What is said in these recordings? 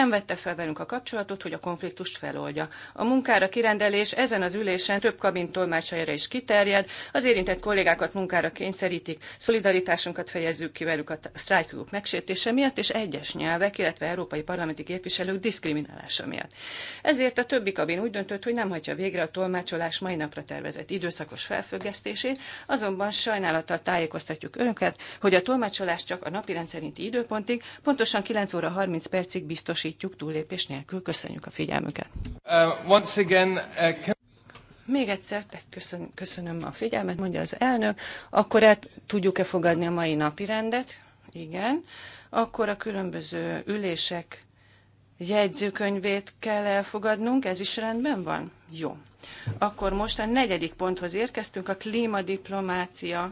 nem vette fel velünk a kapcsolatot, hogy a konfliktust feloldja. A munkára kirendelés ezen az ülésen több kabin tolmácsájára is kiterjed, az érintett kollégákat munkára kényszerítik, szolidaritásunkat fejezzük ki velük a sztrájkjuk megsértése miatt, és egyes nyelvek, illetve európai parlamenti képviselők diszkriminálása miatt. Ezért a többi kabin úgy döntött, hogy nem hagyja végre a tolmácsolás mai napra tervezett időszakos felfüggesztését, azonban sajnálattal tájékoztatjuk önöket, hogy a tolmácsolás csak a napirend szerinti időpontig, pontosan 9 óra 30 percig biztosít megvalósítjuk túllépés nélkül. Köszönjük a figyelmüket. Uh, once again, uh, can... Még egyszer tehát köszön, köszönöm a figyelmet, mondja az elnök. Akkor el tudjuk-e fogadni a mai napi rendet? Igen. Akkor a különböző ülések jegyzőkönyvét kell elfogadnunk, ez is rendben van? Jó. Akkor most a negyedik ponthoz érkeztünk, a klímadiplomácia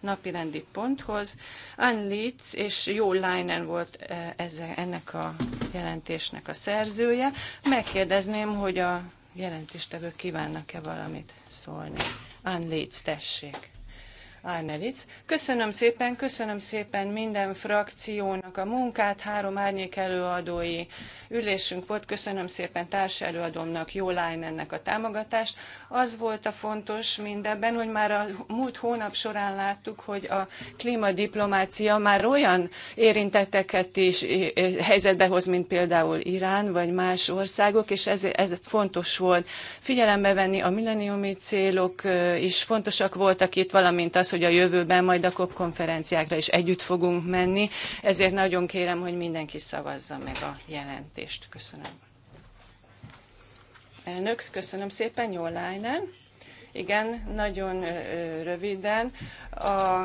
napirendi ponthoz. Ann Litz és Jó Leinen volt e, ezzel, ennek a jelentésnek a szerzője. Megkérdezném, hogy a jelentéstevők kívánnak-e valamit szólni. Ann Litz, tessék. Arnelic. Köszönöm szépen, köszönöm szépen minden frakciónak a munkát, három árnyék előadói ülésünk volt, köszönöm szépen társ előadomnak, Jó ennek a támogatást. Az volt a fontos mindebben, hogy már a múlt hónap során láttuk, hogy a klímadiplomácia már olyan érintetteket is eh, eh, helyzetbe hoz, mint például Irán vagy más országok, és ez, ez fontos volt figyelembe venni, a milleniumi célok eh, is fontosak voltak itt, valamint az, az, hogy a jövőben majd a COP konferenciákra is együtt fogunk menni, ezért nagyon kérem, hogy mindenki szavazza meg a jelentést. Köszönöm. Elnök, köszönöm szépen, jó lájnán. Igen, nagyon röviden. A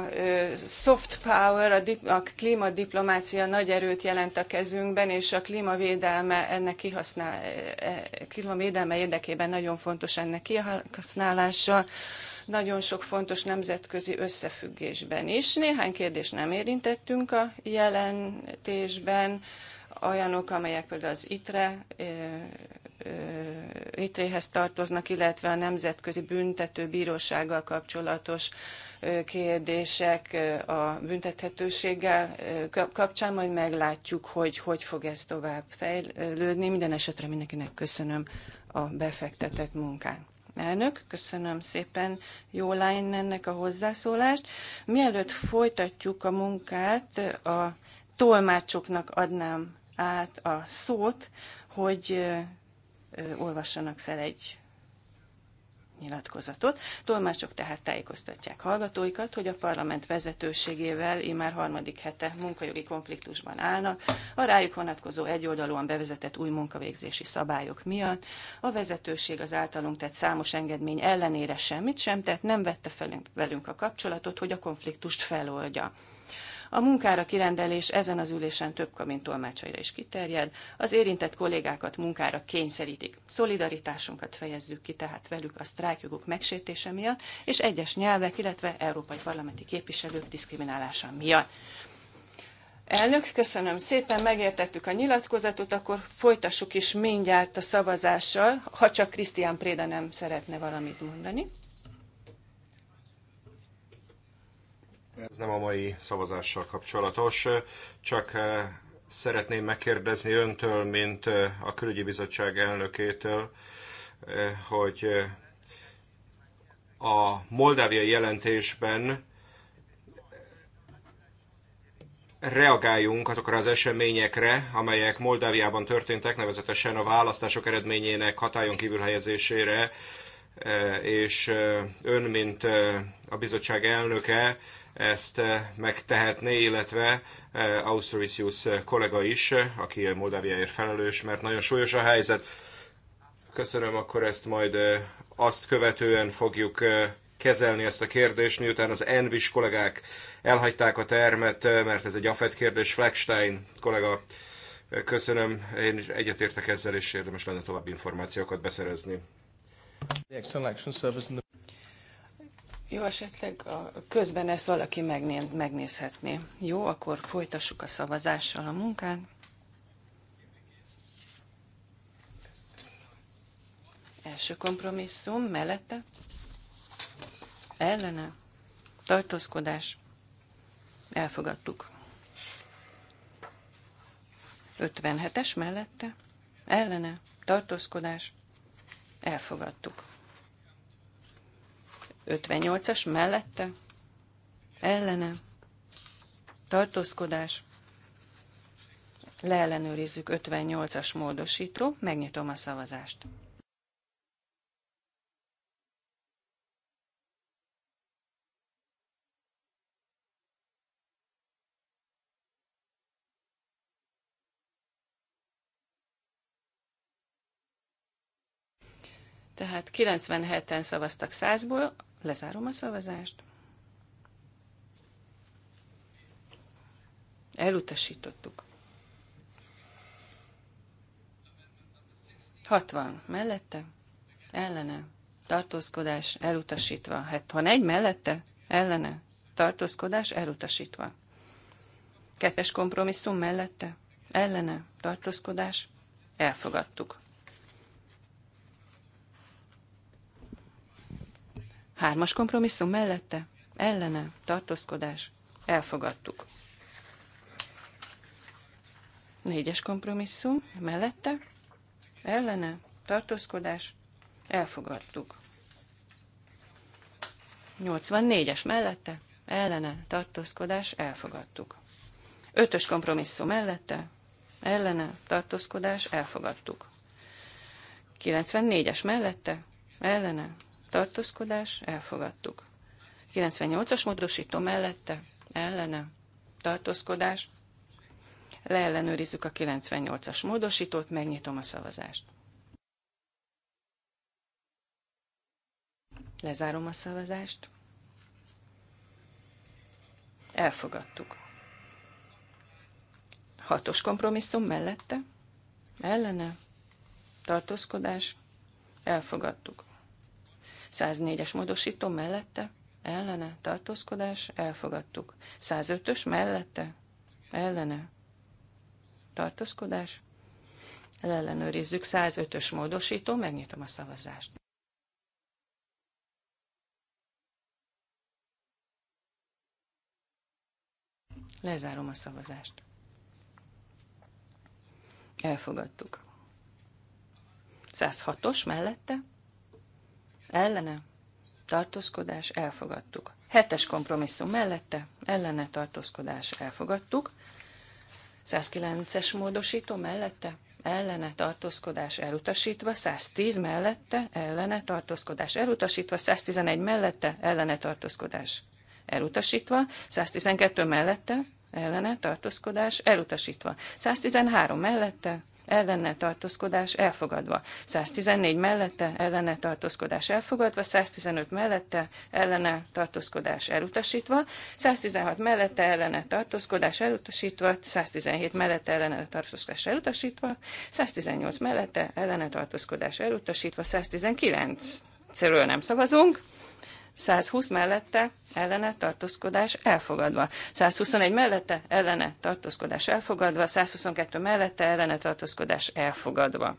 soft power, a, dip, a klímadiplomácia nagy erőt jelent a kezünkben, és a klímavédelme, ennek kihasznál, e, e, klímavédelme érdekében nagyon fontos ennek kihasználása nagyon sok fontos nemzetközi összefüggésben is. Néhány kérdést nem érintettünk a jelentésben, olyanok, amelyek például az ITRE, ITRE-hez tartoznak, illetve a Nemzetközi Büntető Bírósággal kapcsolatos kérdések a büntethetőséggel kapcsán, majd meglátjuk, hogy hogy fog ez tovább fejlődni. Minden esetre mindenkinek köszönöm a befektetett munkát. Elnök, köszönöm szépen Jó ennek a hozzászólást. Mielőtt folytatjuk a munkát, a tolmácsoknak adnám át a szót, hogy olvassanak fel egy nyilatkozatot. Tolmácsok tehát tájékoztatják hallgatóikat, hogy a parlament vezetőségével immár harmadik hete munkajogi konfliktusban állnak, a rájuk vonatkozó egyoldalúan bevezetett új munkavégzési szabályok miatt. A vezetőség az általunk tett számos engedmény ellenére semmit sem tett, nem vette felünk velünk a kapcsolatot, hogy a konfliktust feloldja. A munkára kirendelés ezen az ülésen több kamin tolmácsaira is kiterjed. Az érintett kollégákat munkára kényszerítik. Szolidaritásunkat fejezzük ki tehát velük a sztrájkjogok megsértése miatt, és egyes nyelvek, illetve európai parlamenti képviselők diszkriminálása miatt. Elnök, köszönöm szépen, megértettük a nyilatkozatot, akkor folytassuk is mindjárt a szavazással, ha csak Krisztián Préda nem szeretne valamit mondani. Ez nem a mai szavazással kapcsolatos, csak eh, szeretném megkérdezni öntől, mint eh, a külügyi bizottság elnökétől, eh, hogy a moldáviai jelentésben reagáljunk azokra az eseményekre, amelyek Moldáviában történtek, nevezetesen a választások eredményének hatályon kívül helyezésére, és ön, mint a bizottság elnöke, ezt eh, megtehetné, illetve eh, Ausztrovicius eh, kollega is, aki Moldáviáért felelős, mert nagyon súlyos a helyzet. Köszönöm, akkor ezt majd azt követően fogjuk kezelni ezt a kérdést, miután az Envis kollégák elhagyták a termet, mert ez egy afet kérdés. Fleckstein kollega, köszönöm, én is egyetértek ezzel, és érdemes lenne további információkat beszerezni. Jó, esetleg a, közben ezt valaki megné, megnézhetné. Jó, akkor folytassuk a szavazással a munkát. Első kompromisszum, mellette, ellene, tartózkodás, elfogadtuk. 57-es mellette, ellene, tartózkodás, elfogadtuk. 58-as mellette, ellene, tartózkodás, leellenőrizzük 58-as módosító, megnyitom a szavazást. Tehát 97-en szavaztak 100-ból, Lezárom a szavazást. Elutasítottuk. 60 mellette, ellene, tartózkodás elutasítva. Hát, egy mellette, ellene, tartózkodás elutasítva. Kettes kompromisszum mellette, ellene, tartózkodás, elfogadtuk. Hármas kompromisszum mellette, ellene, tartózkodás, elfogadtuk. Négyes kompromisszum mellette, ellene, tartózkodás, elfogadtuk. 84-es mellette, ellene, tartózkodás, elfogadtuk. Ötös kompromisszum mellette, ellene, tartózkodás, elfogadtuk. 94-es mellette, ellene, tartózkodás, elfogadtuk. 98-as módosító mellette, ellene, tartózkodás, leellenőrizzük a 98-as módosítót, megnyitom a szavazást. Lezárom a szavazást. Elfogadtuk. Hatos kompromisszum mellette, ellene, tartózkodás, elfogadtuk. 104-es módosító mellette, ellene, tartózkodás, elfogadtuk. 105-ös mellette, ellene, tartózkodás, ellenőrizzük. 105-ös módosító, megnyitom a szavazást. Lezárom a szavazást. Elfogadtuk. 106-os mellette, ellene, tartózkodás, elfogadtuk. Hetes kompromisszum mellette, ellene, tartózkodás, elfogadtuk. 109-es módosító mellette, ellene tartózkodás elutasítva, 110 mellette, ellene tartózkodás elutasítva, 111 mellette, ellene tartózkodás elutasítva, 112 mellette, ellene tartózkodás elutasítva, 113 mellette, ellene tartózkodás elfogadva. 114 mellette ellene tartózkodás elfogadva, 115 mellette ellene tartózkodás elutasítva, 116 mellette ellene tartózkodás elutasítva, 117 mellette ellene tartózkodás elutasítva, 118 mellette ellene tartózkodás elutasítva, 119 Egyszerűen nem szavazunk. 120 mellette ellene tartózkodás elfogadva. 121 mellette ellene tartózkodás elfogadva. 122 mellette ellene tartózkodás elfogadva.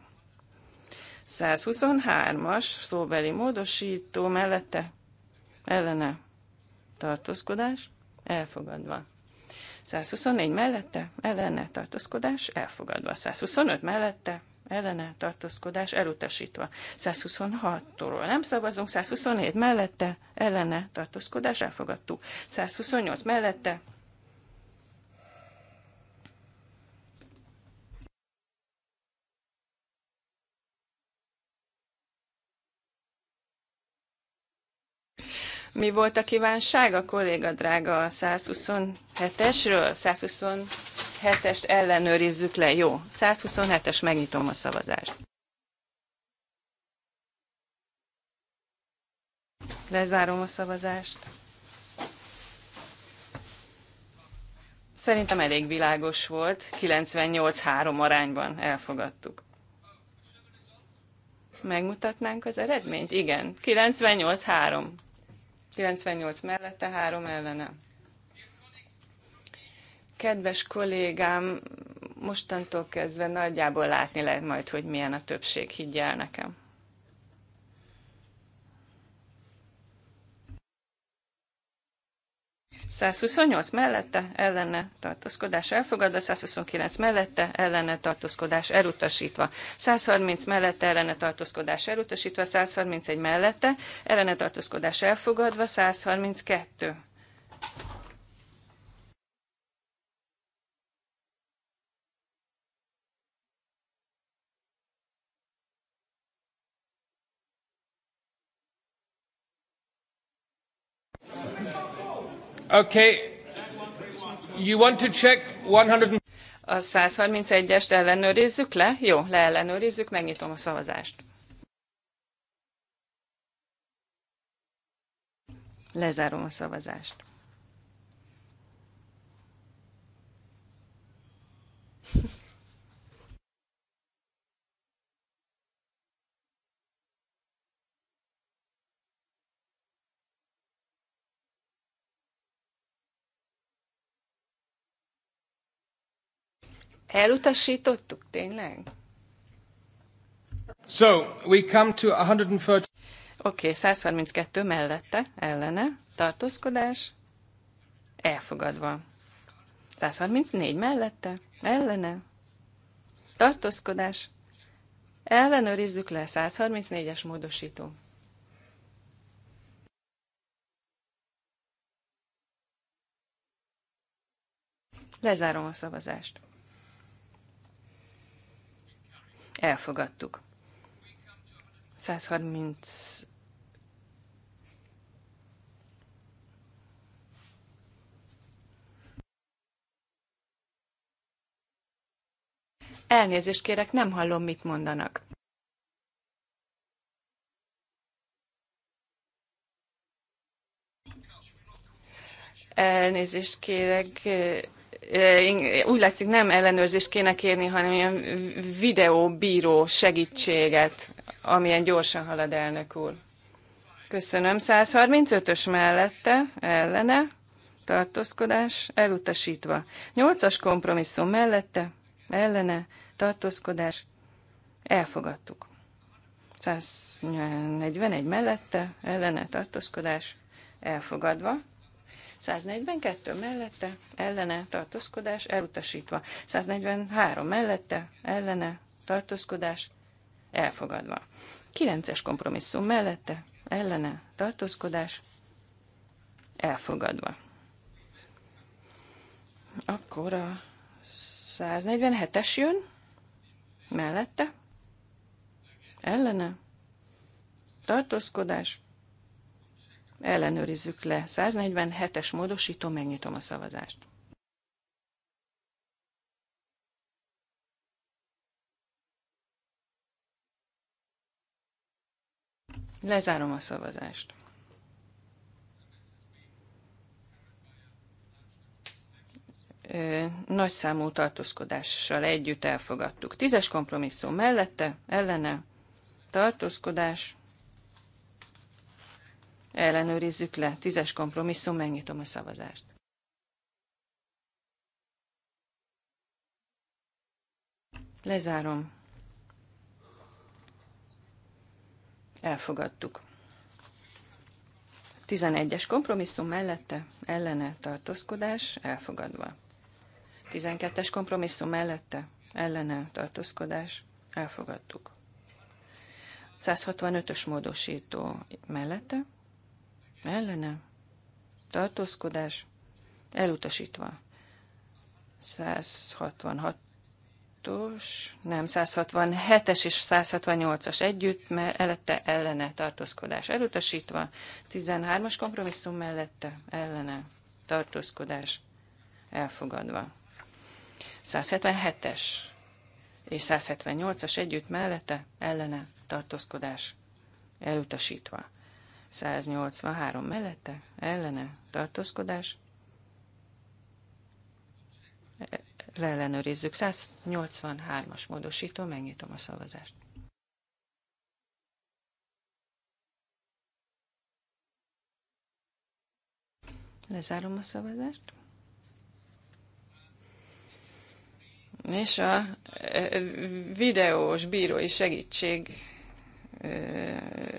123-as szóbeli módosító mellette ellene tartózkodás elfogadva. 124 mellette ellene tartózkodás elfogadva. 125 mellette ellene tartózkodás elutasítva. 126-tól nem szavazunk, 127 mellette ellene tartózkodás elfogadtuk. 128 mellette Mi volt a kívánság a kolléga drága a 127-esről? 120 127-est ellenőrizzük le. Jó, 127-es, megnyitom a szavazást. Lezárom a szavazást. Szerintem elég világos volt, 98-3 arányban elfogadtuk. Megmutatnánk az eredményt? Igen, 98-3. 98 mellette, 3 ellene kedves kollégám, mostantól kezdve nagyjából látni lehet majd, hogy milyen a többség, higgyel nekem. Százhuszonnyolc mellette, ellene tartózkodás elfogadva, 129 mellette, ellene tartózkodás elutasítva, 130 mellette, ellene tartózkodás elutasítva, 131 mellette, ellene tartózkodás elfogadva, 132 Okay. You want to check 100... A 131-est ellenőrizzük le? Jó, leellenőrizzük, megnyitom a szavazást. Lezárom a szavazást. Elutasítottuk tényleg? So, we come to 130. Oké, okay, 132 mellette, ellene, tartózkodás, elfogadva. 134 mellette, ellene, tartózkodás, ellenőrizzük le 134-es módosító. Lezárom a szavazást. Elfogadtuk. 130 Elnézést kérek, nem hallom, mit mondanak. Elnézést kérek, úgy látszik nem ellenőrzést kéne kérni, hanem ilyen videóbíró segítséget, amilyen gyorsan halad elnök úr. Köszönöm. 135-ös mellette, ellene, tartózkodás, elutasítva. 8-as kompromisszum mellette, ellene, tartózkodás, elfogadtuk. 141 mellette, ellene, tartózkodás, elfogadva. 142 mellette, ellene, tartózkodás, elutasítva. 143 mellette, ellene, tartózkodás, elfogadva. 9-es kompromisszum mellette, ellene, tartózkodás, elfogadva. Akkor a 147-es jön, mellette, ellene, tartózkodás, Ellenőrizzük le. 147-es módosító, megnyitom a szavazást. Lezárom a szavazást. Nagy számú tartózkodással együtt elfogadtuk. Tízes kompromisszum mellette, ellene, tartózkodás, ellenőrizzük le. Tízes kompromisszum, megnyitom a szavazást. Lezárom. Elfogadtuk. 11-es kompromisszum mellette ellene tartózkodás elfogadva. 12-es kompromisszum mellette ellene tartózkodás elfogadtuk. 165-ös módosító mellette ellene, tartózkodás, elutasítva. 166-os, nem, 167-es és 168-as együtt, mellette ellene tartózkodás elutasítva, 13-as kompromisszum mellette ellene tartózkodás elfogadva. 177-es és 178-as együtt mellette ellene tartózkodás elutasítva. 183 mellette, ellene, tartózkodás. Leellenőrizzük. 183-as módosító, megnyitom a szavazást. Lezárom a szavazást. És a e, e, videós bírói segítség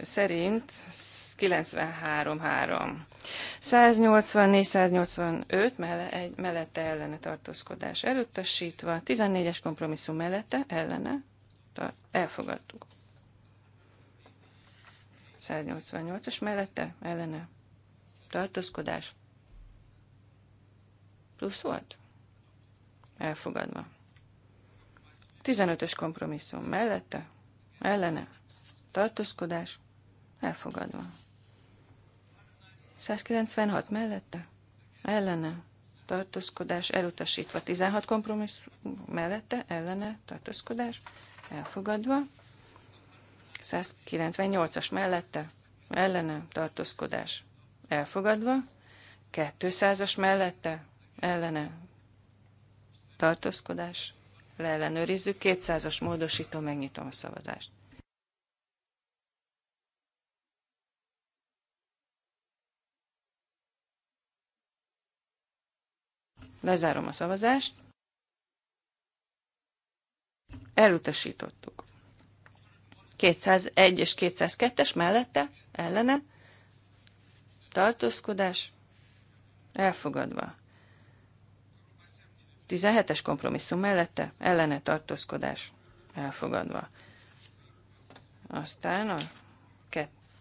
szerint 93-3. 184-185 mellette ellene tartózkodás elutasítva, 14-es kompromisszum mellette ellene elfogadtuk. 188-as mellette ellene tartózkodás plusz volt? Elfogadva. 15-ös kompromisszum mellette ellene tartózkodás elfogadva. 196 mellette, ellene, tartózkodás elutasítva. 16 kompromisszum mellette, ellene, tartózkodás elfogadva. 198-as mellette, ellene, tartózkodás elfogadva. 200-as mellette, ellene, tartózkodás leellenőrizzük. 200-as módosító, megnyitom a szavazást. Lezárom a szavazást. Elutasítottuk. 201 és 202-es mellette, ellene, tartózkodás, elfogadva. 17-es kompromisszum mellette, ellene tartózkodás, elfogadva. Aztán a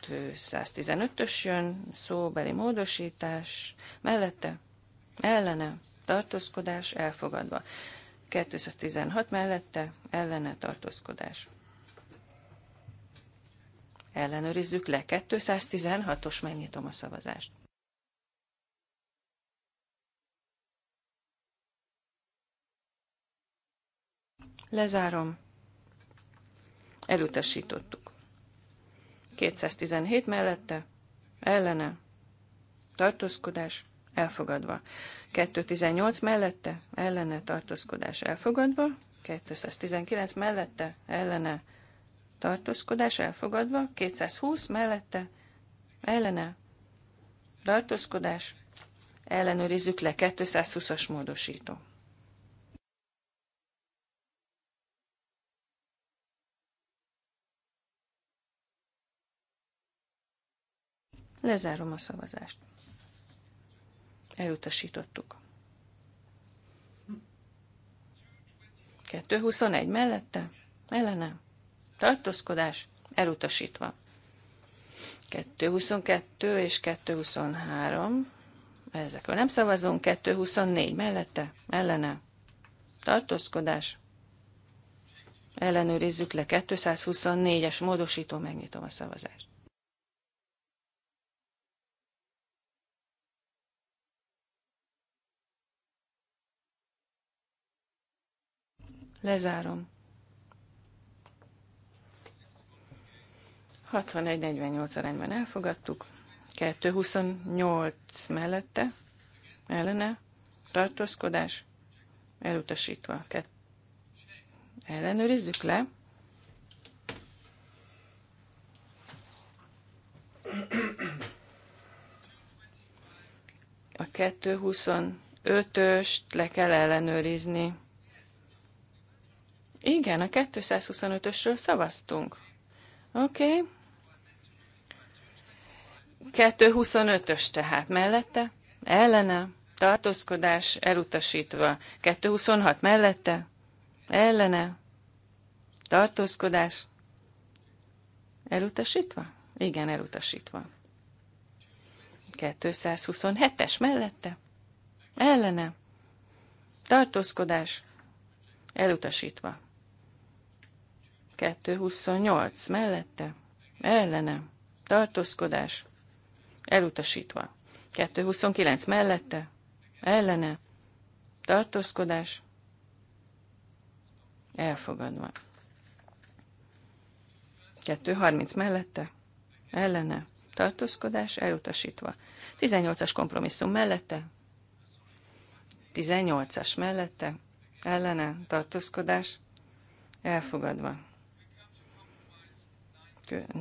215-ös jön, szóbeli módosítás, mellette, ellene, tartózkodás elfogadva. 216 mellette ellene tartózkodás. Ellenőrizzük le. 216-os megnyitom a szavazást. Lezárom. Elutasítottuk. 217 mellette, ellene, tartózkodás, elfogadva. 218 mellette, ellene tartózkodás elfogadva, 219 mellette, ellene tartózkodás elfogadva, 220 mellette, ellene tartózkodás, ellenőrizzük le 220-as módosító. Lezárom a szavazást. Elutasítottuk. 221 mellette, ellene, tartózkodás, elutasítva. 222 és 223, ezekről nem szavazunk, 224 mellette, ellene, tartózkodás, ellenőrizzük le, 224-es módosító, megnyitom a szavazást. Lezárom. 61-48 arányban elfogadtuk. 2-28 mellette, ellene, tartózkodás, elutasítva. Kett... Ellenőrizzük le. A 225-öst le kell ellenőrizni. Igen, a 225-ösről szavaztunk. Oké. Okay. 225-ös tehát mellette, ellene, tartózkodás elutasítva. 226 mellette, ellene, tartózkodás elutasítva? Igen, elutasítva. 227-es mellette, ellene, tartózkodás elutasítva. 228 mellette, ellene, tartózkodás, elutasítva. 229 mellette, ellene, tartózkodás, elfogadva. 230 mellette, ellene, tartózkodás, elutasítva. 18-as kompromisszum mellette, 18-as mellette, ellene, tartózkodás, elfogadva.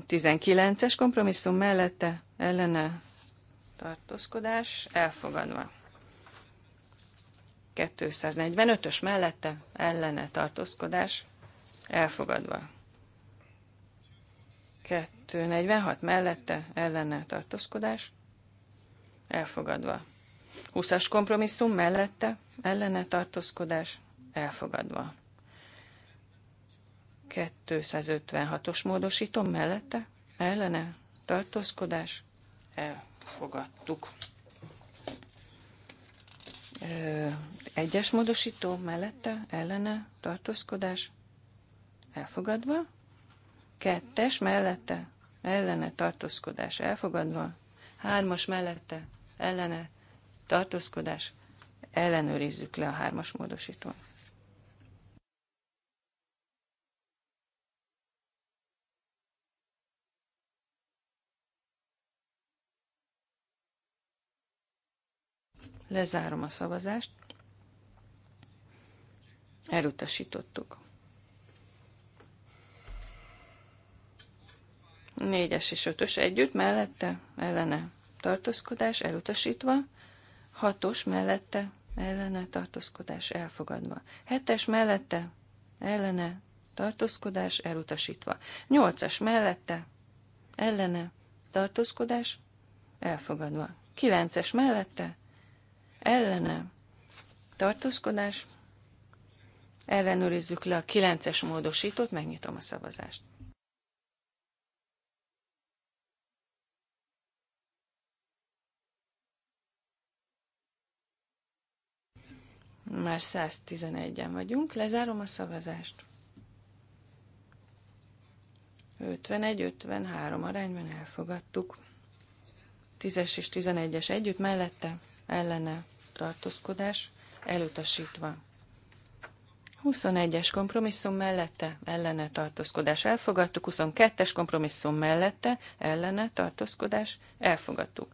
19-es kompromisszum mellette ellene tartózkodás elfogadva. 245-ös mellette ellene tartózkodás elfogadva. 246 mellette ellene tartózkodás elfogadva. 20-as kompromisszum mellette ellene tartózkodás elfogadva. 256-os módosítom mellette ellene tartózkodás elfogadtuk. Egyes módosító mellette ellene tartózkodás elfogadva. Kettes mellette ellene tartózkodás elfogadva. Hármas mellette ellene tartózkodás ellenőrizzük le a hármas módosítót. Lezárom a szavazást. Elutasítottuk. Négyes és ötös együtt, mellette, ellene, tartózkodás, elutasítva. Hatos mellette, ellene, tartózkodás, elfogadva. Hetes mellette, ellene, tartózkodás, elutasítva. Nyolcas mellette, ellene, tartózkodás, elfogadva. Kilences mellette, ellene tartózkodás, ellenőrizzük le a 9-es módosítót, megnyitom a szavazást. Már 111-en vagyunk, lezárom a szavazást. 51-53 arányban elfogadtuk. 10-es és 11-es együtt mellette, ellene tartózkodás elutasítva. 21-es kompromisszum mellette ellene tartózkodás elfogadtuk, 22-es kompromisszum mellette ellene tartózkodás elfogadtuk.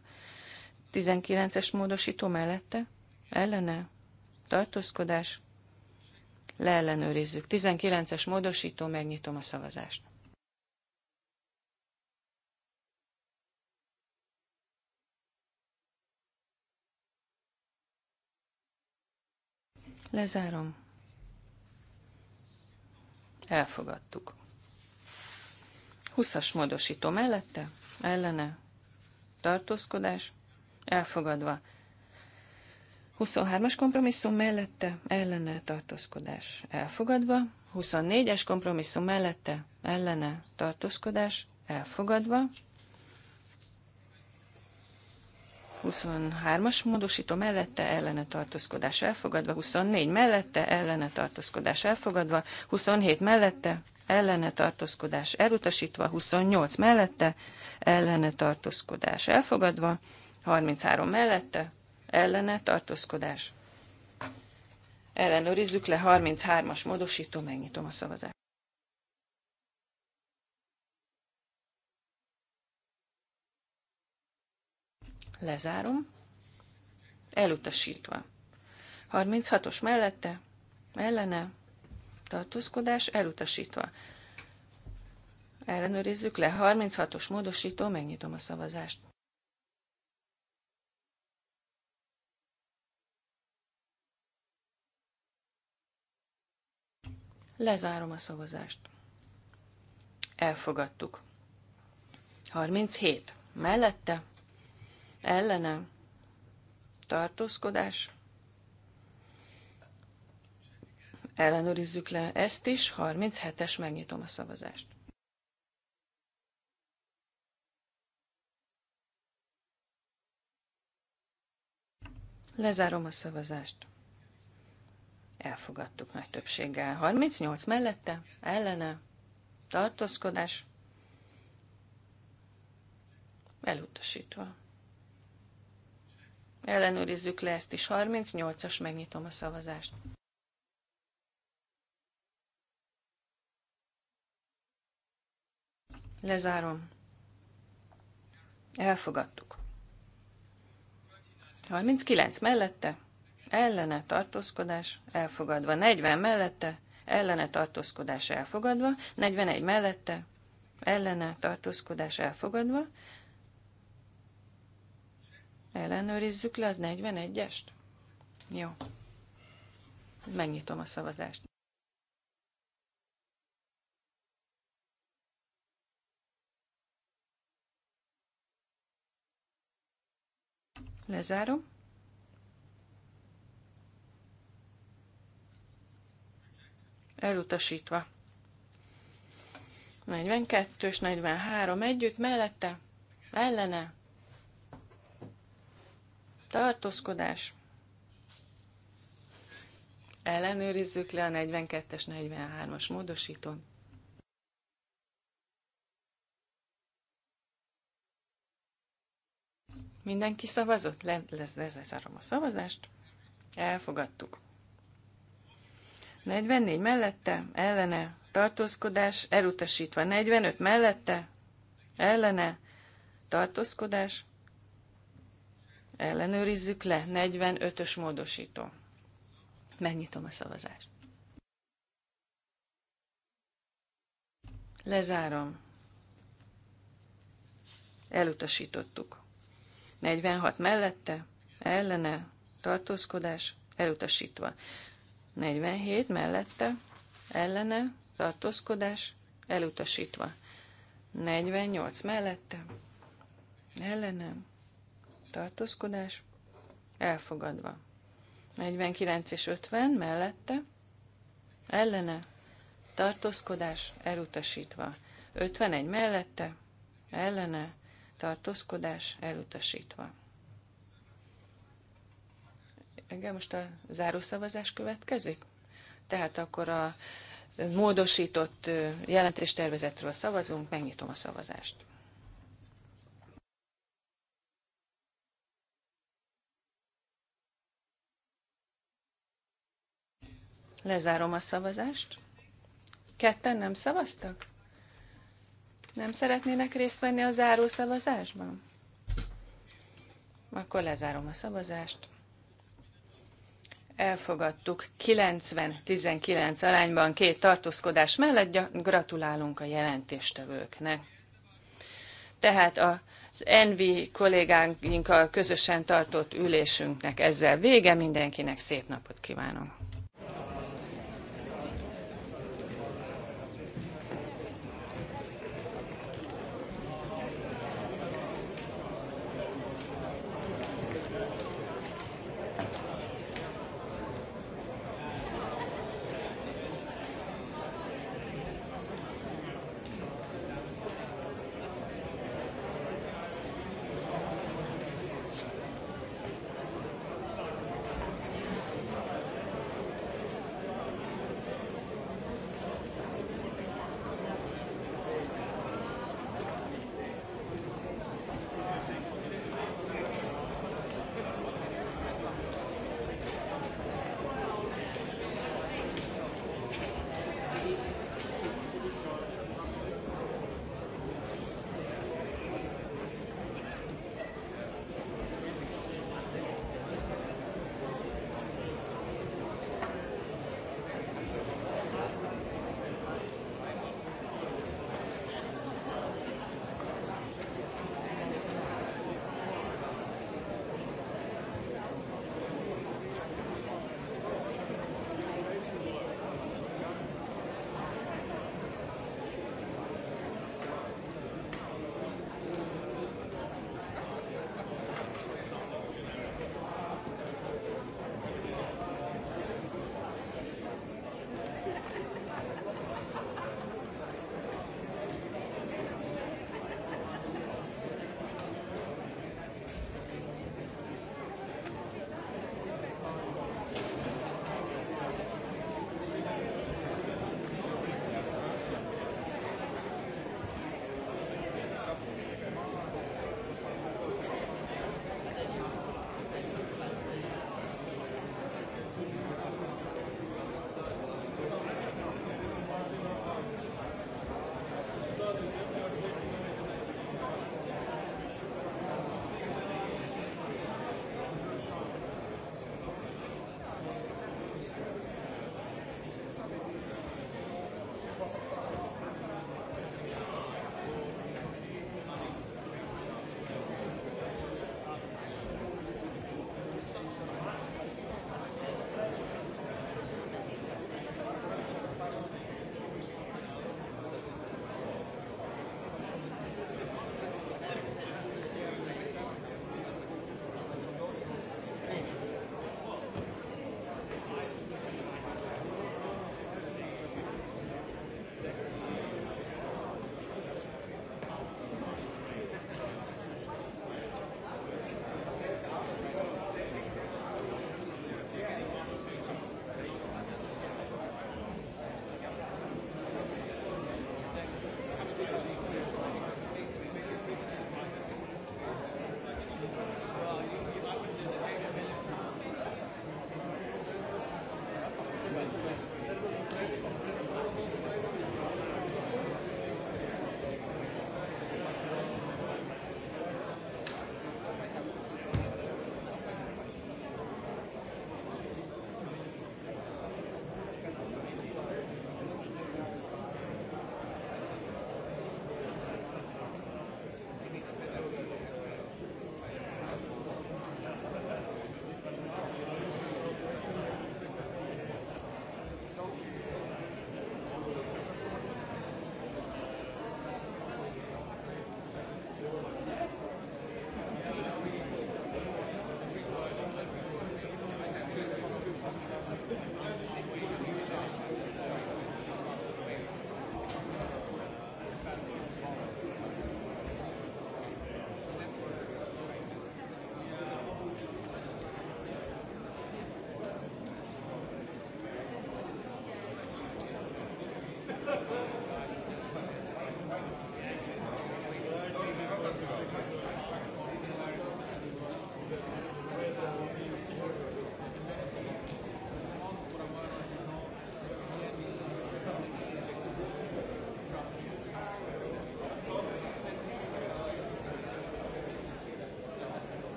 19-es módosító mellette ellene tartózkodás leellenőrizzük. 19-es módosító, megnyitom a szavazást. Lezárom. Elfogadtuk. 20-as módosító mellette, ellene, tartózkodás, elfogadva. 23-as kompromisszum mellette, ellene, tartózkodás, elfogadva. 24-es kompromisszum mellette, ellene, tartózkodás, elfogadva. 23-as módosító mellette ellene tartózkodás elfogadva, 24 mellette ellene tartózkodás elfogadva, 27 mellette ellene tartózkodás elutasítva, 28 mellette ellene tartózkodás elfogadva, 33 mellette ellene tartózkodás. Ellenőrizzük le 33-as módosító, megnyitom a szavazást. Lezárom. Elutasítva. 36-os mellette, ellene, tartózkodás, elutasítva. Ellenőrizzük le. 36-os módosító, megnyitom a szavazást. Lezárom a szavazást. Elfogadtuk. 37. Mellette ellene tartózkodás. Ellenőrizzük le ezt is, 37-es, megnyitom a szavazást. Lezárom a szavazást. Elfogadtuk nagy többséggel. 38 mellette, ellene, tartózkodás, elutasítva. Ellenőrizzük le ezt is. 38-as, megnyitom a szavazást. Lezárom. Elfogadtuk. 39 mellette, ellene tartózkodás elfogadva. 40 mellette, ellene tartózkodás elfogadva. 41 mellette, ellene tartózkodás elfogadva. Ellenőrizzük le az 41-est? Jó. Megnyitom a szavazást. Lezárom. Elutasítva. 42-es, 43 együtt, mellette, ellene, tartózkodás. Ellenőrizzük le a 42-es, 43-as módosítón. Mindenki szavazott? Le, lesz, lesz, lezárom a szavazást. Elfogadtuk. 44 mellette, ellene, tartózkodás, elutasítva 45 mellette, ellene, tartózkodás, ellenőrizzük le. 45-ös módosító. Megnyitom a szavazást. Lezárom. Elutasítottuk. 46 mellette, ellene, tartózkodás, elutasítva. 47 mellette, ellene, tartózkodás, elutasítva. 48 mellette, ellenem, tartózkodás elfogadva. 49 és 50 mellette, ellene, tartózkodás elutasítva. 51 mellette, ellene, tartózkodás elutasítva. Igen, most a zárószavazás következik? Tehát akkor a módosított jelentéstervezetről szavazunk, megnyitom a szavazást. Lezárom a szavazást. Ketten nem szavaztak? Nem szeretnének részt venni a záró szavazásban? Akkor lezárom a szavazást. Elfogadtuk 90-19 arányban két tartózkodás mellett, gratulálunk a jelentéstevőknek. Tehát az Envi kollégáinkkal közösen tartott ülésünknek ezzel vége, mindenkinek szép napot kívánok!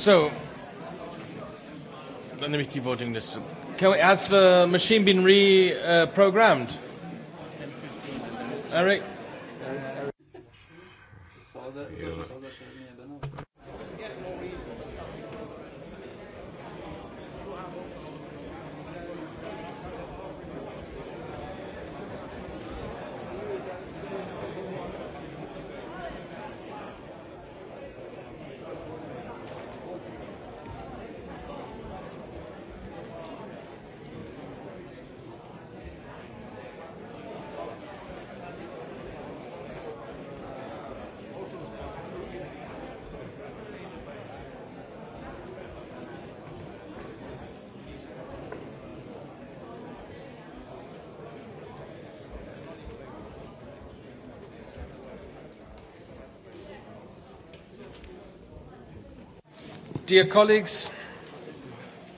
So, let me keep voting this. Can we, has the machine been reprogrammed? Uh, Eric? Dear colleagues,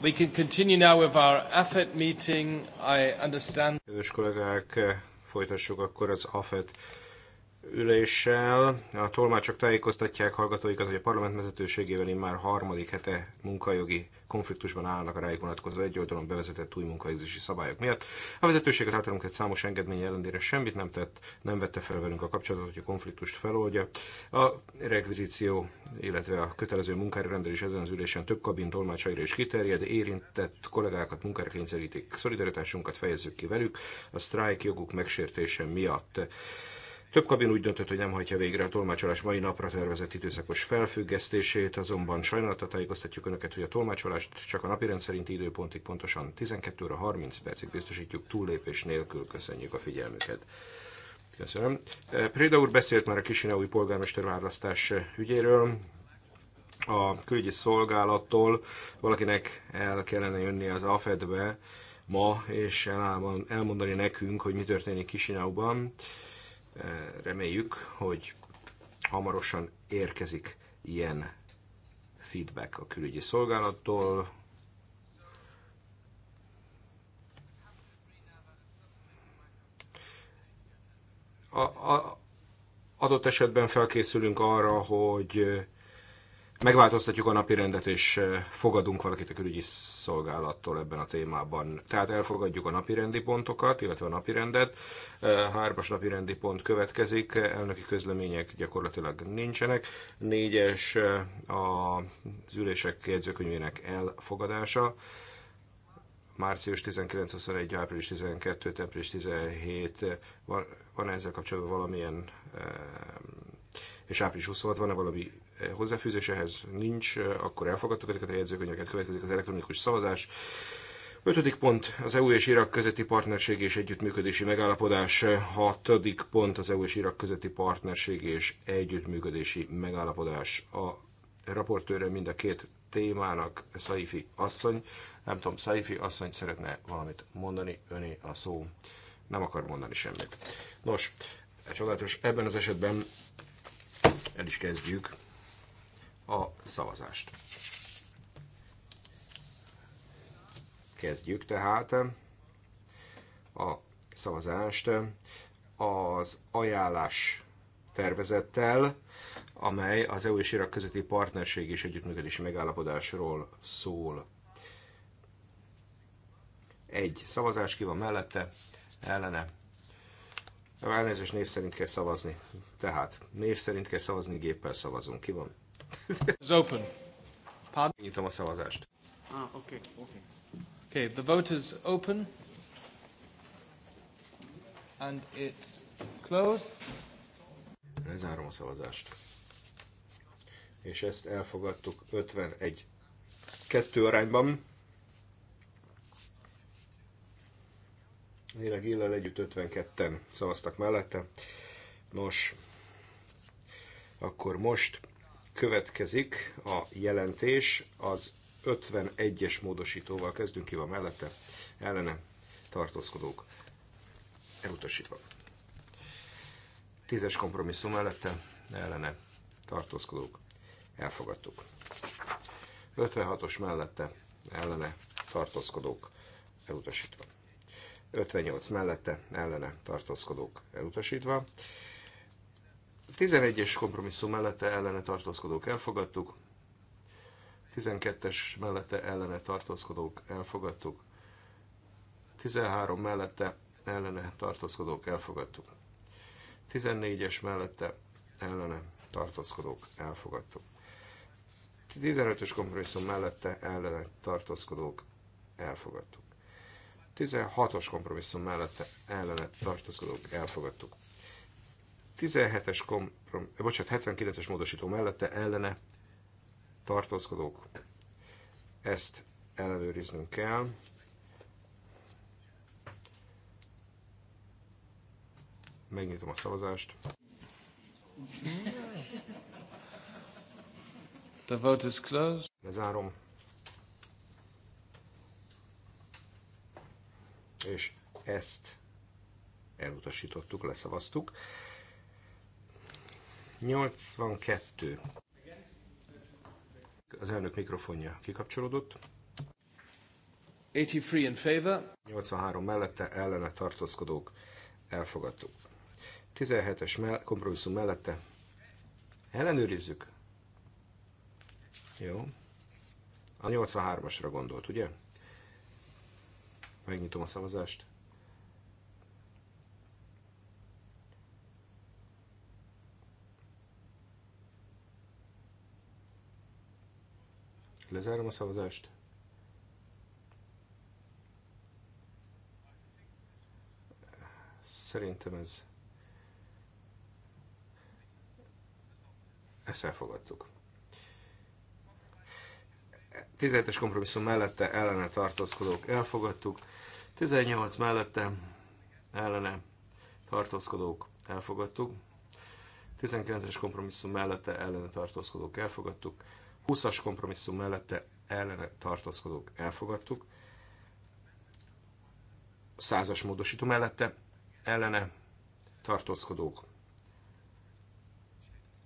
we can continue now with our AFET meeting. I understand. Kedves kollégák, folytassuk akkor az AFET üléssel. A tolmácsok tájékoztatják hallgatóikat, hogy a parlament vezetőségével már harmadik hete munkajogi konfliktusban állnak a rájuk vonatkozó egy oldalon bevezetett új munkaegzési szabályok miatt. A vezetőség az általunk egy számos engedmény ellenére semmit nem tett, nem vette fel velünk a kapcsolatot, hogy a konfliktust feloldja. A rekvizíció, illetve a kötelező munkára rendelés ezen az ülésen több kabin tolmácsaira is kiterjed, érintett kollégákat munkára kényszerítik, szolidaritásunkat fejezzük ki velük a sztrájk joguk megsértése miatt. Több kabin úgy döntött, hogy nem hajtja végre a tolmácsolás mai napra tervezett időszakos felfüggesztését, azonban sajnálattal tájékoztatjuk Önöket, hogy a tolmácsolást csak a napi szerinti időpontig pontosan 12 óra 30 percig biztosítjuk túllépés nélkül. Köszönjük a figyelmüket. Köszönöm. E, Préda úr beszélt már a Kisineói polgármester választás ügyéről, a külügyi szolgálattól valakinek el kellene jönni az AFED-be ma, és elmondani nekünk, hogy mi történik Kisinauban. Reméljük, hogy hamarosan érkezik ilyen feedback a külügyi szolgálattól. A, a, adott esetben felkészülünk arra, hogy megváltoztatjuk a napi rendet, és fogadunk valakit a külügyi szolgálattól ebben a témában. Tehát elfogadjuk a napi rendi pontokat, illetve a napi rendet. Hármas napi rendi pont következik, elnöki közlemények gyakorlatilag nincsenek. Négyes az ülések jegyzőkönyvének elfogadása március 19, 21, április 12, április 17, van, van ezzel kapcsolatban valamilyen, és április 26, van-e valami hozzáfűzés ehhez nincs, akkor elfogadtuk ezeket a jegyzőkönyveket, következik az elektronikus szavazás. Ötödik pont az EU és Irak közötti partnerség és együttműködési megállapodás. Hatodik pont az EU és Irak közötti partnerség és együttműködési megállapodás. A raportőre mind a két témának Saifi asszony. Nem tudom, Saifi asszony szeretne valamit mondani, öné a szó. Nem akar mondani semmit. Nos, csodálatos, ebben az esetben el is kezdjük a szavazást. Kezdjük tehát a szavazást az ajánlás tervezettel, amely az EU és Irak közötti partnerség és együttműködési megállapodásról szól. Egy szavazás ki van mellette, ellene. Elnézést név szerint kell szavazni. Tehát név szerint kell szavazni, géppel szavazunk. Ki van? It's open. Pardon? Nyitom a szavazást. Ah, okay. Okay. Okay, the vote is open. And it's closed. Lezárom a szavazást. És ezt elfogadtuk 51 kettő arányban. Néleg Illel együtt 52-en szavaztak mellette. Nos, akkor most Következik a jelentés, az 51-es módosítóval kezdünk, ki van mellette, ellene tartózkodók elutasítva. 10-es kompromisszum mellette, ellene tartózkodók elfogadtuk. 56-os mellette, ellene tartózkodók elutasítva. 58 mellette, ellene tartózkodók elutasítva. 11-es kompromisszum mellette ellene tartózkodók elfogadtuk. 12-es mellette ellene tartózkodók elfogadtuk. 13 mellette ellene tartózkodók elfogadtuk. 14-es mellette ellene tartózkodók elfogadtuk. 15-ös kompromisszum mellette ellene tartózkodók elfogadtuk. 16-os kompromisszum mellette ellene tartózkodók elfogadtuk. 17-es komprom, eh, bocsánat, 79-es módosító mellette ellene tartózkodók. Ezt ellenőriznünk kell. Megnyitom a szavazást. The vote is closed. Lezárom. És ezt elutasítottuk, leszavaztuk. 82. Az elnök mikrofonja kikapcsolódott. 83 in favor. 83 mellette ellene tartózkodók elfogadtuk. 17-es mell- kompromisszum mellette ellenőrizzük. Jó. A 83-asra gondolt, ugye? Megnyitom a szavazást. Lezárom a szavazást. Szerintem ez... Ezt elfogadtuk. 17-es kompromisszum mellette ellene tartózkodók elfogadtuk, 18 mellette ellene tartózkodók elfogadtuk, 19-es kompromisszum mellette ellene tartózkodók elfogadtuk, 20-as kompromisszum mellette ellene tartózkodók elfogadtuk, 100-as módosító mellette ellene tartózkodók.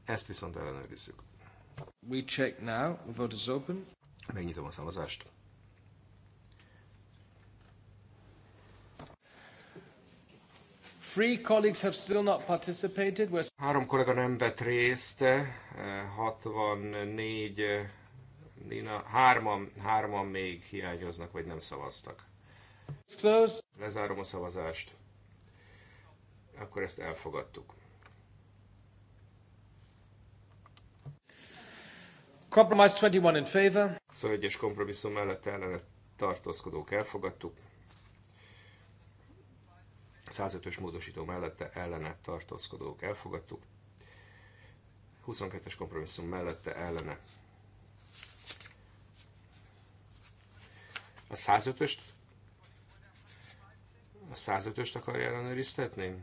Ezt viszont ellenőrizzük. We check now. The vote is open. Megnyitom a szavazást. Three colleagues have still not participated. We're... Három kollega nem vett részt, 64, eh, eh, Nina, hárman, hárman még hiányoznak, vagy nem szavaztak. Lezárom a szavazást. Akkor ezt elfogadtuk. Compromise 21 in favor. Szóval egyes kompromisszum mellett ellenet tartózkodók elfogadtuk. 105-ös módosító mellette ellene tartózkodók elfogadtuk. 22-es kompromisszum mellette ellene. A 105-öst a 105-öst akarja ellenőriztetni?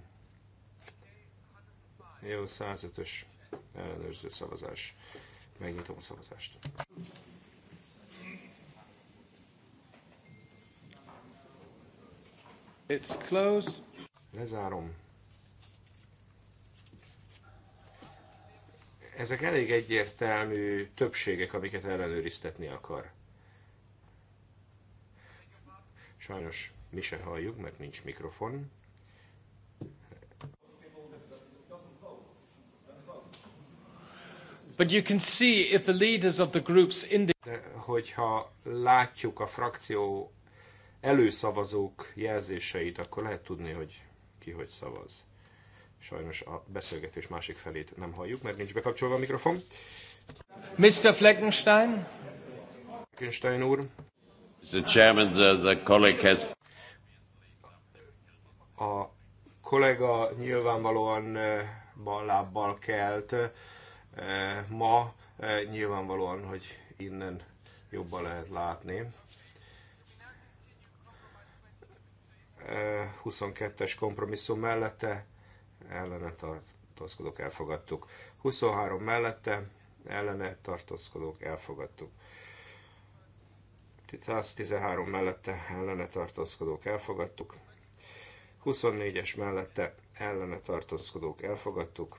Jó, 105-ös ellenőrző szavazás. Megnyitom a szavazást. It's closed. Lezárom. Ezek elég egyértelmű többségek, amiket ellenőriztetni akar. Sajnos mi se halljuk, mert nincs mikrofon. But you can see if the leaders of the groups in the... De hogyha látjuk a frakció előszavazók jelzéseit, akkor lehet tudni, hogy ki hogy szavaz. Sajnos a beszélgetés másik felét nem halljuk, mert nincs bekapcsolva a mikrofon. Mr. Fleckenstein? Fleckenstein úr. Mr. Chairman, the, the colleague has... A kollega nyilvánvalóan eh, bal lábbal kelt eh, ma, eh, nyilvánvalóan, hogy innen jobban lehet látni. 22-es kompromisszum mellette ellene tartózkodók elfogadtuk. 23 mellette ellene tartózkodók elfogadtuk. 113 mellette ellene tartózkodók elfogadtuk. 24-es mellette ellene tartózkodók elfogadtuk.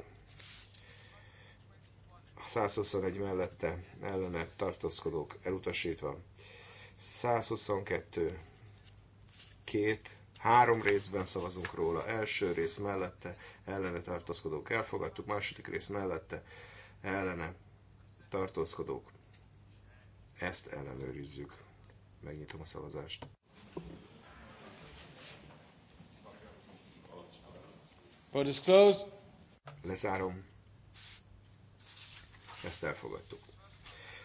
121 mellette ellene tartózkodók elutasítva. 122 két Három részben szavazunk róla. Első rész mellette ellene tartózkodók elfogadtuk, második rész mellette ellene tartózkodók. Ezt ellenőrizzük. Megnyitom a szavazást. Vote is closed. Lezárom. Ezt elfogadtuk.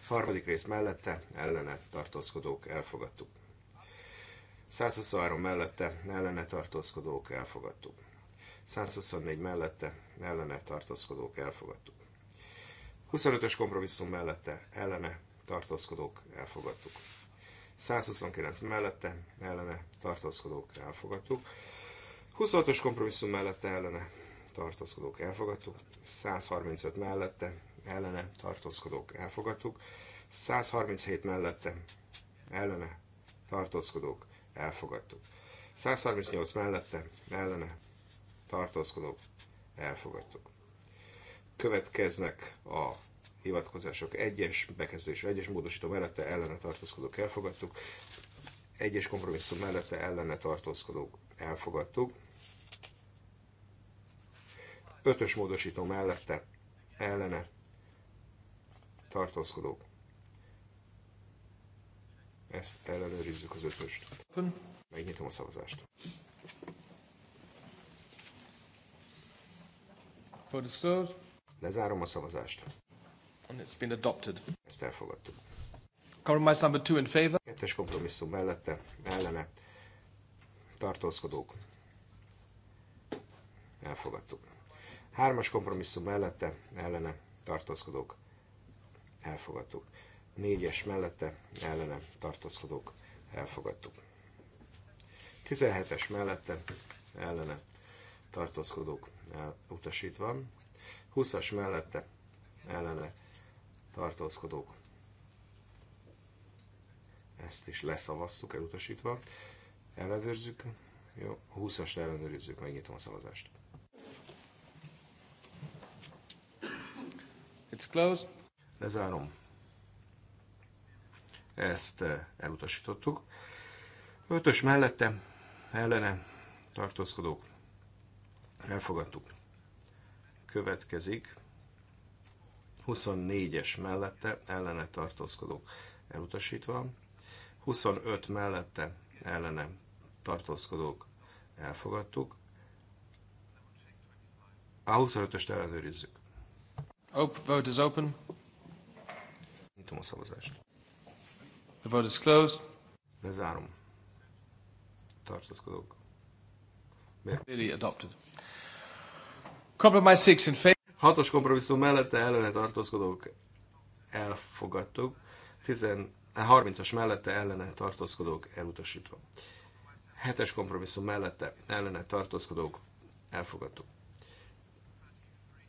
Harmadik rész mellette ellene tartózkodók elfogadtuk. 123 mellette ellene tartózkodók elfogadtuk. 124 mellette ellene tartózkodók elfogadtuk. 25-ös kompromisszum mellette ellene tartózkodók elfogadtuk. 129 mellette ellene tartózkodók elfogadtuk. 26-os kompromisszum mellette ellene tartózkodók elfogadtuk. 135 mellette ellene tartózkodók elfogadtuk. 137 mellette ellene tartózkodók elfogadtuk. 138 mellette, ellene, tartózkodók, elfogadtuk. Következnek a hivatkozások egyes bekezdés egyes módosító mellette, ellene tartózkodók, elfogadtuk. Egyes kompromisszum mellette, ellene tartózkodók, elfogadtuk. Ötös módosító mellette, ellene tartózkodók, ezt ellenőrizzük az ötöst. Megnyitom a szavazást. Lezárom a szavazást. And it's been adopted. Ezt elfogadtuk. Compromise number two in favor. Kettes kompromisszum mellette, ellene. Tartózkodók. Elfogadtuk. Hármas kompromisszum mellette, ellene. Tartózkodók. Elfogadtuk. 4-es mellette ellene tartózkodók elfogadtuk. 17-es mellette ellene tartózkodók utasítva, 20-as mellette ellene tartózkodók ezt is leszavaztuk, elutasítva. Ellenőrzzük, jó, 20-asra ellenőrizzük, megnyitom a szavazást. It's closed. Lezárom ezt eh, elutasítottuk. Ötös mellette, ellene tartózkodók, elfogadtuk. Következik 24-es mellette, ellene tartózkodók, elutasítva. 25 mellette, ellene tartózkodók, elfogadtuk. A 25-öst ellenőrizzük. Vote is open. Nyitom a szavazást. The vote is closed. Lezárom. Tartozkodok. Clearly adopted. Compromise 6 in favor. Hatos kompromisszum mellette ellene tartózkodók elfogadtuk. 10, 30-as eh, mellette ellene tartózkodók elutasítva. 7-es kompromisszum mellette ellene tartózkodók elfogadtuk.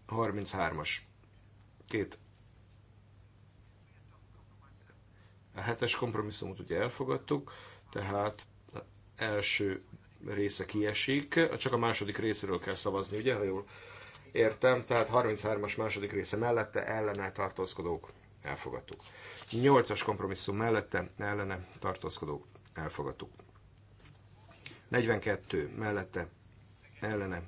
33-as. Két A hetes kompromisszumot ugye elfogadtuk, tehát első része kiesik, csak a második részéről kell szavazni, ugye, ha jól értem, tehát 33-as második része mellette ellene tartózkodók elfogadtuk. 8-as kompromisszum mellette ellene tartózkodók elfogadtuk. 42 mellette ellene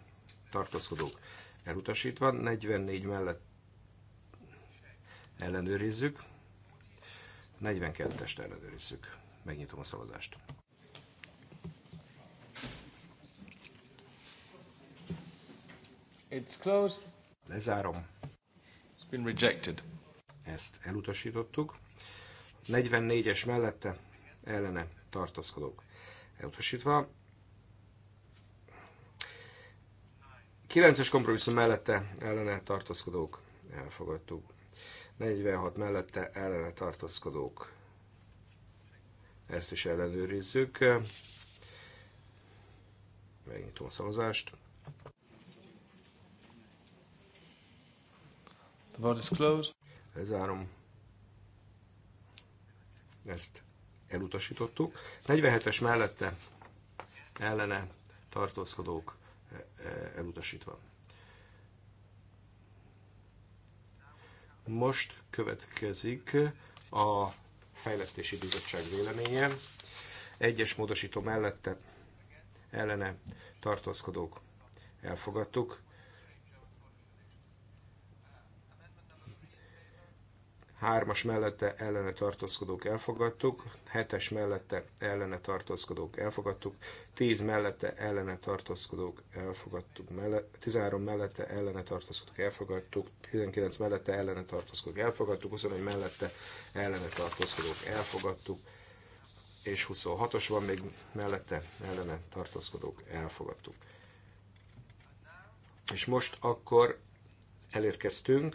tartózkodók elutasítva, 44 mellett ellenőrizzük, 42-est ellenőrizzük. Megnyitom a szavazást. It's closed. Lezárom. It's been rejected. Ezt elutasítottuk. 44-es mellette ellene tartaszkodok. elutasítva. 9-es kompromisszum mellette ellene tartaszkodók elfogadtuk. 46 mellette ellene tartózkodók. Ezt is ellenőrizzük. Megnyitom a szavazást. The vote is closed. Lezárom. Ezt elutasítottuk. 47-es mellette ellene tartózkodók e, e, elutasítva. Most következik a Fejlesztési Bizottság véleménye. Egyes módosító mellette ellene tartózkodók elfogadtuk. 3-as mellette ellene tartózkodók elfogadtuk, es mellette ellene tartózkodók elfogadtuk, 10 mellette ellene tartózkodók elfogadtuk, 13 mellette ellene tartózkodók elfogadtuk, 19 mellette ellene tartózkodók elfogadtuk, 21 mellette ellene tartózkodók elfogadtuk, és 26-os van még mellette ellene tartózkodók elfogadtuk. És most akkor elérkeztünk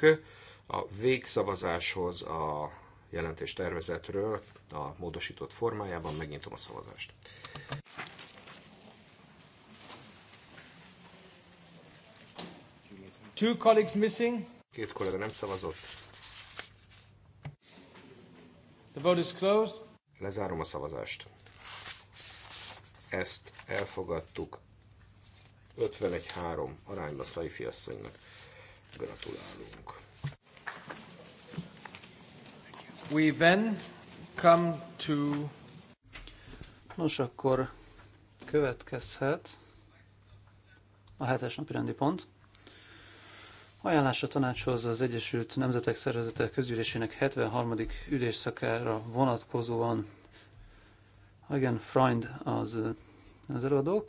a végszavazáshoz a jelentés tervezetről a módosított formájában megnyitom a szavazást. Two colleagues missing. Két kollega nem szavazott. The vote is closed. Lezárom a szavazást. Ezt elfogadtuk 51-3 arányba Szaifi asszonynak. Gratulálunk. We then come to... Nos, akkor következhet a hetes napi rendi pont. Ajánlás a tanácshoz az Egyesült Nemzetek Szervezete közgyűlésének 73. ülésszakára vonatkozóan. Igen, Freund az, az előadó.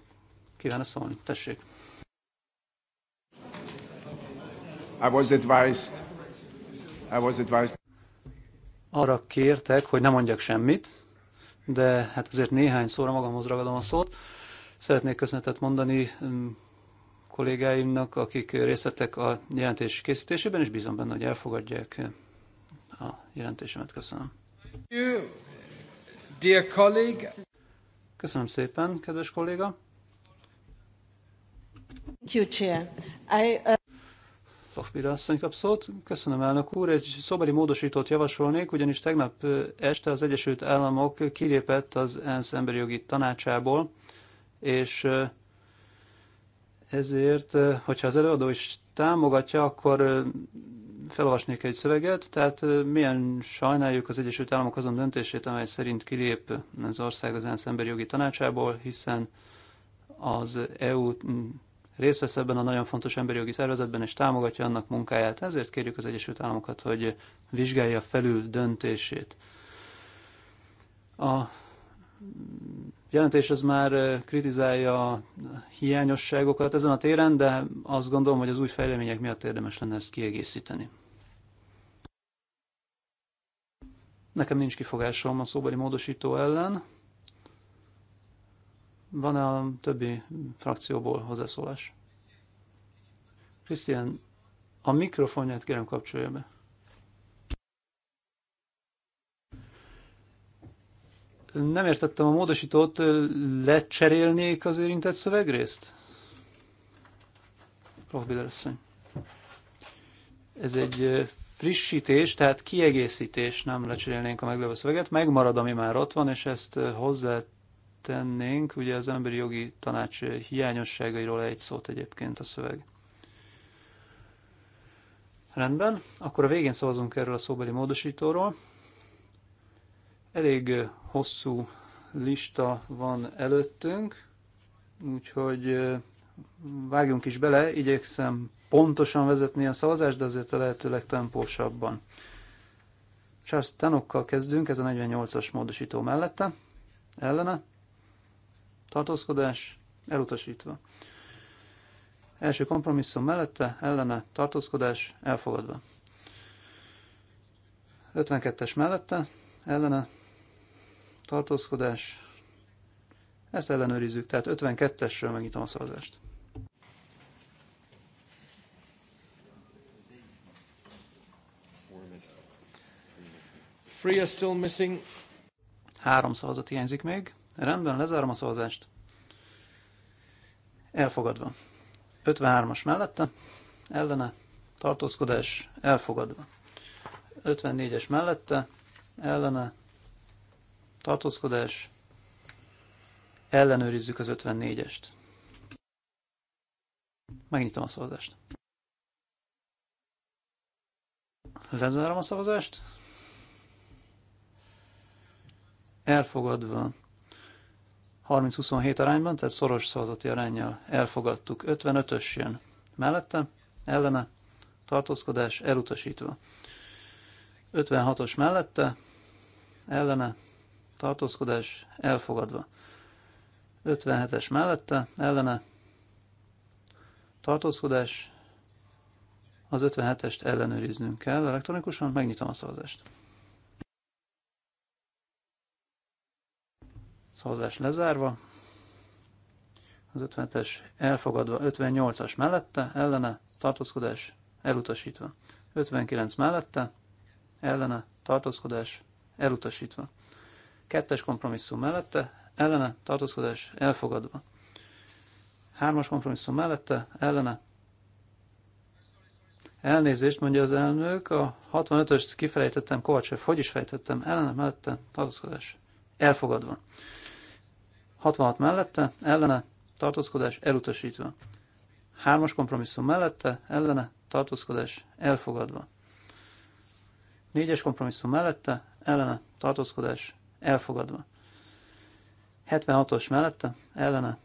Kívánok szólni, tessék. I was advised. I was advised arra kértek, hogy ne mondjak semmit, de hát azért néhány szóra magamhoz ragadom a szót. Szeretnék köszönetet mondani mm, kollégáimnak, akik részletek a jelentés készítésében, és bízom benne, hogy elfogadják a jelentésemet. Köszönöm. Köszönöm szépen, kedves kolléga. Uh, Lofbira asszony kap szót. Köszönöm, elnök úr. Egy szobari módosítót javasolnék, ugyanis tegnap este az Egyesült Államok kilépett az ENSZ emberi jogi tanácsából, és ezért, hogyha az előadó is támogatja, akkor felolvasnék egy szöveget, tehát milyen sajnáljuk az Egyesült Államok azon döntését, amely szerint kilép az ország az ENSZ emberi jogi tanácsából, hiszen az EU részt vesz ebben a nagyon fontos emberi jogi szervezetben, és támogatja annak munkáját. Ezért kérjük az Egyesült Államokat, hogy vizsgálja felül döntését. A jelentés az már kritizálja a hiányosságokat ezen a téren, de azt gondolom, hogy az új fejlemények miatt érdemes lenne ezt kiegészíteni. Nekem nincs kifogásom a szóbeli módosító ellen. Van -e a többi frakcióból hozzászólás? Krisztián, a mikrofonját kérem kapcsolja be. Nem értettem a módosítót, lecserélnék az érintett szövegrészt? Prof. Billerasszony. Ez egy frissítés, tehát kiegészítés, nem lecserélnénk a meglevő szöveget, megmarad, ami már ott van, és ezt hozzá tennénk. Ugye az emberi jogi tanács hiányosságairól egy szót egyébként a szöveg. Rendben, akkor a végén szavazunk erről a szóbeli módosítóról. Elég hosszú lista van előttünk, úgyhogy vágjunk is bele, igyekszem pontosan vezetni a szavazást, de azért a lehető legtempósabban. Charles Tanokkal kezdünk, ez a 48-as módosító mellette, ellene, tartózkodás elutasítva. Első kompromisszum mellette, ellene, tartózkodás elfogadva. 52-es mellette, ellene, tartózkodás. Ezt ellenőrizzük, tehát 52-esről megnyitom a szavazást. Three are still missing. Három szavazat hiányzik még. Rendben, lezárom a szavazást. Elfogadva. 53-as mellette, ellene, tartózkodás, elfogadva. 54-es mellette, ellene, tartózkodás, ellenőrizzük az 54-est. Megnyitom a szavazást. Lezárom a szavazást. Elfogadva 30-27 arányban, tehát szoros szavazati arányjal elfogadtuk. 55-ös jön mellette, ellene, tartózkodás elutasítva. 56-os mellette, ellene, tartózkodás elfogadva. 57-es mellette, ellene, tartózkodás, az 57-est ellenőriznünk kell elektronikusan, megnyitom a szavazást. Szavazás lezárva. Az 57-es elfogadva, 58-as mellette, ellene, tartózkodás elutasítva. 59 mellette, ellene, tartózkodás elutasítva. Kettes kompromisszum mellette, ellene, tartózkodás elfogadva. Hármas kompromisszum mellette, ellene. Elnézést, mondja az elnök, a 65-öst kifelejtettem, Kovácsev, hogy is fejtettem, ellene, mellette, tartózkodás elfogadva. 66 mellette, ellene, tartózkodás elutasítva. 3-as kompromisszum mellette, ellene, tartózkodás elfogadva. 4-es kompromisszum mellette, ellene, tartózkodás elfogadva. 76-os mellette, ellene,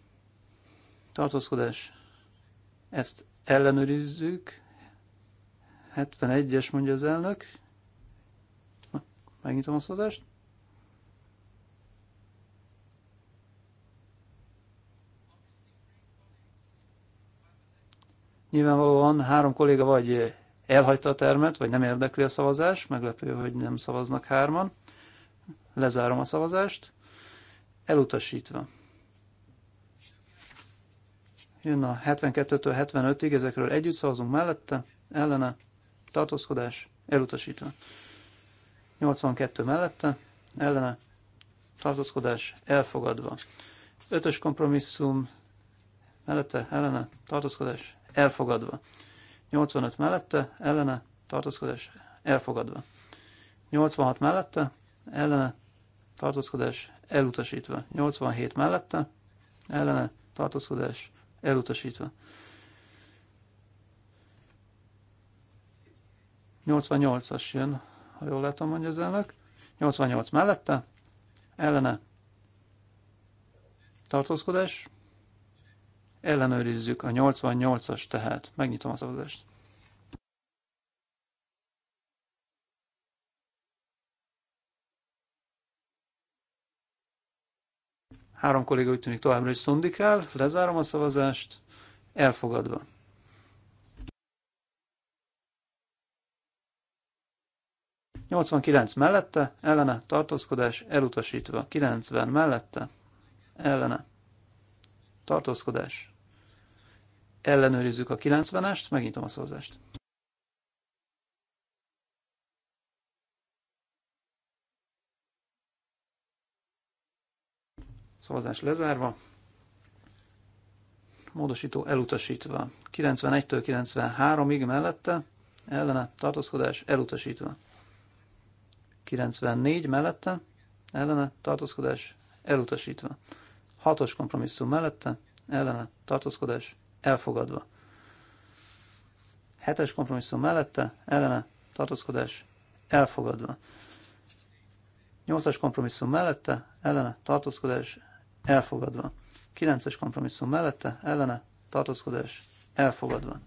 tartózkodás, ezt ellenőrizzük. 71-es mondja az elnök. Megnyitom a szózást. Nyilvánvalóan három kolléga vagy elhagyta a termet, vagy nem érdekli a szavazás, meglepő, hogy nem szavaznak hárman. Lezárom a szavazást, elutasítva. Jön a 72-től 75-ig, ezekről együtt szavazunk mellette, ellene, tartózkodás, elutasítva. 82 mellette, ellene, tartózkodás, elfogadva. Ötös kompromisszum, mellette, ellene, tartózkodás, elfogadva. 85 mellette, ellene, tartózkodás elfogadva. 86 mellette, ellene, tartózkodás elutasítva. 87 mellette, ellene, tartózkodás elutasítva. 88-as jön, ha jól látom, mondja az elnök. 88 mellette, ellene, tartózkodás Ellenőrizzük a 88-as tehát. Megnyitom a szavazást. Három kolléga úgy tűnik továbbra is szundikál, lezárom a szavazást, elfogadva. Nyolcvankilenc mellette, ellene, tartózkodás, elutasítva. Kilencven mellette, ellene, tartózkodás, Ellenőrizzük a 90-est, megnyitom a szózást. Szavazás lezárva. Módosító elutasítva. 91-től 93-ig mellette, ellene tartózkodás elutasítva. 94 mellette, ellene tartózkodás elutasítva. 6-os kompromisszum mellette, ellene tartózkodás elfogadva. Hetes kompromisszum mellette, ellene, tartózkodás, elfogadva. Nyolcas kompromisszum mellette, ellene, tartózkodás, elfogadva. Kilences kompromisszum mellette, ellene, tartózkodás, elfogadva.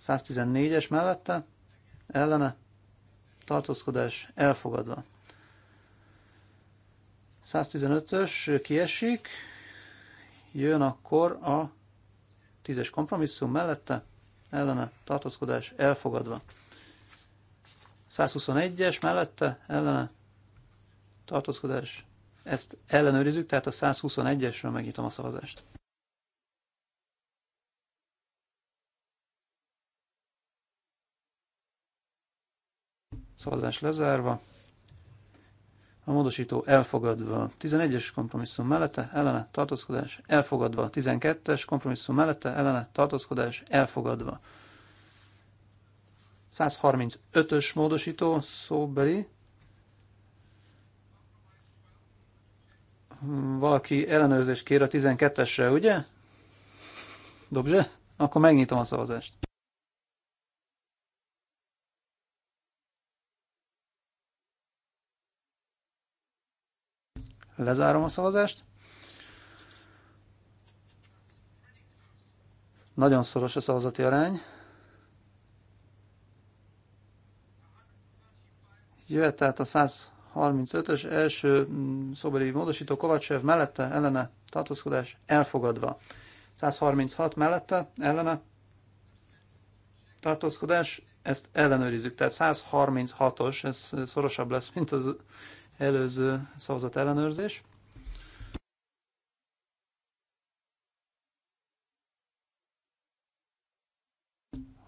114-es mellette, ellene, tartózkodás, elfogadva. 115-ös kiesik, Jön akkor a tízes kompromisszum mellette, ellene tartózkodás elfogadva. 121-es mellette, ellene tartózkodás. Ezt ellenőrizzük, tehát a 121-esről megnyitom a szavazást. Szavazás lezárva a módosító elfogadva 11-es kompromisszum mellette, ellene tartózkodás elfogadva 12-es kompromisszum mellette, ellene tartózkodás elfogadva. 135-ös módosító szóbeli. Valaki ellenőrzést kér a 12-esre, ugye? Dobzse? Akkor megnyitom a szavazást. Lezárom a szavazást. Nagyon szoros a szavazati arány. Jöhet tehát a 135-ös első mm, szobeli módosító Kovácsev mellette, ellene tartózkodás elfogadva. 136 mellette, ellene tartózkodás, ezt ellenőrizzük. Tehát 136-os, ez szorosabb lesz, mint az Előző szavazat ellenőrzés.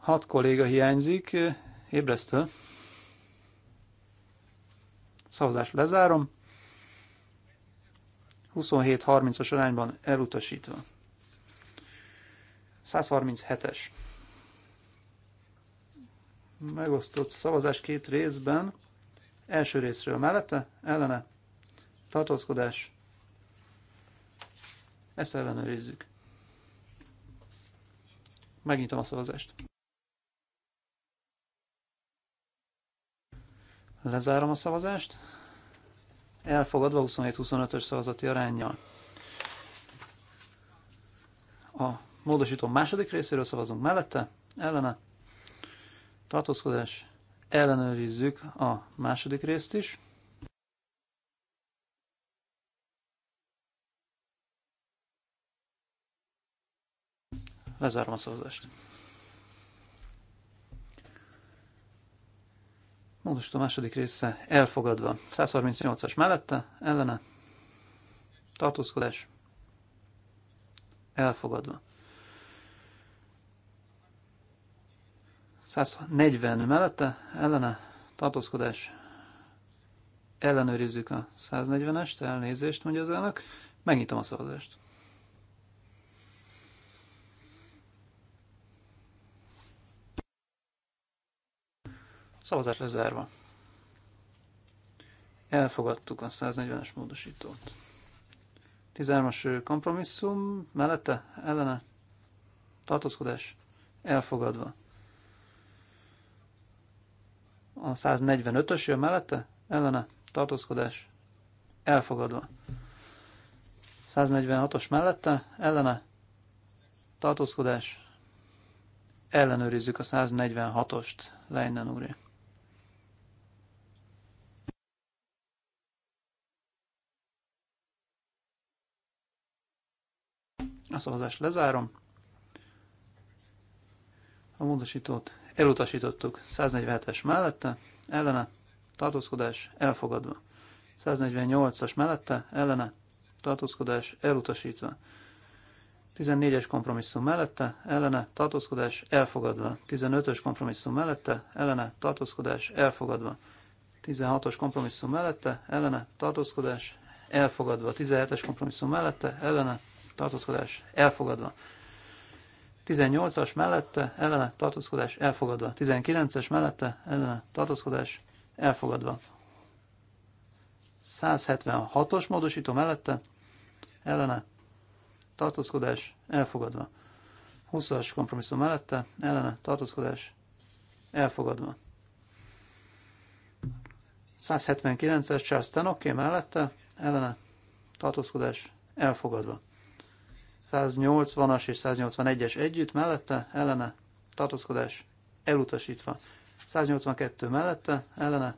Hat kolléga hiányzik, ébresztő. Szavazást lezárom. 27-30-as arányban elutasítva. 137-es. Megosztott szavazás két részben. Első részről mellette, ellene, tartózkodás. Ezt ellenőrizzük. Megnyitom a szavazást. Lezárom a szavazást. Elfogadva 27-25-ös szavazati arányjal. A módosító második részéről szavazunk mellette, ellene, tartózkodás, Ellenőrizzük a második részt is. Lezárom a szavazást. a második része elfogadva. 138-as mellette, ellene, tartózkodás, elfogadva. 140 mellette ellene tartózkodás ellenőrizzük a 140-est, elnézést mondja az elnök, megnyitom a szavazást. Szavazás lezárva. Elfogadtuk a 140-es módosítót. 13-as kompromisszum mellette ellene tartózkodás elfogadva. A 145-ös jön mellette? Ellene. Tartózkodás. Elfogadva. 146-os mellette? Ellene. Tartózkodás. Ellenőrizzük a 146-ost. Leinen úri. A szavazást lezárom. A módosítót Elutasítottuk. 147-es mellette, ellene, tartózkodás elfogadva. 148-as mellette, ellene, tartózkodás elutasítva. 14-es kompromisszum mellette, ellene, tartózkodás elfogadva. 15-ös kompromisszum mellette, ellene, tartózkodás elfogadva. 16-os kompromisszum mellette, ellene, tartózkodás elfogadva. 17-es kompromisszum mellette, ellene, tartózkodás elfogadva. 18-as mellette ellene tartózkodás elfogadva. 19-es mellette ellene tartózkodás elfogadva. 176-os módosító mellette ellene tartózkodás elfogadva. 20-as kompromisszum mellette ellene tartózkodás elfogadva. 179-es Charles Tenoké mellette ellene tartózkodás elfogadva. 180-as és 181-es együtt, mellette, ellene, tartózkodás elutasítva. 182 mellette, ellene,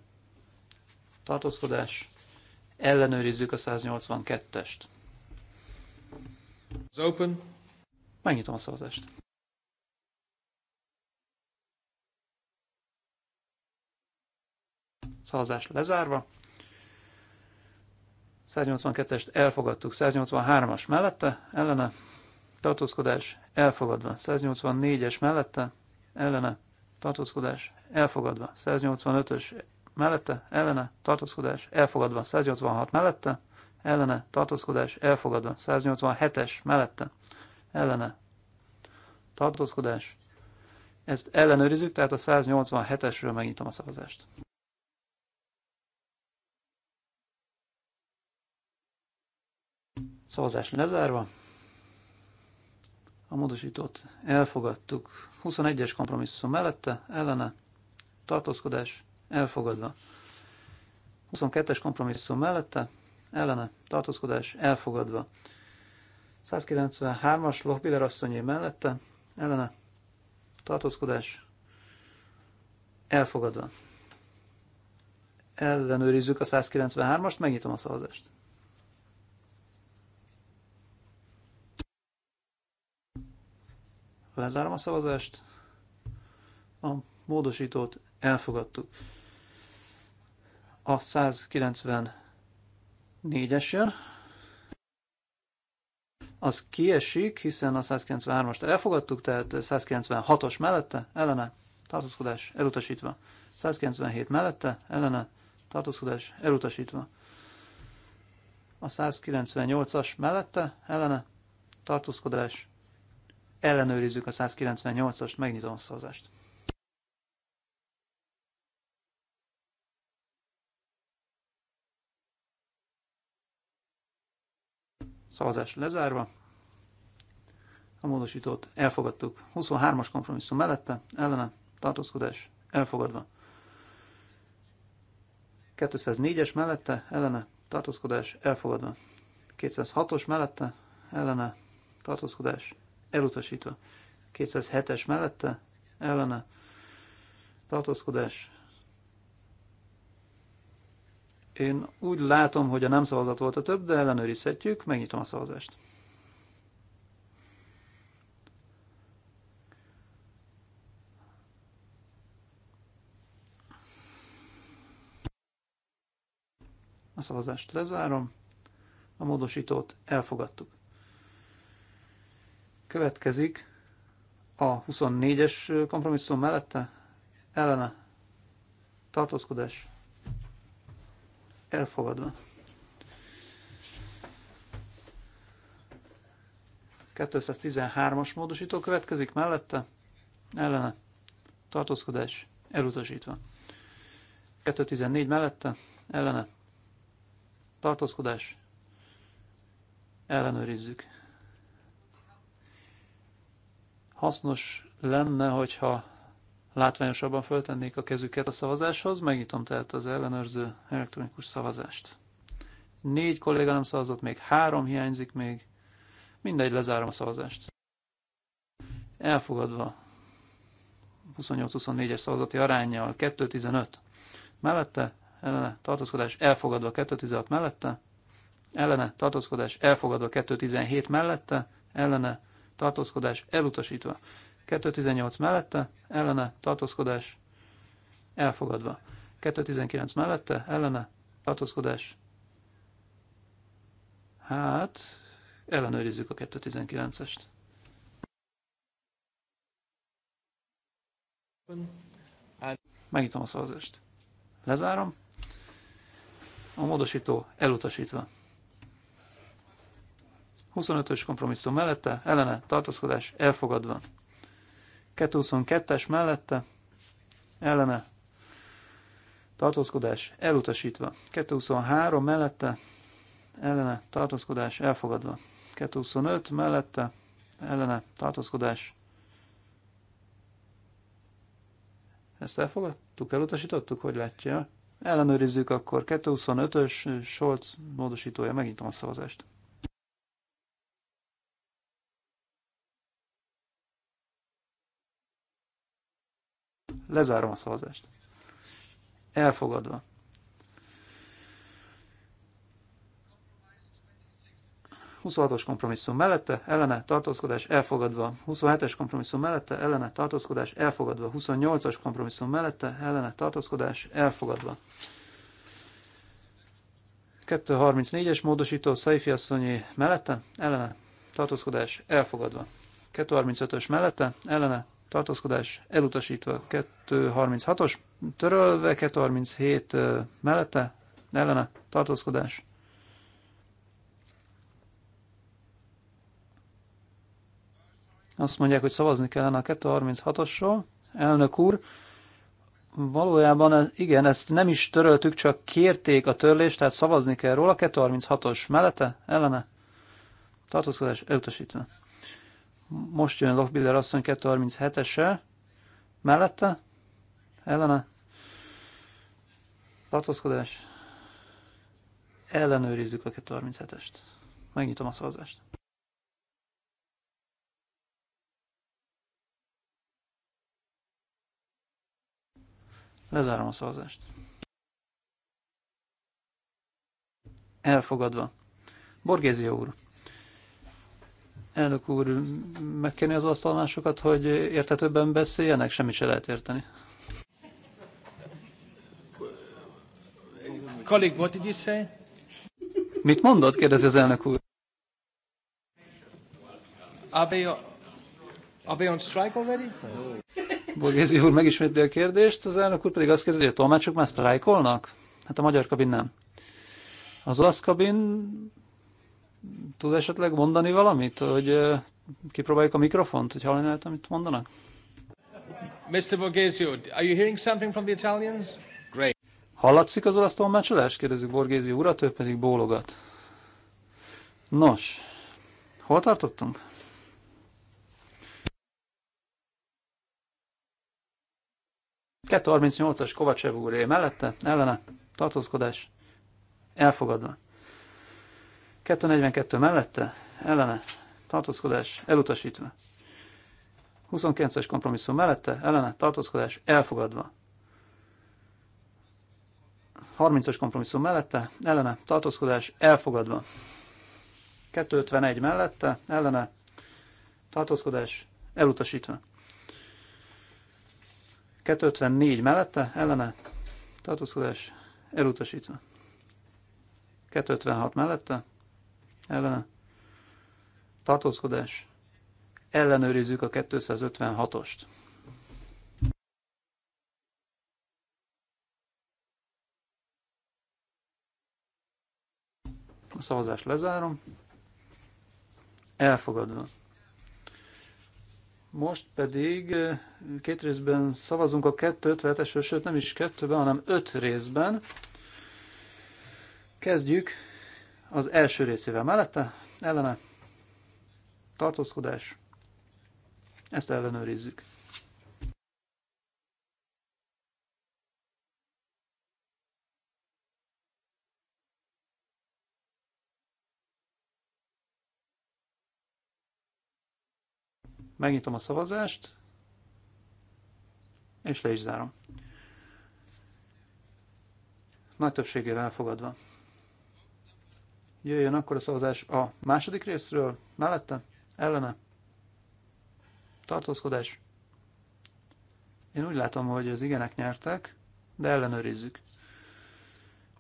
tartózkodás, ellenőrizzük a 182-est. open. Megnyitom a szavazást. Szavazás lezárva. 182-est elfogadtuk, 183-as mellette, ellene, tartózkodás elfogadva, 184-es mellette, ellene, tartózkodás elfogadva, 185-ös mellette, ellene, tartózkodás elfogadva, 186 mellette, ellene, tartózkodás elfogadva, 187-es mellette, ellene, tartózkodás. Ezt ellenőrizzük, tehát a 187-esről megnyitom a szavazást. Szavazás lezárva. A módosítót elfogadtuk. 21-es kompromisszum mellette, ellene, tartózkodás elfogadva. 22-es kompromisszum mellette, ellene, tartózkodás elfogadva. 193-as Lochbiller asszonyé mellette, ellene, tartózkodás elfogadva. Ellenőrizzük a 193-ast, megnyitom a szavazást. Lezárom a szavazást. A módosítót elfogadtuk. A 194-es jön. Az kiesik, hiszen a 193-ast elfogadtuk, tehát 196-os mellette, ellene, tartózkodás elutasítva. 197 mellette, ellene, tartózkodás elutasítva. A 198-as mellette, ellene, tartózkodás Ellenőrizzük a 198-ast, megnyitom a szavazást. Szavazás lezárva. A módosítót elfogadtuk. 23-as kompromisszum mellette, ellene, tartózkodás elfogadva. 204-es mellette, ellene, tartózkodás elfogadva. 206-os mellette, ellene, tartózkodás elutasítva. 207-es mellette, ellene, tartózkodás. Én úgy látom, hogy a nem szavazat volt a több, de ellenőrizhetjük, megnyitom a szavazást. A szavazást lezárom, a módosítót elfogadtuk. Következik a 24-es kompromisszum mellette ellene tartózkodás elfogadva. 213-as módosító következik mellette, ellene tartózkodás elutasítva. 214 mellette, ellene tartózkodás ellenőrizzük. Hasznos lenne, hogyha látványosabban föltennék a kezüket a szavazáshoz, megnyitom tehát az ellenőrző elektronikus szavazást. Négy kolléga nem szavazott, még három hiányzik még. Mindegy, lezárom a szavazást. Elfogadva 28-24-es szavazati arányjal 2-15 mellette, ellene tartózkodás elfogadva 2-16 mellette, ellene tartózkodás elfogadva 2-17 mellette, ellene tartózkodás elutasítva. 218 mellette, ellene, tartózkodás elfogadva. 219 mellette, ellene, tartózkodás. Hát, ellenőrizzük a 219-est. Megnyitom a szavazást. Lezárom. A módosító elutasítva. 25-ös kompromisszum mellette, ellene tartózkodás elfogadva. 222-es mellette, ellene tartózkodás elutasítva. 223 mellette, ellene tartózkodás elfogadva. 225 mellette, ellene tartózkodás Ezt elfogadtuk, elutasítottuk, hogy látja? Ellenőrizzük akkor 225-ös Scholz módosítója, megnyitom a szavazást. Lezárom a szavazást. Elfogadva. os kompromisszum mellette, ellene tartózkodás elfogadva. 27-es kompromisszum mellette, ellene tartózkodás elfogadva. 28-as kompromisszum mellette, ellene tartózkodás elfogadva. 234-es módosító Saifi asszonyi mellette, ellene tartózkodás elfogadva. 235-ös mellette, ellene tartózkodás elutasítva 236-os, törölve 237 mellette, ellene tartózkodás. Azt mondják, hogy szavazni kellene a 236-osról. Elnök úr, valójában igen, ezt nem is töröltük, csak kérték a törlést, tehát szavazni kell róla. 236-os mellette, ellene tartózkodás elutasítva. Most jön Lofbiller asszony 237 ese Mellette? Ellene? Tartózkodás? Ellenőrizzük a 237-est. Megnyitom a szavazást. Lezárom a szavazást. Elfogadva. Borgézia úr. Elnök úr, megkérni az asztalmásokat, hogy értetőbben beszéljenek? Semmit se lehet érteni. Colleague, what did you say? Mit mondott? Kérdezi az elnök úr. Are they, on strike already? No. Borgézi úr megismétli a kérdést, az elnök úr pedig azt kérdezi, hogy a tolmácsok már sztrájkolnak? Hát a magyar kabin nem. Az olasz kabin tud esetleg mondani valamit, hogy kipróbáljuk a mikrofont, hogy hallani lehet, amit mondanak? Mr. Borghesio, are you hearing something from the Italians? Great. Hallatszik az olasz tolmácsolás? Kérdezik Borghesio urat, ő pedig bólogat. Nos, hol tartottunk? as Kovács úré mellette, ellene, tartózkodás, elfogadva. 242 mellette, ellene, tartózkodás elutasítva. 29-es kompromisszum mellette, ellene, tartózkodás elfogadva. 30-as kompromisszum mellette, ellene, tartózkodás elfogadva. 251 mellette, ellene, tartózkodás elutasítva. 254 mellette, ellene, tartózkodás elutasítva. 256 mellette, ellene tartózkodás. Ellenőrizzük a 256-ost. A szavazást lezárom. Elfogadva. Most pedig eh, két részben szavazunk a 250-es sőt nem is kettőben, hanem öt részben. Kezdjük az első részével mellette ellene tartózkodás. Ezt ellenőrizzük. Megnyitom a szavazást, és le is zárom. Nagy többségével elfogadva. Jöjjön akkor a szavazás a második részről, mellette, ellene, tartózkodás. Én úgy látom, hogy az igenek nyertek, de ellenőrizzük.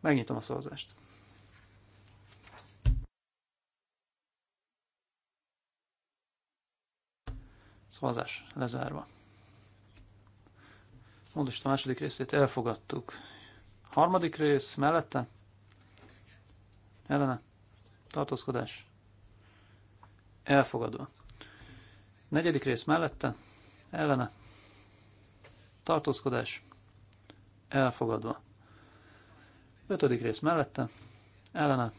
Megnyitom a szavazást. Szavazás lezárva. Módosít a második részét elfogadtuk. Harmadik rész mellette? Ellene? tartózkodás elfogadva. Negyedik rész mellette, ellene, tartózkodás elfogadva. Ötödik rész mellette, ellene,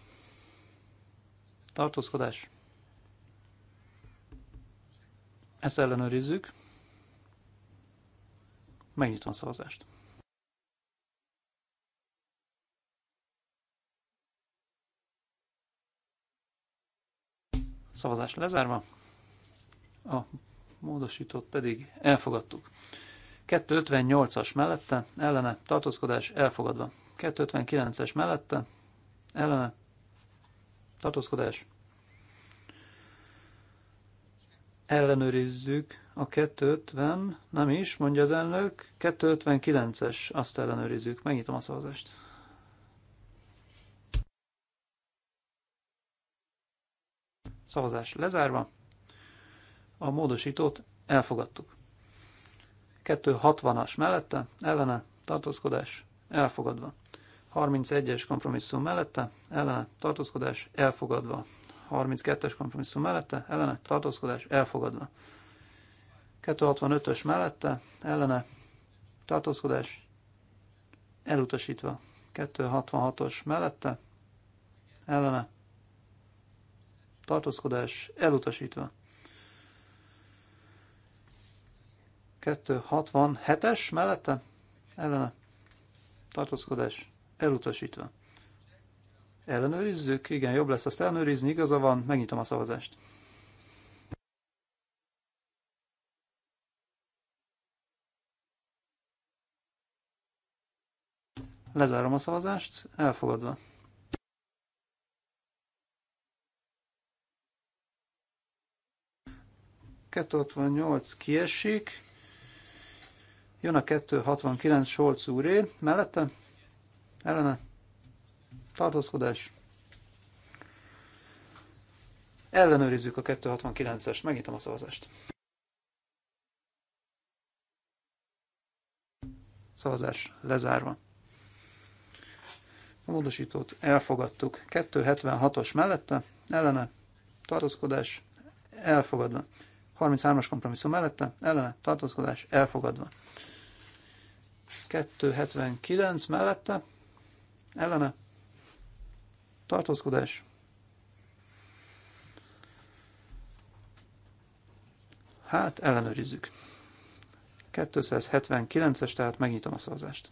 tartózkodás. Ezt ellenőrizzük. Megnyitom a szavazást. Szavazás lezárva. A módosítót pedig elfogadtuk. 258-as mellette, ellene, tartózkodás elfogadva. 259-es mellette, ellene, tartózkodás. Ellenőrizzük a 250, nem is, mondja az elnök, 259-es, azt ellenőrizzük. Megnyitom a szavazást. Szavazás lezárva. A módosítót elfogadtuk. 260-as mellette, ellene, tartózkodás, elfogadva. 31-es kompromisszum mellette, ellene, tartózkodás, elfogadva. 32-es kompromisszum mellette, ellene, tartózkodás, elfogadva. 265-ös mellette, ellene, tartózkodás, elutasítva. 266-os mellette, ellene, tartózkodás elutasítva. 267-es mellette ellene tartózkodás elutasítva. Ellenőrizzük? Igen, jobb lesz azt ellenőrizni, igaza van, megnyitom a szavazást. Lezárom a szavazást, elfogadva. 268 kiesik, jön a 269 Solc úré, mellette ellene tartózkodás. Ellenőrizzük a 269-est, megnyitom a szavazást. Szavazás lezárva. A módosítót elfogadtuk. 276-os mellette, ellene, tartózkodás, elfogadva. 33-as kompromisszum mellette, ellene tartózkodás elfogadva. 279 mellette, ellene tartózkodás. Hát ellenőrizzük. 279-es, tehát megnyitom a szavazást.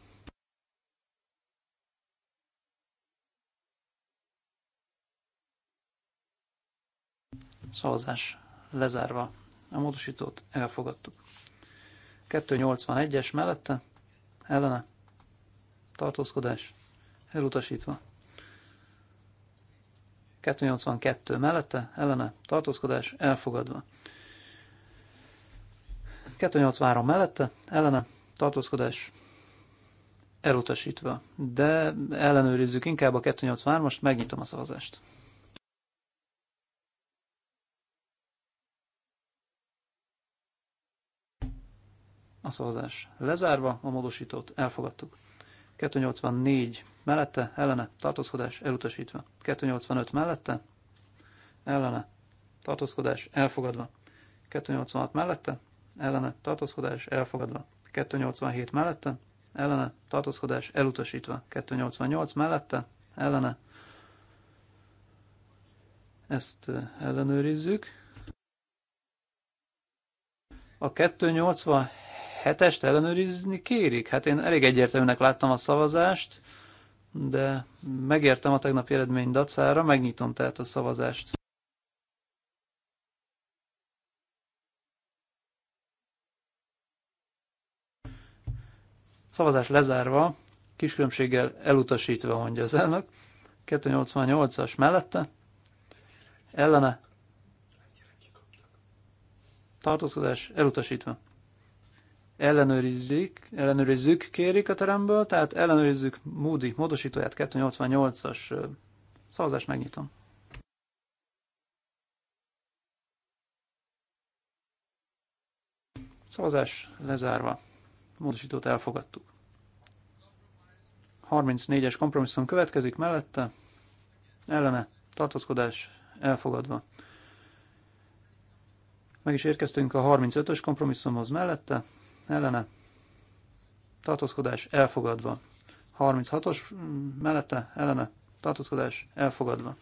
Szavazás lezárva a módosítót elfogadtuk. 281-es mellette ellene tartózkodás elutasítva. 282 mellette ellene tartózkodás elfogadva. 283 mellette ellene tartózkodás elutasítva. De ellenőrizzük inkább a 283-ast, megnyitom a szavazást. a szavazás lezárva, a módosítót elfogadtuk. 284 mellette, ellene, tartózkodás elutasítva. 285 mellette, ellene, tartózkodás elfogadva. 286 mellette, ellene, tartózkodás elfogadva. 287 mellette, ellene, tartózkodás elutasítva. 288 mellette, ellene. Ezt eh, ellenőrizzük. A 287 hetest ellenőrizni kérik? Hát én elég egyértelműnek láttam a szavazást, de megértem a tegnap eredmény dacára, megnyitom tehát a szavazást. Szavazás lezárva, kis különbséggel elutasítva mondja az elnök. 288-as mellette, ellene, tartózkodás elutasítva ellenőrizzük, ellenőrizzük kérik a teremből, tehát ellenőrizzük Moody módosítóját 288-as szavazást megnyitom. Szavazás lezárva. Módosítót elfogadtuk. 34-es kompromisszum következik mellette. Ellene tartózkodás elfogadva. Meg is érkeztünk a 35-ös kompromisszumhoz mellette ellene tartózkodás elfogadva. 36-os mm, mellette ellene tartózkodás elfogadva.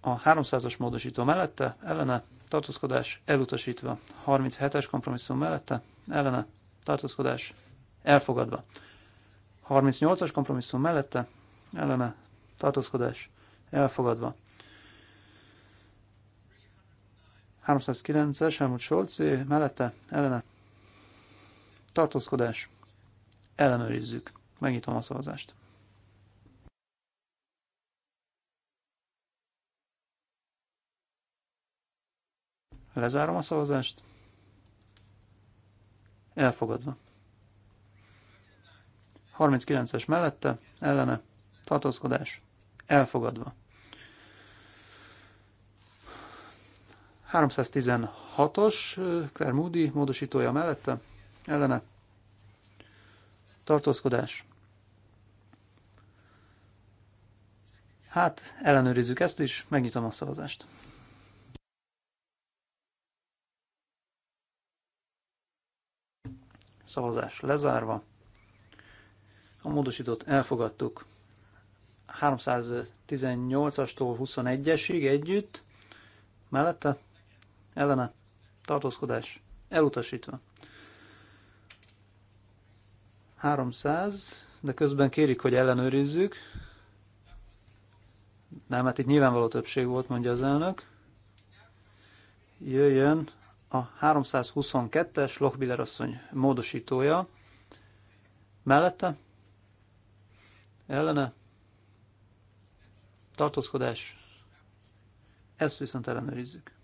A 300-as módosító mellette ellene tartózkodás elutasítva. 37-es kompromisszum mellette ellene tartózkodás elfogadva. 38-as kompromisszum mellette ellene tartózkodás elfogadva. 309-es Helmut Scholz mellette ellene tartózkodás. Ellenőrizzük. Megnyitom a szavazást. Lezárom a szavazást. Elfogadva. 39-es mellette, ellene, tartózkodás, elfogadva. 316-os Claire Moody módosítója mellette, ellene tartózkodás. Hát, ellenőrizzük ezt is, megnyitom a szavazást. Szavazás lezárva. A módosítót elfogadtuk 318-astól 21-esig együtt, mellette ellene tartózkodás elutasítva. 300, de közben kérik, hogy ellenőrizzük. Nem, hát itt nyilvánvaló többség volt, mondja az elnök. Jöjjön a 322-es Lochbiller asszony módosítója. Mellette? Ellene? Tartózkodás? Ezt viszont ellenőrizzük.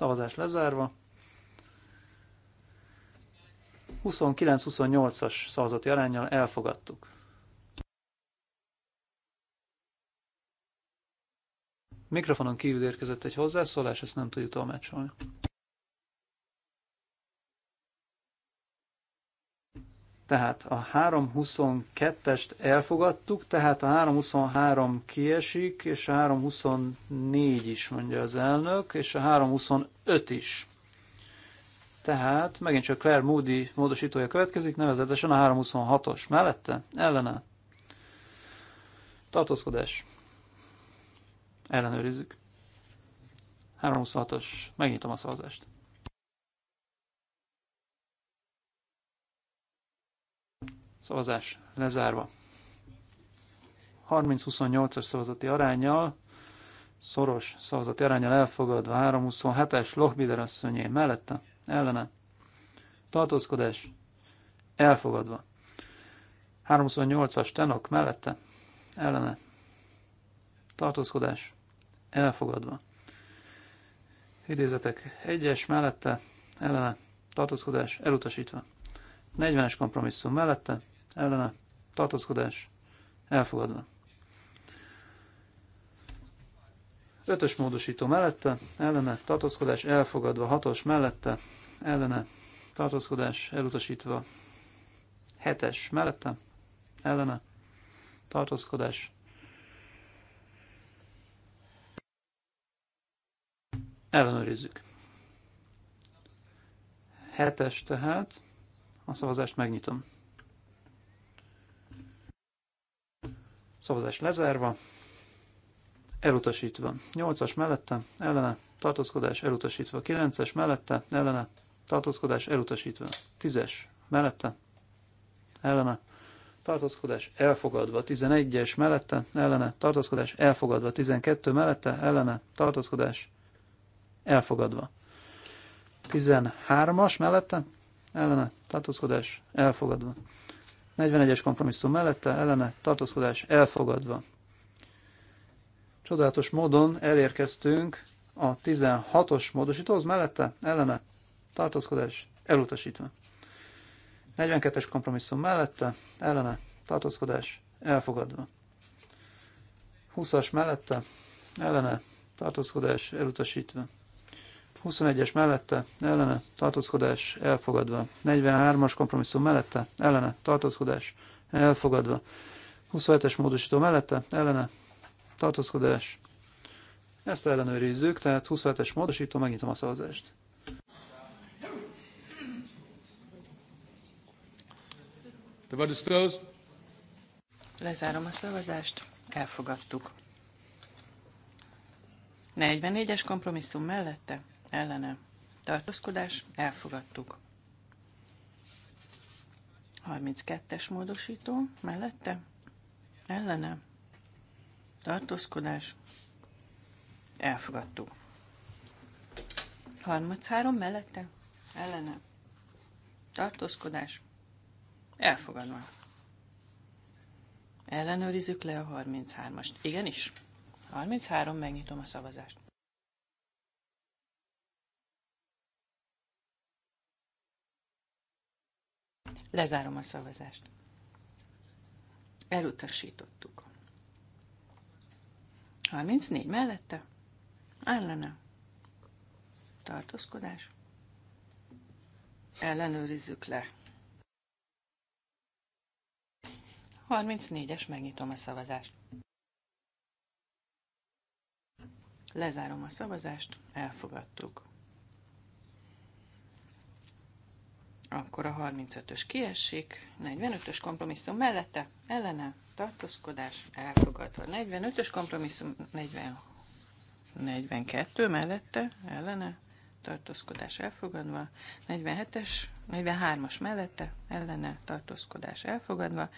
Szavazás lezárva. 29-28-as szavazati arányjal elfogadtuk. Mikrofonon kívül érkezett egy hozzászólás, ezt nem tudjuk tolmácsolni. Tehát a 322-est elfogadtuk, tehát a 323 kiesik, és a 324 is, mondja az elnök, és a 325 is. Tehát megint csak Claire Moody módosítója következik, nevezetesen a 326-os. Mellette? Ellene? Tartózkodás. Ellenőrizzük. 326-os. Megnyitom a szavazást. Szavazás lezárva. 30-28-as szavazati arányjal, szoros szavazati arányjal elfogadva 3-27-es Lochbider asszonyé mellette, ellene. Tartózkodás elfogadva. 28 as Tenok mellette, ellene. Tartózkodás elfogadva. Idézetek 1-es mellette, ellene. Tartózkodás elutasítva. 40-es kompromisszum mellette, ellene tartózkodás elfogadva. Ötös módosító mellette, ellene tartózkodás elfogadva, hatos mellette, ellene tartózkodás elutasítva, hetes mellette, ellene tartózkodás ellenőrizzük. Hetes tehát, a szavazást megnyitom. Szavazás lezárva. Elutasítva. 8-as mellette, ellene, tartózkodás elutasítva. 9-es mellette, ellene, tartózkodás elutasítva. 10-es mellette, ellene, tartózkodás elfogadva 11-es mellette, ellene, tartózkodás elfogadva 12 mellette, ellene, tartózkodás elfogadva. 13-as mellette, ellene, tartózkodás elfogadva. 41-es kompromisszum mellette ellene tartózkodás elfogadva. Csodálatos módon elérkeztünk a 16-os módosítóhoz mellette ellene tartózkodás elutasítva. 42-es kompromisszum mellette ellene tartózkodás elfogadva. 20-as mellette ellene tartózkodás elutasítva. 21-es mellette, ellene, tartózkodás elfogadva. 43-as kompromisszum mellette, ellene, tartózkodás elfogadva. 27-es módosító mellette, ellene, tartózkodás. Ezt ellenőrizzük, tehát 27-es módosító, megnyitom a szavazást. The vote is closed. Lezárom a szavazást, elfogadtuk. 44-es kompromisszum mellette, ellene tartózkodás elfogadtuk. 32-es módosító mellette ellene tartózkodás elfogadtuk. 33 mellette ellene tartózkodás elfogadva. Ellenőrizzük le a 33-ast. Igenis. 33, megnyitom a szavazást. Lezárom a szavazást. Elutasítottuk. 34 mellette, ellene, tartózkodás, ellenőrizzük le. 34-es, megnyitom a szavazást. Lezárom a szavazást, elfogadtuk. Akkor a 35-ös kiesik, 45-ös kompromisszum mellette, ellene, tartózkodás, elfogadva. 45-ös kompromisszum, 40, 42 mellette, ellene, tartózkodás elfogadva, 47-es, 43-as mellette, ellene, tartózkodás elfogadva,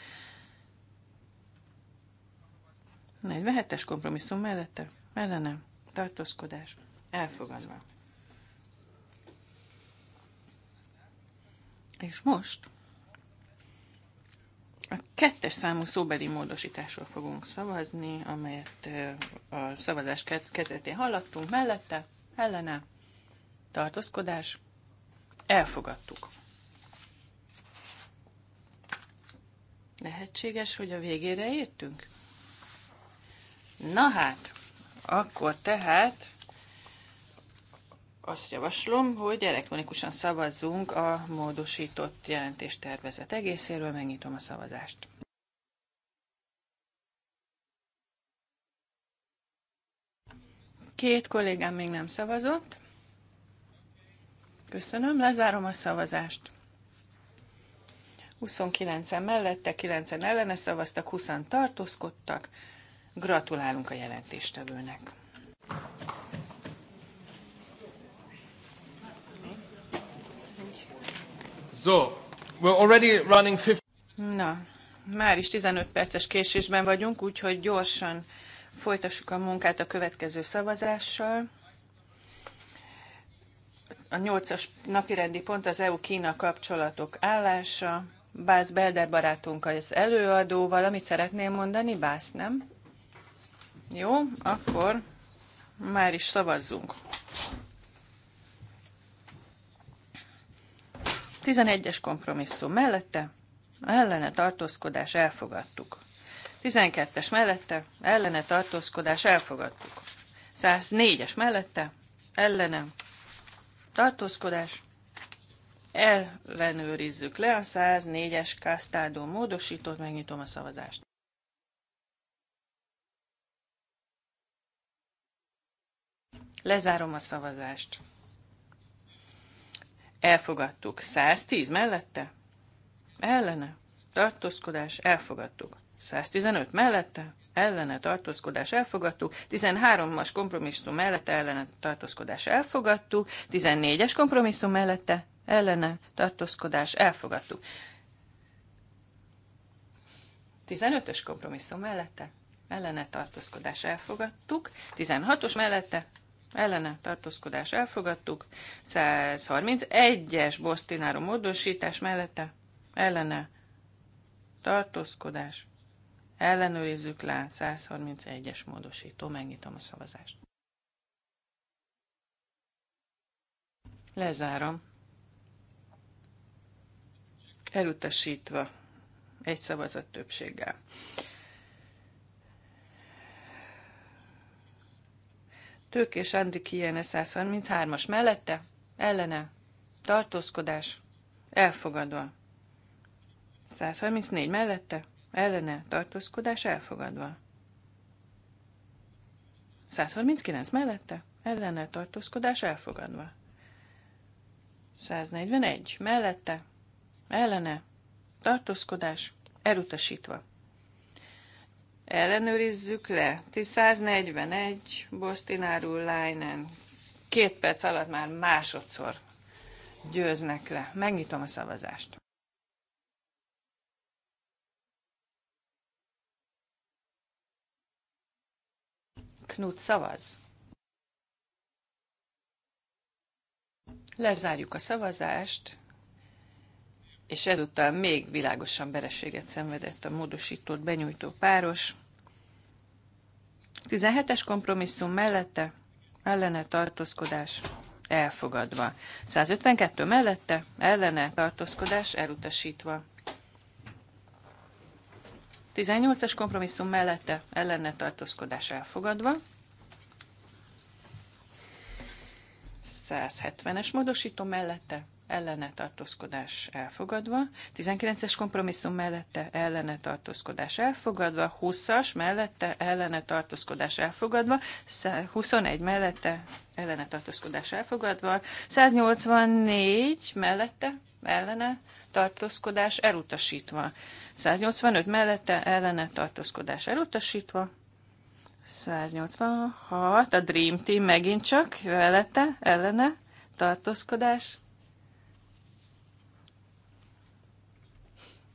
47-es kompromisszum mellette, ellene, tartózkodás elfogadva. És most a kettes számú szóbeli módosításról fogunk szavazni, amelyet a szavazás kezdetén hallottunk mellette, ellene, tartózkodás, elfogadtuk. Lehetséges, hogy a végére értünk? Na hát, akkor tehát azt javaslom, hogy elektronikusan szavazzunk a módosított tervezet egészéről. Megnyitom a szavazást. Két kollégám még nem szavazott. Köszönöm, lezárom a szavazást. 29-en mellette, 9-en ellene szavaztak, 20-an tartózkodtak. Gratulálunk a jelentéstevőnek. So, we're already running 50... Na, már is 15 perces késésben vagyunk, úgyhogy gyorsan folytassuk a munkát a következő szavazással. A nyolcas napirendi pont az EU-Kína kapcsolatok állása. Bász Belder barátunk az előadó, valamit szeretném mondani, Bász, nem? Jó, akkor már is szavazzunk. 11-es kompromisszum mellette, ellene tartózkodás elfogadtuk. 12-es mellette, ellene tartózkodás elfogadtuk. 104-es mellette, ellene tartózkodás ellenőrizzük le a 104-es kásztádó módosítót, megnyitom a szavazást. Lezárom a szavazást. Elfogadtuk. 110 mellette? Ellene. Tartózkodás. Elfogadtuk. 115 mellette? Ellene. Tartózkodás. Elfogadtuk. 13-as kompromisszum mellette? Ellene. Tartózkodás. Elfogadtuk. 14-es kompromisszum mellette? Ellene. Tartózkodás. Elfogadtuk. 15-ös kompromisszum mellette? Ellene. Tartózkodás. Elfogadtuk. 16-os mellette? ellene tartózkodás elfogadtuk, 131-es Bosztináró módosítás mellette ellene tartózkodás ellenőrizzük le 131-es módosító, megnyitom a szavazást. Lezárom. Elutasítva egy szavazat többséggel. Tők és Andri Kijene 133-as mellette, ellene, tartózkodás, elfogadva. 134 mellette, ellene, tartózkodás, elfogadva. 139 mellette, ellene, tartózkodás, elfogadva. 141 mellette, ellene, tartózkodás, elutasítva ellenőrizzük le. 1041, Bostináru, Leinen. Két perc alatt már másodszor győznek le. Megnyitom a szavazást. Knut szavaz. Lezárjuk a szavazást, és ezúttal még világosan bereséget szenvedett a módosított benyújtó páros. 17-es kompromisszum mellette ellene tartózkodás elfogadva. 152 mellette ellene tartózkodás elutasítva. 18-as kompromisszum mellette ellene tartózkodás elfogadva. 170-es módosító mellette ellene tartózkodás elfogadva, 19-es kompromisszum mellette ellene tartózkodás elfogadva, 20-as mellette ellene tartózkodás elfogadva, 21 mellette ellene tartózkodás elfogadva, 184 mellette ellene tartózkodás elutasítva, 185 mellette ellene tartózkodás elutasítva, 186, a Dream Team megint csak, velete, ellene, tartózkodás,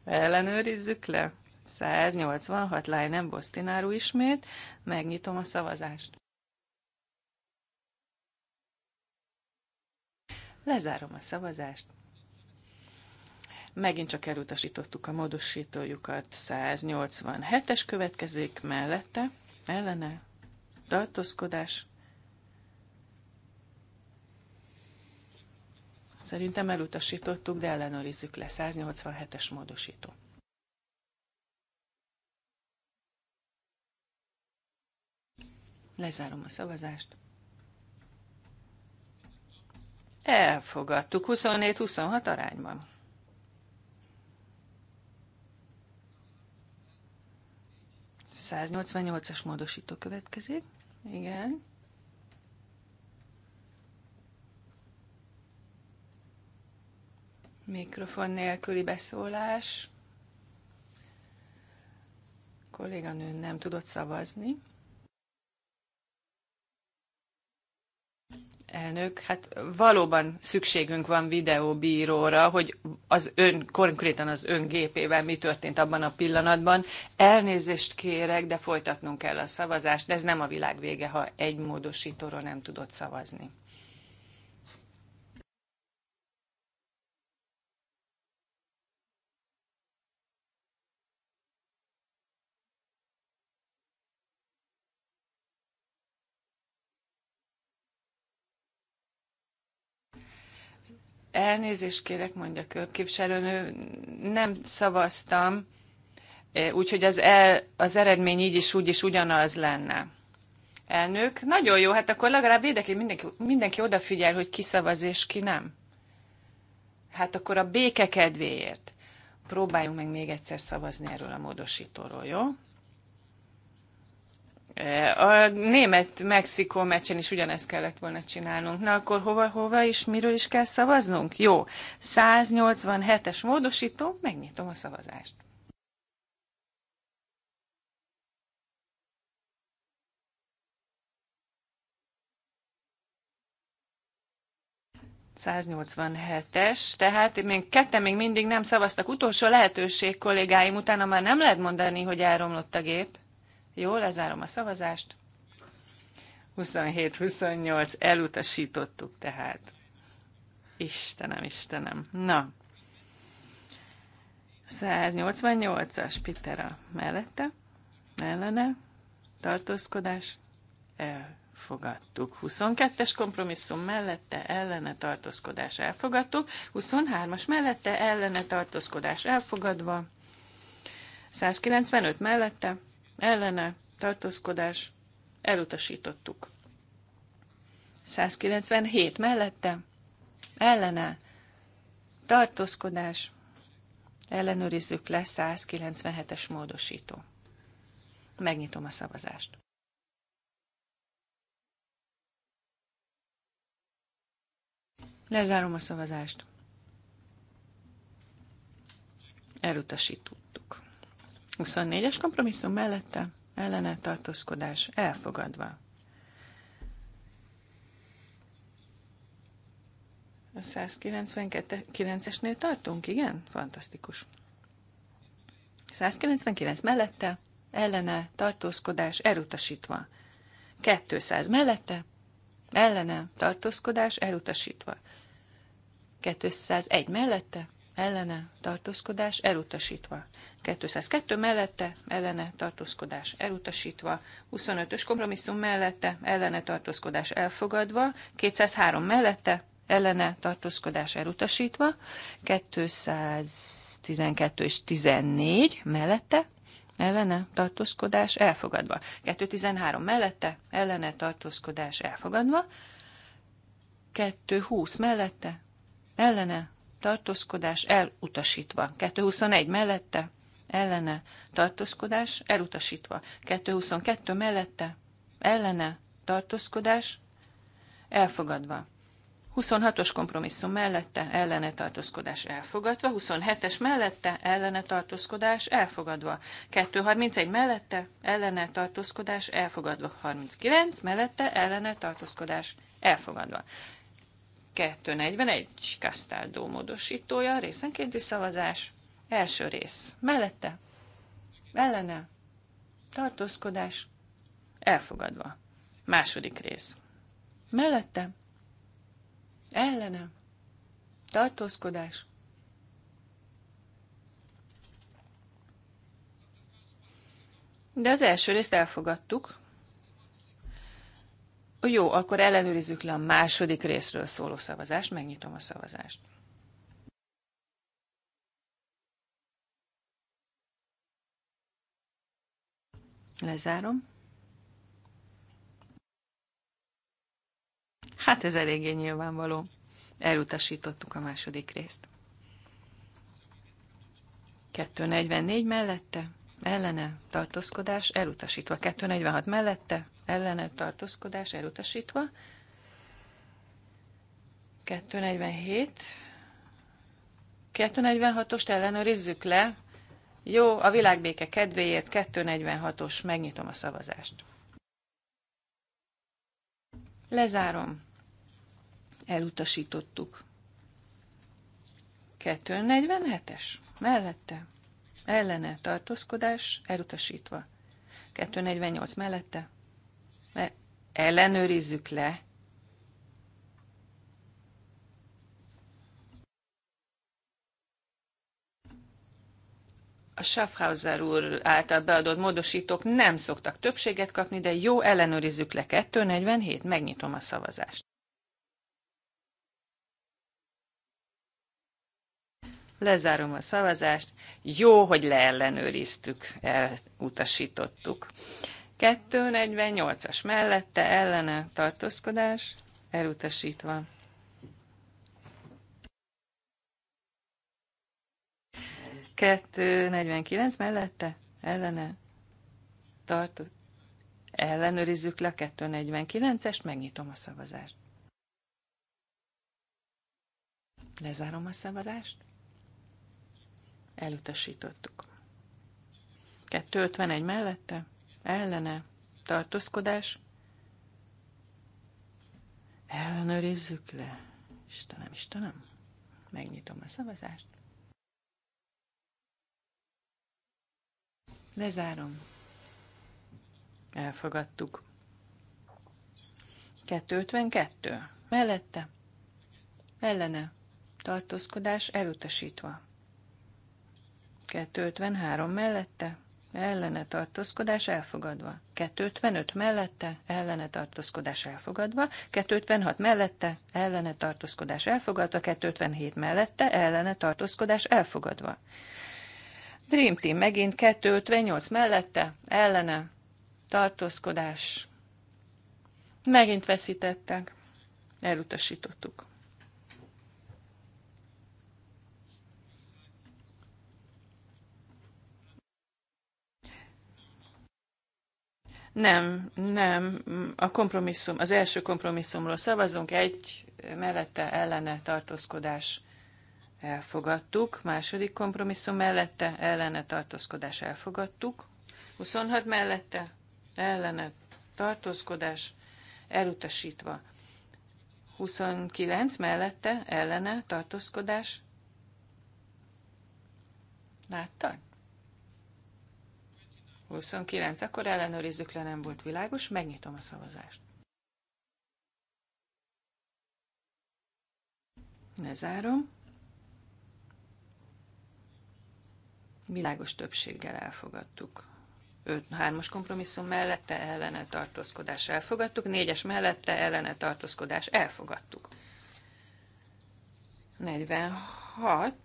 Ellenőrizzük le. 186 Lajnem Bosztináru ismét. Megnyitom a szavazást. Lezárom a szavazást. Megint csak elutasítottuk a módosítójukat. 187-es következik mellette. Ellene. Tartózkodás. Szerintem elutasítottuk, de ellenőrizzük le. 187-es módosító. Lezárom a szavazást. Elfogadtuk 24-26 arányban. es módosító következik. Igen. Mikrofon nélküli beszólás. A kolléganő nem tudott szavazni. Elnök, hát valóban szükségünk van videóbíróra, hogy az ön, konkrétan az ön gépével mi történt abban a pillanatban. Elnézést kérek, de folytatnunk kell a szavazást, de ez nem a világ vége, ha egy módosítóról nem tudott szavazni. Elnézést kérek, mondja a képviselőnő, nem szavaztam, e, úgyhogy az, el, az eredmény így is úgy is ugyanaz lenne. Elnök, nagyon jó, hát akkor legalább érdekli, mindenki, mindenki odafigyel, hogy ki szavaz és ki nem. Hát akkor a béke kedvéért próbáljunk meg még egyszer szavazni erről a módosítóról, jó? Eh, a német-mexikó meccsen is ugyanezt kellett volna csinálnunk. Na akkor hova, hova és miről is kell szavaznunk? Jó, 187-es módosító, megnyitom a szavazást. es tehát még ketten még mindig nem szavaztak. Utolsó lehetőség kollégáim, utána már nem lehet mondani, hogy elromlott a gép. Jó, lezárom a szavazást. 27-28, elutasítottuk tehát. Istenem, Istenem. Na. 188-as Pitera mellette, ellene, tartózkodás, elfogadtuk. 22-es kompromisszum mellette, ellene, tartózkodás, elfogadtuk. 23-as mellette, ellene, tartózkodás, elfogadva. 195 mellette, ellene tartózkodás elutasítottuk. 197 mellette ellene tartózkodás ellenőrizzük le 197-es módosító. Megnyitom a szavazást. Lezárom a szavazást. Elutasítunk. 24-es kompromisszum mellette ellene tartózkodás elfogadva. A 192-esnél tartunk, igen? Fantasztikus. 199 mellette ellene tartózkodás elutasítva. 200 mellette ellene tartózkodás elutasítva. 201 mellette ellene tartózkodás elutasítva. 202 mellette, ellene tartózkodás elutasítva, 25-ös kompromisszum mellette, ellene tartózkodás elfogadva, 203 mellette, ellene tartózkodás elutasítva, 212 és 14 mellette, ellene tartózkodás elfogadva, 213 mellette, ellene tartózkodás elfogadva, 220 mellette, ellene tartózkodás elutasítva, 221 mellette, ellene tartózkodás elutasítva. 222 mellette ellene tartózkodás elfogadva. 26-os kompromisszum mellette ellene tartózkodás elfogadva, 27-es mellette ellene tartózkodás elfogadva, 231 mellette ellene tartózkodás elfogadva, 39 mellette ellene tartózkodás elfogadva. 241 Castaldo módosítója, részenkénti szavazás, Első rész. Mellette. Ellene. Tartózkodás. Elfogadva. Második rész. Mellette. Ellene. Tartózkodás. De az első részt elfogadtuk. Jó, akkor ellenőrizzük le a második részről szóló szavazást, megnyitom a szavazást. Lezárom. Hát ez eléggé nyilvánvaló. Elutasítottuk a második részt. 244 mellette, ellene, tartózkodás, elutasítva. 246 mellette, ellene, tartózkodás, elutasítva. 247. 246-ost ellenőrizzük le. Jó, a világbéke kedvéért 246-os, megnyitom a szavazást. Lezárom. Elutasítottuk. 247-es, mellette, ellene, tartózkodás, elutasítva. 248 mellette, ellenőrizzük le, a Schaffhauser úr által beadott módosítók nem szoktak többséget kapni, de jó, ellenőrizzük le 247, megnyitom a szavazást. Lezárom a szavazást. Jó, hogy leellenőriztük, elutasítottuk. 248-as mellette ellene tartózkodás, elutasítva. 249 mellette ellene tartott. Ellenőrizzük le a 249-est, megnyitom a szavazást. Lezárom a szavazást. Elutasítottuk. 251 mellette, ellene, tartózkodás. Ellenőrizzük le. Istenem, Istenem. Megnyitom a szavazást. Lezárom. Elfogadtuk. 252. Mellette. Ellene. Tartózkodás elutasítva. 253 mellette, ellene tartózkodás elfogadva. 255 mellette, ellene tartózkodás elfogadva. 256 mellette, ellene tartózkodás elfogadva. 257 mellette, ellene tartózkodás elfogadva. Dream Team megint 258 mellette, ellene, tartózkodás. Megint veszítettek, elutasítottuk. Nem, nem. A kompromisszum, az első kompromisszumról szavazunk, egy mellette ellene tartózkodás elfogadtuk. Második kompromisszum mellette ellene tartózkodás elfogadtuk. 26 mellette ellene tartózkodás elutasítva. 29 mellette ellene tartózkodás. Láttad? 29, akkor ellenőrizzük le, nem volt világos, megnyitom a szavazást. zárom. Világos többséggel elfogadtuk. 3-as kompromisszum mellette ellene tartózkodás elfogadtuk, 4-es mellette ellene tartózkodás elfogadtuk. 46,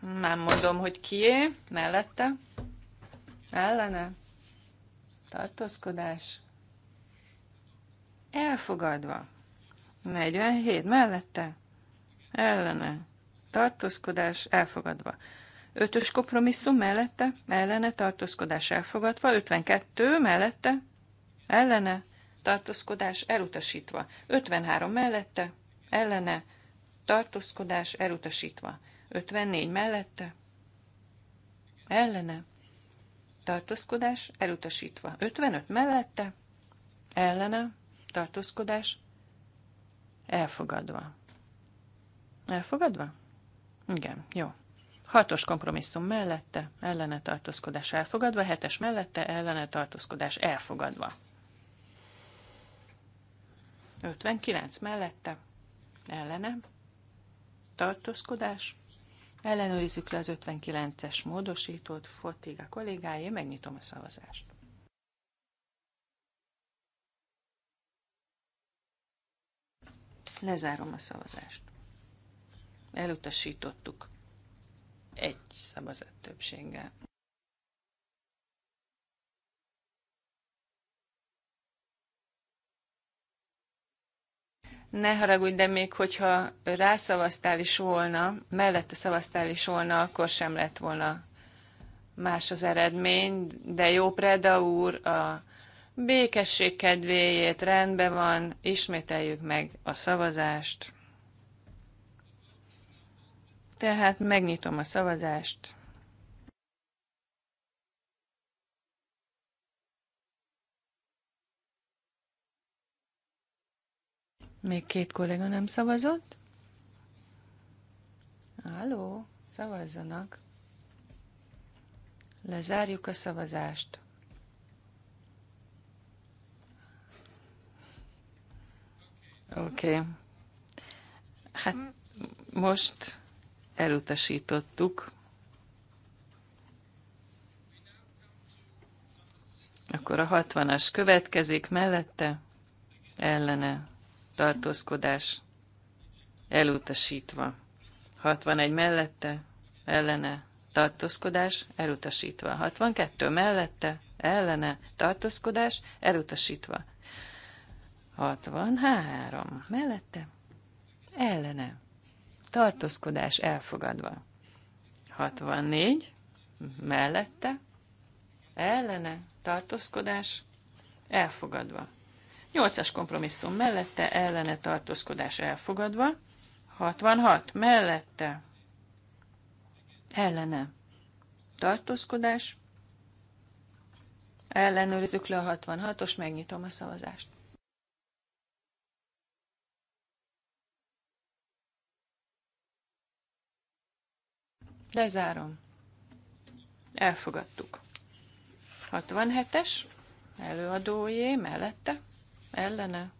nem mondom, hogy kié, mellette, ellene, tartózkodás, elfogadva. 47 mellette, ellene, tartózkodás, elfogadva. Ötös kompromisszum mellette, ellene tartózkodás elfogadva, 52 mellette, ellene tartózkodás elutasítva, 53 mellette, ellene tartózkodás elutasítva, 54 mellette, ellene tartózkodás elutasítva, 55 mellette, ellene tartózkodás elfogadva. Elfogadva? Igen, jó. Hatos kompromisszum mellette, ellene tartózkodás elfogadva, hetes mellette, ellene tartózkodás elfogadva. 59 mellette, ellene, tartózkodás, ellenőrizzük le az 59-es módosítót, a kollégáé, megnyitom a szavazást. Lezárom a szavazást. Elutasítottuk egy szavazat többséggel. ne haragudj, de még hogyha rászavaztál is volna, mellette szavaztál is volna, akkor sem lett volna más az eredmény, de jó Preda úr, a békesség kedvéért rendben van, ismételjük meg a szavazást. Tehát megnyitom a szavazást. Még két kollega nem szavazott? Halló, szavazzanak. Lezárjuk a szavazást. Oké. Okay. Hát most elutasítottuk. Akkor a 60-as következik mellette, ellene tartózkodás elutasítva. 61 mellette, ellene tartózkodás elutasítva. 62 mellette, ellene tartózkodás elutasítva. 63 mellette, ellene tartózkodás elfogadva. 64 mellette, ellene, tartózkodás elfogadva. 8-as kompromisszum mellette, ellene, tartózkodás elfogadva. 66 mellette, ellene, tartózkodás. Ellenőrizzük le a 66-os, megnyitom a szavazást. Lezárom. Elfogadtuk. 67-es, előadójé, mellette, ellene,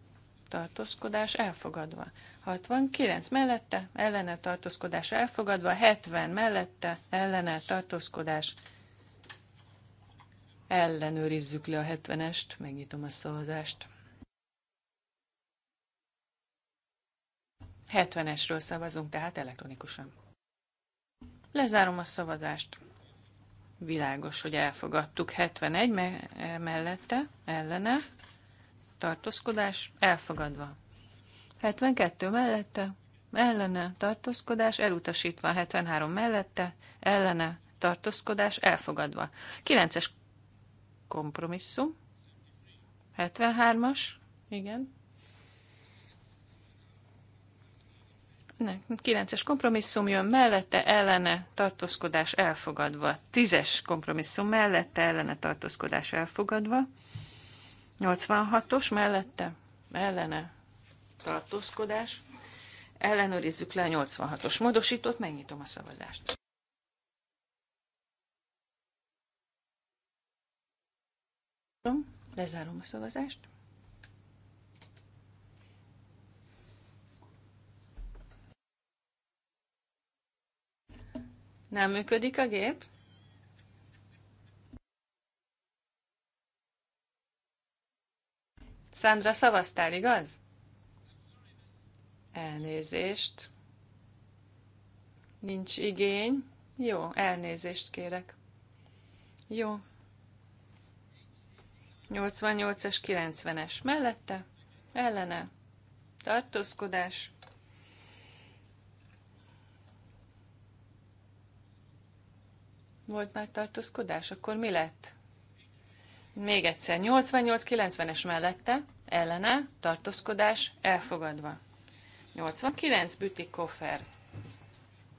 tartózkodás elfogadva. 69 mellette, ellene tartózkodás elfogadva, 70 mellette, ellene tartózkodás ellenőrizzük le a 70-est, megnyitom a szavazást. 70-esről szavazunk, tehát elektronikusan. Lezárom a szavazást. Világos, hogy elfogadtuk. 71 me- mellette, ellene, tartózkodás, elfogadva. 72 mellette, ellene, tartózkodás, elutasítva. 73 mellette, ellene, tartózkodás, elfogadva. 9-es kompromisszum, 73-as, igen, 9-es kompromisszum jön mellette, ellene tartózkodás elfogadva. 10-es kompromisszum mellette, ellene tartózkodás elfogadva. 86-os mellette, ellene tartózkodás. Ellenőrizzük le a 86-os módosítót, megnyitom a szavazást. Lezárom a szavazást. Nem működik a gép? Szandra, szavaztál, igaz? Elnézést. Nincs igény. Jó, elnézést kérek. Jó. 88-as, 90-es mellette, ellene, tartózkodás, Volt már tartózkodás? Akkor mi lett? Még egyszer, 88-90-es mellette, ellene, tartózkodás, elfogadva. 89 büti koffer.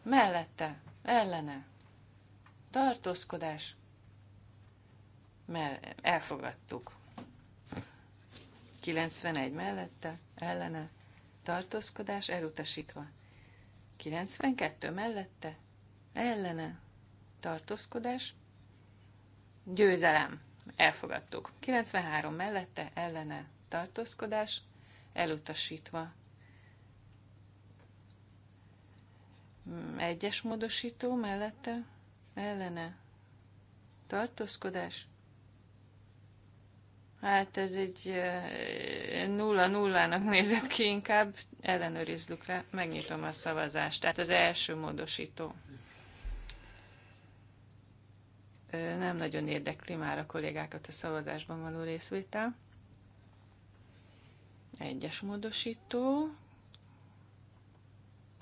Mellette, ellene, tartózkodás, mell- elfogadtuk. 91 mellette, ellene, tartózkodás, elutasítva. 92 mellette, ellene, tartózkodás, győzelem, elfogadtuk. 93 mellette, ellene, tartózkodás, elutasítva. Egyes módosító mellette, ellene, tartózkodás, Hát ez egy nulla nullának nézett ki inkább, ellenőrizzük le, megnyitom a szavazást. Tehát az első módosító nem nagyon érdekli már a kollégákat a szavazásban való részvétel. Egyes módosító.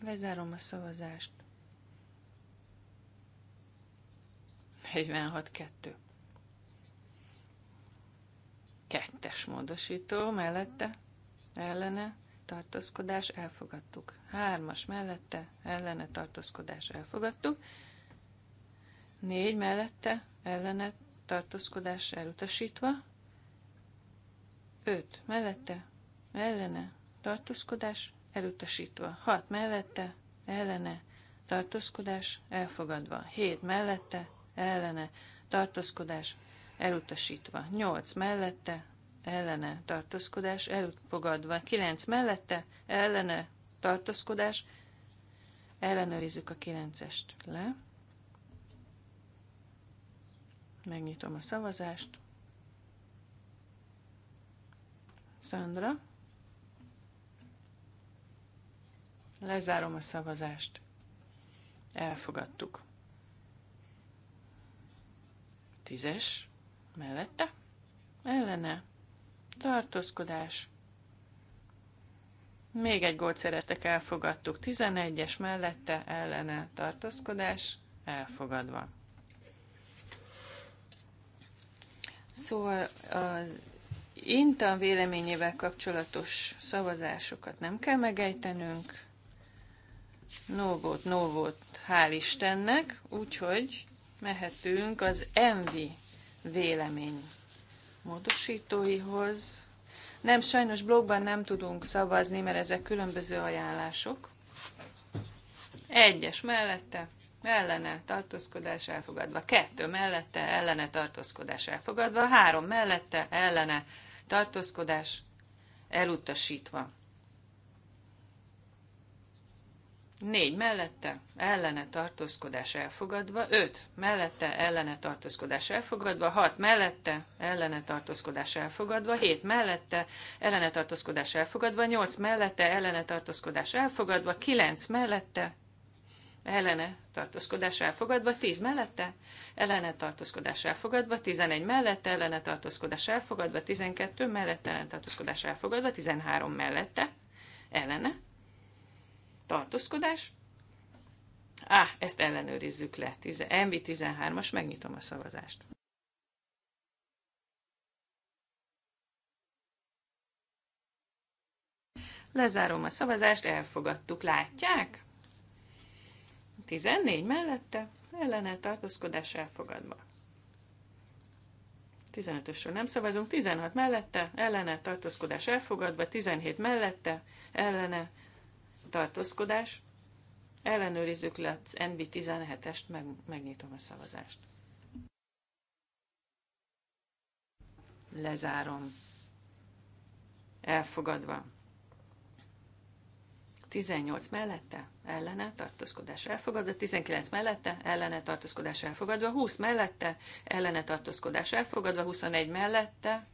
Lezárom a szavazást. 46-2. Kettes módosító mellette, ellene, tartózkodás, elfogadtuk. Hármas mellette, ellene, tartózkodás, elfogadtuk négy mellette ellene tartózkodás elutasítva, öt mellette ellene tartózkodás elutasítva, hat mellette ellene tartózkodás elfogadva, hét mellette ellene tartózkodás elutasítva, nyolc mellette ellene tartózkodás elfogadva, kilenc mellette ellene tartózkodás ellenőrizzük a kilencest le. Megnyitom a szavazást. Szandra. Lezárom a szavazást. Elfogadtuk. Tízes. Mellette. Ellene. Tartózkodás. Még egy gólt szereztek, elfogadtuk. 11-es mellette ellene tartózkodás, elfogadva. Szóval az Intan véleményével kapcsolatos szavazásokat nem kell megejtenünk. No volt, no volt, hál' Istennek, úgyhogy mehetünk az Envi vélemény módosítóihoz. Nem, sajnos blogban nem tudunk szavazni, mert ezek különböző ajánlások. Egyes mellette, ellene tartózkodás elfogadva, kettő mellette ellene tartózkodás elfogadva, három mellette ellene tartózkodás elutasítva. Négy mellette ellene tartózkodás elfogadva, öt mellette ellene tartózkodás elfogadva, hat mellette ellene tartózkodás elfogadva, hét mellette ellene tartózkodás elfogadva, nyolc mellette ellene tartózkodás elfogadva, kilenc mellette ellene tartózkodás elfogadva, 10 mellette, ellene tartózkodás elfogadva, 11 mellette, ellene tartózkodás elfogadva, 12 mellette, ellene tartózkodás elfogadva, 13 mellette, ellene tartózkodás. Á, ah, ezt ellenőrizzük le. MV13-as, megnyitom a szavazást. Lezárom a szavazást, elfogadtuk, látják? 14 mellette, ellene tartózkodás elfogadva. 15-ösről nem szavazunk, 16 mellette, ellene tartózkodás elfogadva, 17 mellette, ellene tartózkodás. Ellenőrizzük le az NB 17 est meg, megnyitom a szavazást. Lezárom. Elfogadva. 18 mellette, ellene, tartózkodás elfogadva, 19 mellette, ellene, tartózkodás elfogadva, 20 mellette, ellene, tartózkodás elfogadva, 21 mellette.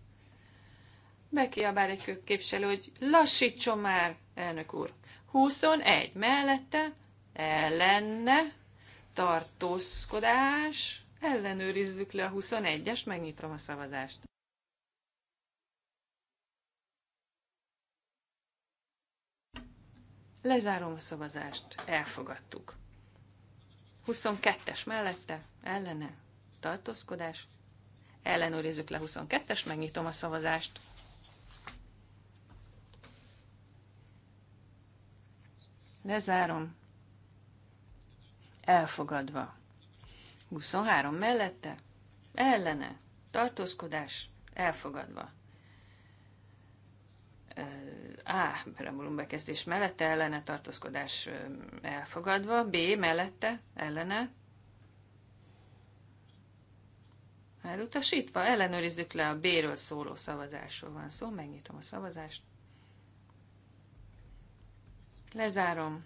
Bekiabál egy képviselő, hogy lassítson már, elnök úr. 21 mellette, ellene, tartózkodás, ellenőrizzük le a 21-est, megnyitom a szavazást. Lezárom a szavazást, elfogadtuk. 22-es mellette, ellene, tartózkodás. Ellenőrizzük le 22-es, megnyitom a szavazást. Lezárom. Elfogadva. 23 mellette, ellene, tartózkodás, elfogadva. A. Preambulum bekezdés mellette ellene tartózkodás elfogadva, B. mellette ellene elutasítva. Ellenőrizzük le a B-ről szóló szavazásról van szó, megnyitom a szavazást. Lezárom.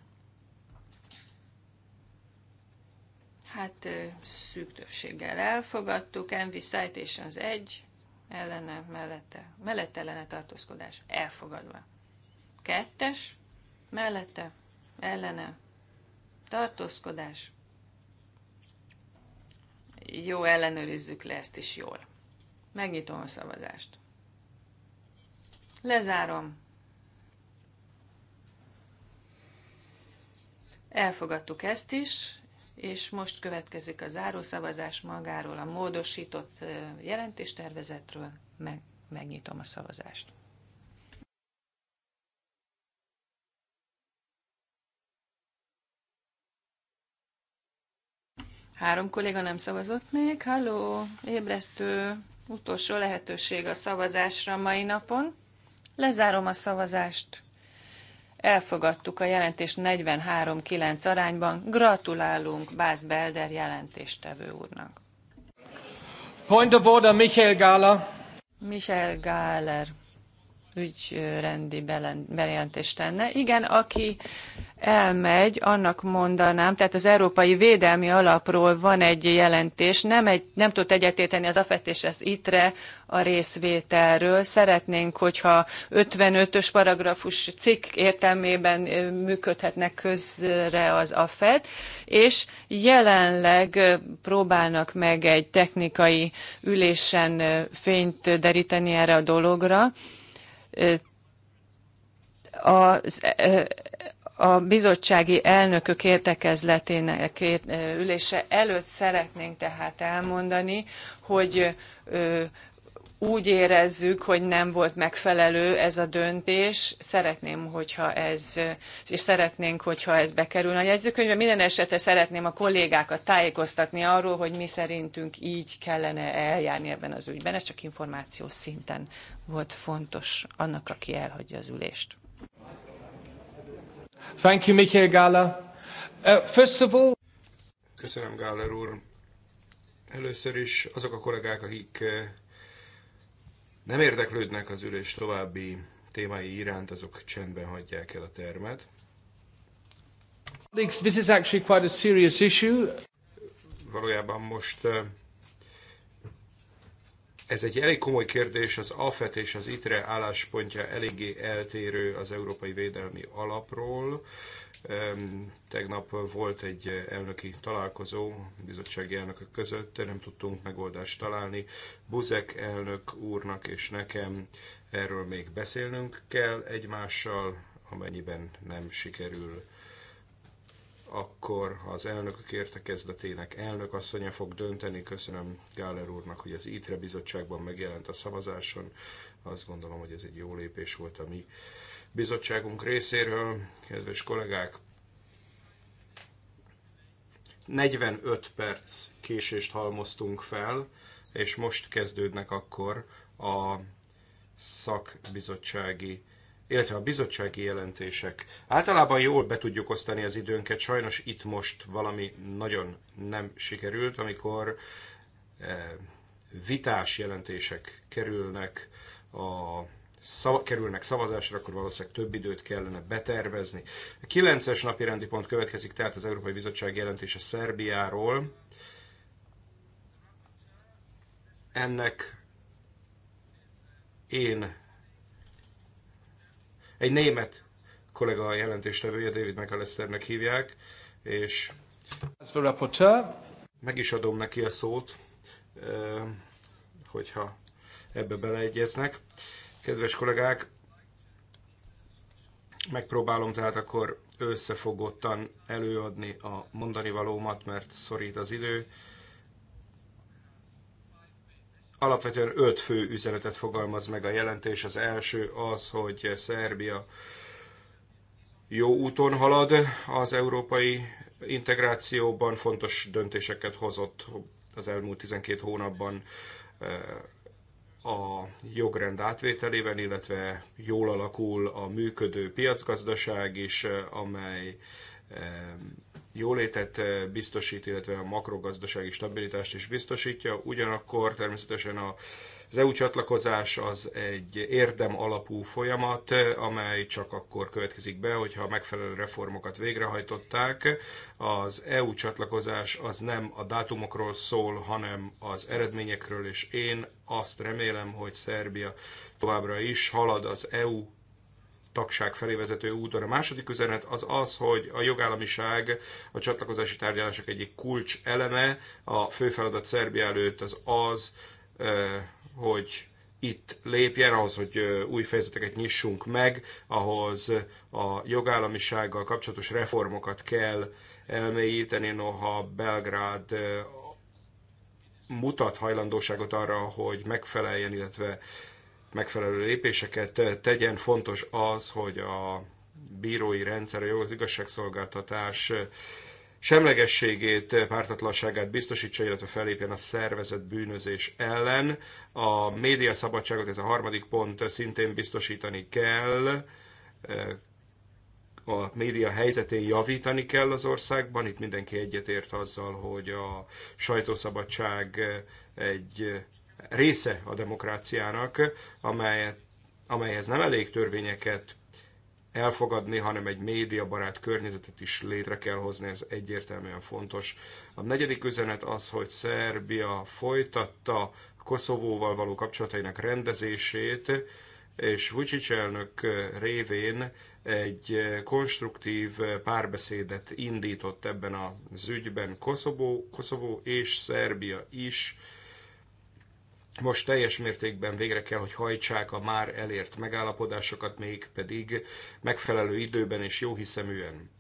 Hát szűk többséggel elfogadtuk. Envy Citations 1 ellene, mellette, mellette ellene tartózkodás elfogadva. Kettes, mellette, ellene, tartózkodás. Jó, ellenőrizzük le ezt is jól. Megnyitom a szavazást. Lezárom. Elfogadtuk ezt is és most következik a zárószavazás magáról, a módosított jelentéstervezetről, meg, megnyitom a szavazást. Három kolléga nem szavazott még. Halló, ébresztő, utolsó lehetőség a szavazásra mai napon. Lezárom a szavazást elfogadtuk a jelentés 43-9 arányban. Gratulálunk Bász Belder jelentéstevő úrnak. Point of order, Michael Gala. Michael Gáler ügyrendi bejelentést tenne. Igen, aki elmegy, annak mondanám, tehát az Európai Védelmi Alapról van egy jelentés, nem, egy, nem tud egyetérteni az AFET és az ITRE a részvételről. Szeretnénk, hogyha 55-ös paragrafus cikk értelmében működhetnek közre az AFET, és jelenleg próbálnak meg egy technikai ülésen fényt deríteni erre a dologra az, a bizottsági elnökök értekezletének ülése előtt szeretnénk tehát elmondani, hogy úgy érezzük, hogy nem volt megfelelő ez a döntés. Szeretném, hogyha ez, és szeretnénk, hogyha ez bekerülne a jegyzőkönyvbe. Minden esetre szeretném a kollégákat tájékoztatni arról, hogy mi szerintünk így kellene eljárni ebben az ügyben. Ez csak információs szinten volt fontos annak, aki elhagyja az ülést. Thank you, Michael Gala. Uh, first of all... Köszönöm, Gáler úr. Először is azok a kollégák, akik uh, nem érdeklődnek az ülés további témái iránt, azok csendben hagyják el a termet. This is actually quite a serious issue. Valójában most ez egy elég komoly kérdés, az AFET és az ITRE álláspontja eléggé eltérő az Európai Védelmi Alapról. Tegnap volt egy elnöki találkozó bizottsági elnökök között, nem tudtunk megoldást találni. Buzek elnök úrnak és nekem erről még beszélnünk kell egymással, amennyiben nem sikerül akkor az elnökök értekezletének elnök asszonya fog dönteni. Köszönöm Gáler úrnak, hogy az ITRE bizottságban megjelent a szavazáson. Azt gondolom, hogy ez egy jó lépés volt a mi bizottságunk részéről, kedves kollégák, 45 perc késést halmoztunk fel, és most kezdődnek akkor a szakbizottsági, illetve a bizottsági jelentések. Általában jól be tudjuk osztani az időnket, sajnos itt most valami nagyon nem sikerült, amikor eh, vitás jelentések kerülnek a szava, kerülnek szavazásra, akkor valószínűleg több időt kellene betervezni. A 9-es napi rendi pont következik, tehát az Európai Bizottság jelentése Szerbiáról. Ennek én egy német kollega a jelentéstevője, David McAllisternek hívják, és meg is adom neki a szót, eh, hogyha ebbe beleegyeznek. Kedves kollégák, megpróbálom tehát akkor összefogottan előadni a mondani valómat, mert szorít az idő. Alapvetően öt fő üzenetet fogalmaz meg a jelentés. Az első az, hogy Szerbia jó úton halad az európai integrációban, fontos döntéseket hozott az elmúlt 12 hónapban eh, a jogrend átvételében, illetve jól alakul a működő piacgazdaság is, eh, amely eh, jólétet eh, biztosít, illetve a makrogazdasági stabilitást is biztosítja. Ugyanakkor természetesen a az EU csatlakozás az egy érdem alapú folyamat, amely csak akkor következik be, hogyha a megfelelő reformokat végrehajtották. Az EU csatlakozás az nem a dátumokról szól, hanem az eredményekről, és én azt remélem, hogy Szerbia továbbra is halad az EU tagság felé vezető úton. A második üzenet az az, hogy a jogállamiság a csatlakozási tárgyalások egyik kulcs eleme, a fő feladat Szerbia előtt az az, hogy itt lépjen, ahhoz, hogy új fejezeteket nyissunk meg, ahhoz a jogállamisággal kapcsolatos reformokat kell elmélyíteni, noha Belgrád mutat hajlandóságot arra, hogy megfeleljen, illetve megfelelő lépéseket tegyen. Fontos az, hogy a bírói rendszer, a jog, az igazságszolgáltatás semlegességét, pártatlanságát biztosítsa, illetve felépjen a szervezet bűnözés ellen. A média szabadságot, ez a harmadik pont, szintén biztosítani kell, a média helyzetén javítani kell az országban. Itt mindenki egyetért azzal, hogy a sajtószabadság egy része a demokráciának, amelyet, amelyhez nem elég törvényeket elfogadni, hanem egy médiabarát környezetet is létre kell hozni, ez egyértelműen fontos. A negyedik üzenet az, hogy Szerbia folytatta Koszovóval való kapcsolatainak rendezését, és Vucic elnök révén egy konstruktív párbeszédet indított ebben az ügyben Koszovó, Koszovó és Szerbia is most teljes mértékben végre kell, hogy hajtsák a már elért megállapodásokat, még pedig megfelelő időben és jó hiszeműen.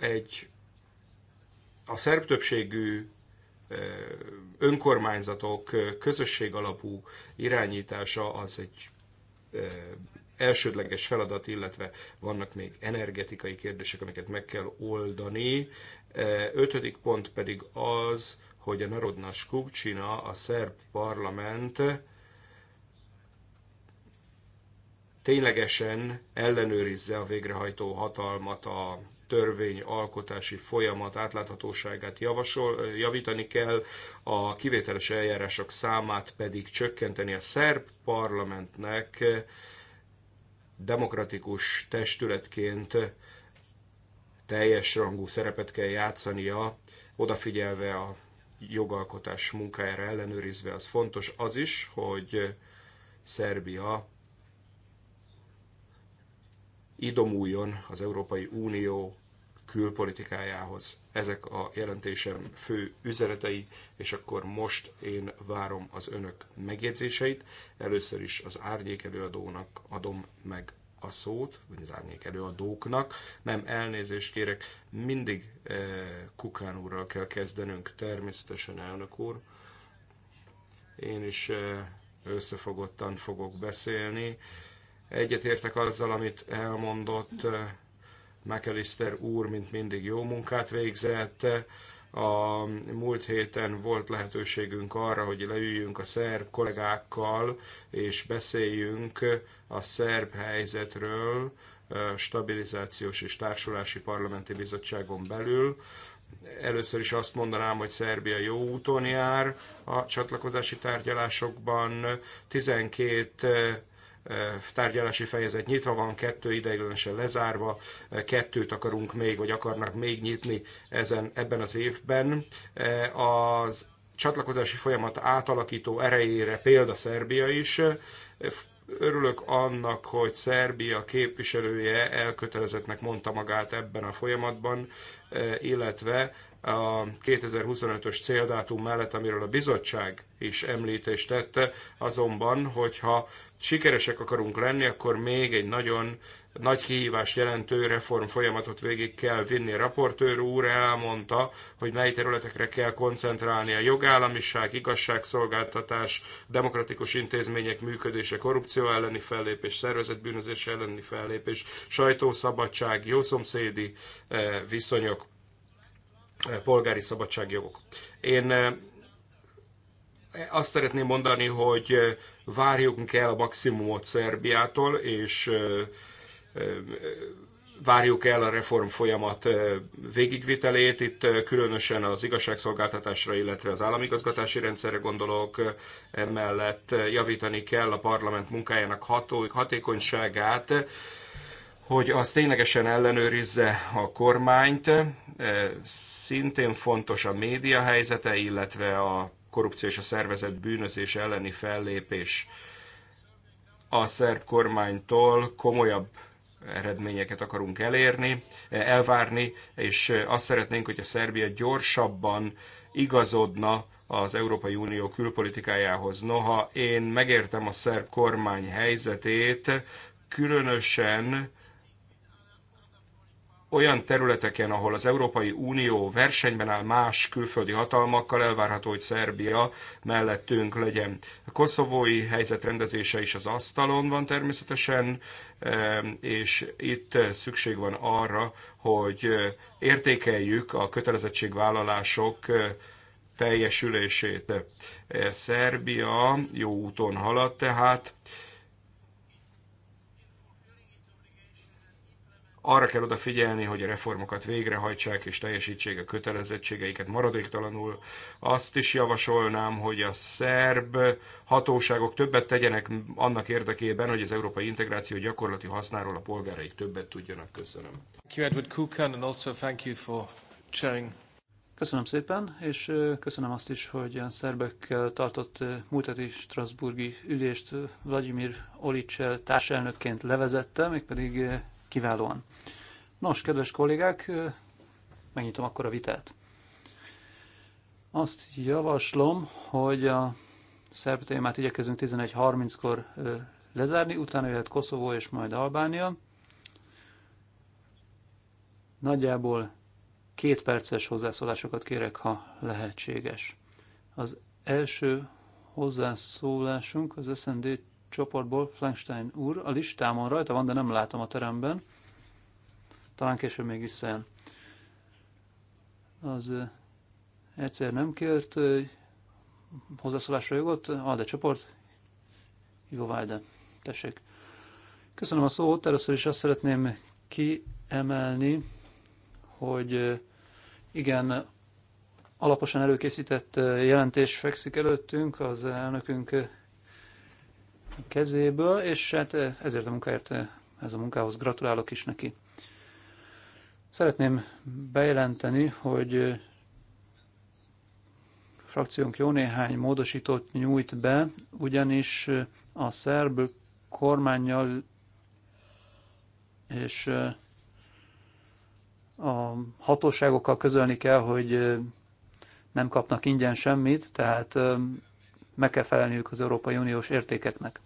Egy a szerb többségű önkormányzatok közösség alapú irányítása az egy elsődleges feladat, illetve vannak még energetikai kérdések, amiket meg kell oldani. Ötödik pont pedig az, hogy a Narodna Skupcsina, a szerb parlament ténylegesen ellenőrizze a végrehajtó hatalmat, a törvényalkotási folyamat átláthatóságát javasol, javítani kell, a kivételes eljárások számát pedig csökkenteni a szerb parlamentnek demokratikus testületként teljes rangú szerepet kell játszania, odafigyelve a jogalkotás munkájára ellenőrizve, az fontos az is, hogy Szerbia idomuljon az Európai Unió külpolitikájához. Ezek a jelentésem fő üzenetei, és akkor most én várom az önök megjegyzéseit. Először is az árnyék előadónak adom meg a szót, vagy az árnyék előadóknak. Nem, elnézést kérek, mindig eh, Kukán úrral kell kezdenünk, természetesen elnök úr. Én is eh, összefogottan fogok beszélni. Egyetértek azzal, amit elmondott eh, McAllister úr, mint mindig jó munkát végzett. Eh, a múlt héten volt lehetőségünk arra, hogy leüljünk a szerb kollégákkal, és beszéljünk a szerb helyzetről, stabilizációs és társulási parlamenti bizottságon belül. Először is azt mondanám, hogy Szerbia jó úton jár a csatlakozási tárgyalásokban. 12 tárgyalási fejezet nyitva van, kettő ideiglenesen lezárva, kettőt akarunk még, vagy akarnak még nyitni ezen, ebben az évben. Az csatlakozási folyamat átalakító erejére példa Szerbia is. Örülök annak, hogy Szerbia képviselője elkötelezettnek mondta magát ebben a folyamatban, illetve a 2025-ös céldátum mellett, amiről a bizottság is említést tette, azonban, hogyha sikeresek akarunk lenni, akkor még egy nagyon nagy kihívás jelentő reform folyamatot végig kell vinni. A raportőr úr elmondta, hogy mely területekre kell koncentrálni a jogállamiság, igazságszolgáltatás, demokratikus intézmények működése, korrupció elleni fellépés, szervezetbűnözés elleni fellépés, sajtószabadság, jószomszédi eh, viszonyok, eh, polgári szabadságjogok. Én eh, azt szeretném mondani, hogy várjunk el a maximumot Szerbiától, és várjuk el a reform folyamat végigvitelét. Itt különösen az igazságszolgáltatásra, illetve az államigazgatási rendszerre gondolok, emellett javítani kell a parlament munkájának ható, hatékonyságát, hogy az ténylegesen ellenőrizze a kormányt. Szintén fontos a média helyzete, illetve a korrupció és a szervezet bűnözés elleni fellépés. A szerb kormánytól komolyabb eredményeket akarunk elérni, elvárni, és azt szeretnénk, hogy a Szerbia gyorsabban igazodna az Európai Unió külpolitikájához. Noha én megértem a szerb kormány helyzetét, különösen olyan területeken, ahol az Európai Unió versenyben áll más külföldi hatalmakkal, elvárható, hogy Szerbia mellettünk legyen. A koszovói helyzet rendezése is az asztalon van természetesen, és itt szükség van arra, hogy értékeljük a kötelezettségvállalások teljesülését. Szerbia jó úton halad tehát, arra kell odafigyelni, hogy a reformokat végrehajtsák és teljesítsék a kötelezettségeiket maradéktalanul. Azt is javasolnám, hogy a szerb hatóságok többet tegyenek annak érdekében, hogy az európai integráció gyakorlati hasznáról a polgáraik többet tudjanak. Köszönöm. Köszönöm szépen, és köszönöm azt is, hogy a szerbekkel tartott múlt heti Strasburgi ülést Vladimir Olicsel társelnökként levezette, mégpedig kiválóan. Nos, kedves kollégák, megnyitom akkor a vitát. Azt javaslom, hogy a szerb témát igyekezünk 11.30-kor lezárni, utána jöhet Koszovó és majd Albánia. Nagyjából két perces hozzászólásokat kérek, ha lehetséges. Az első hozzászólásunk az SND csoportból Flankstein úr. A listámon rajta van, de nem látom a teremben talán később még visszajön. Az egyszer nem kért hozzászólásra jogot, ad de csoport, Ivo Vájde, tessék. Köszönöm a szót, először is azt szeretném kiemelni, hogy igen, alaposan előkészített jelentés fekszik előttünk az elnökünk kezéből, és hát ezért a munkáért, ez a munkához gratulálok is neki. Szeretném bejelenteni, hogy frakciónk jó néhány módosítót nyújt be, ugyanis a szerb kormányjal és a hatóságokkal közölni kell, hogy nem kapnak ingyen semmit, tehát meg kell felelniük az Európai Uniós értékeknek.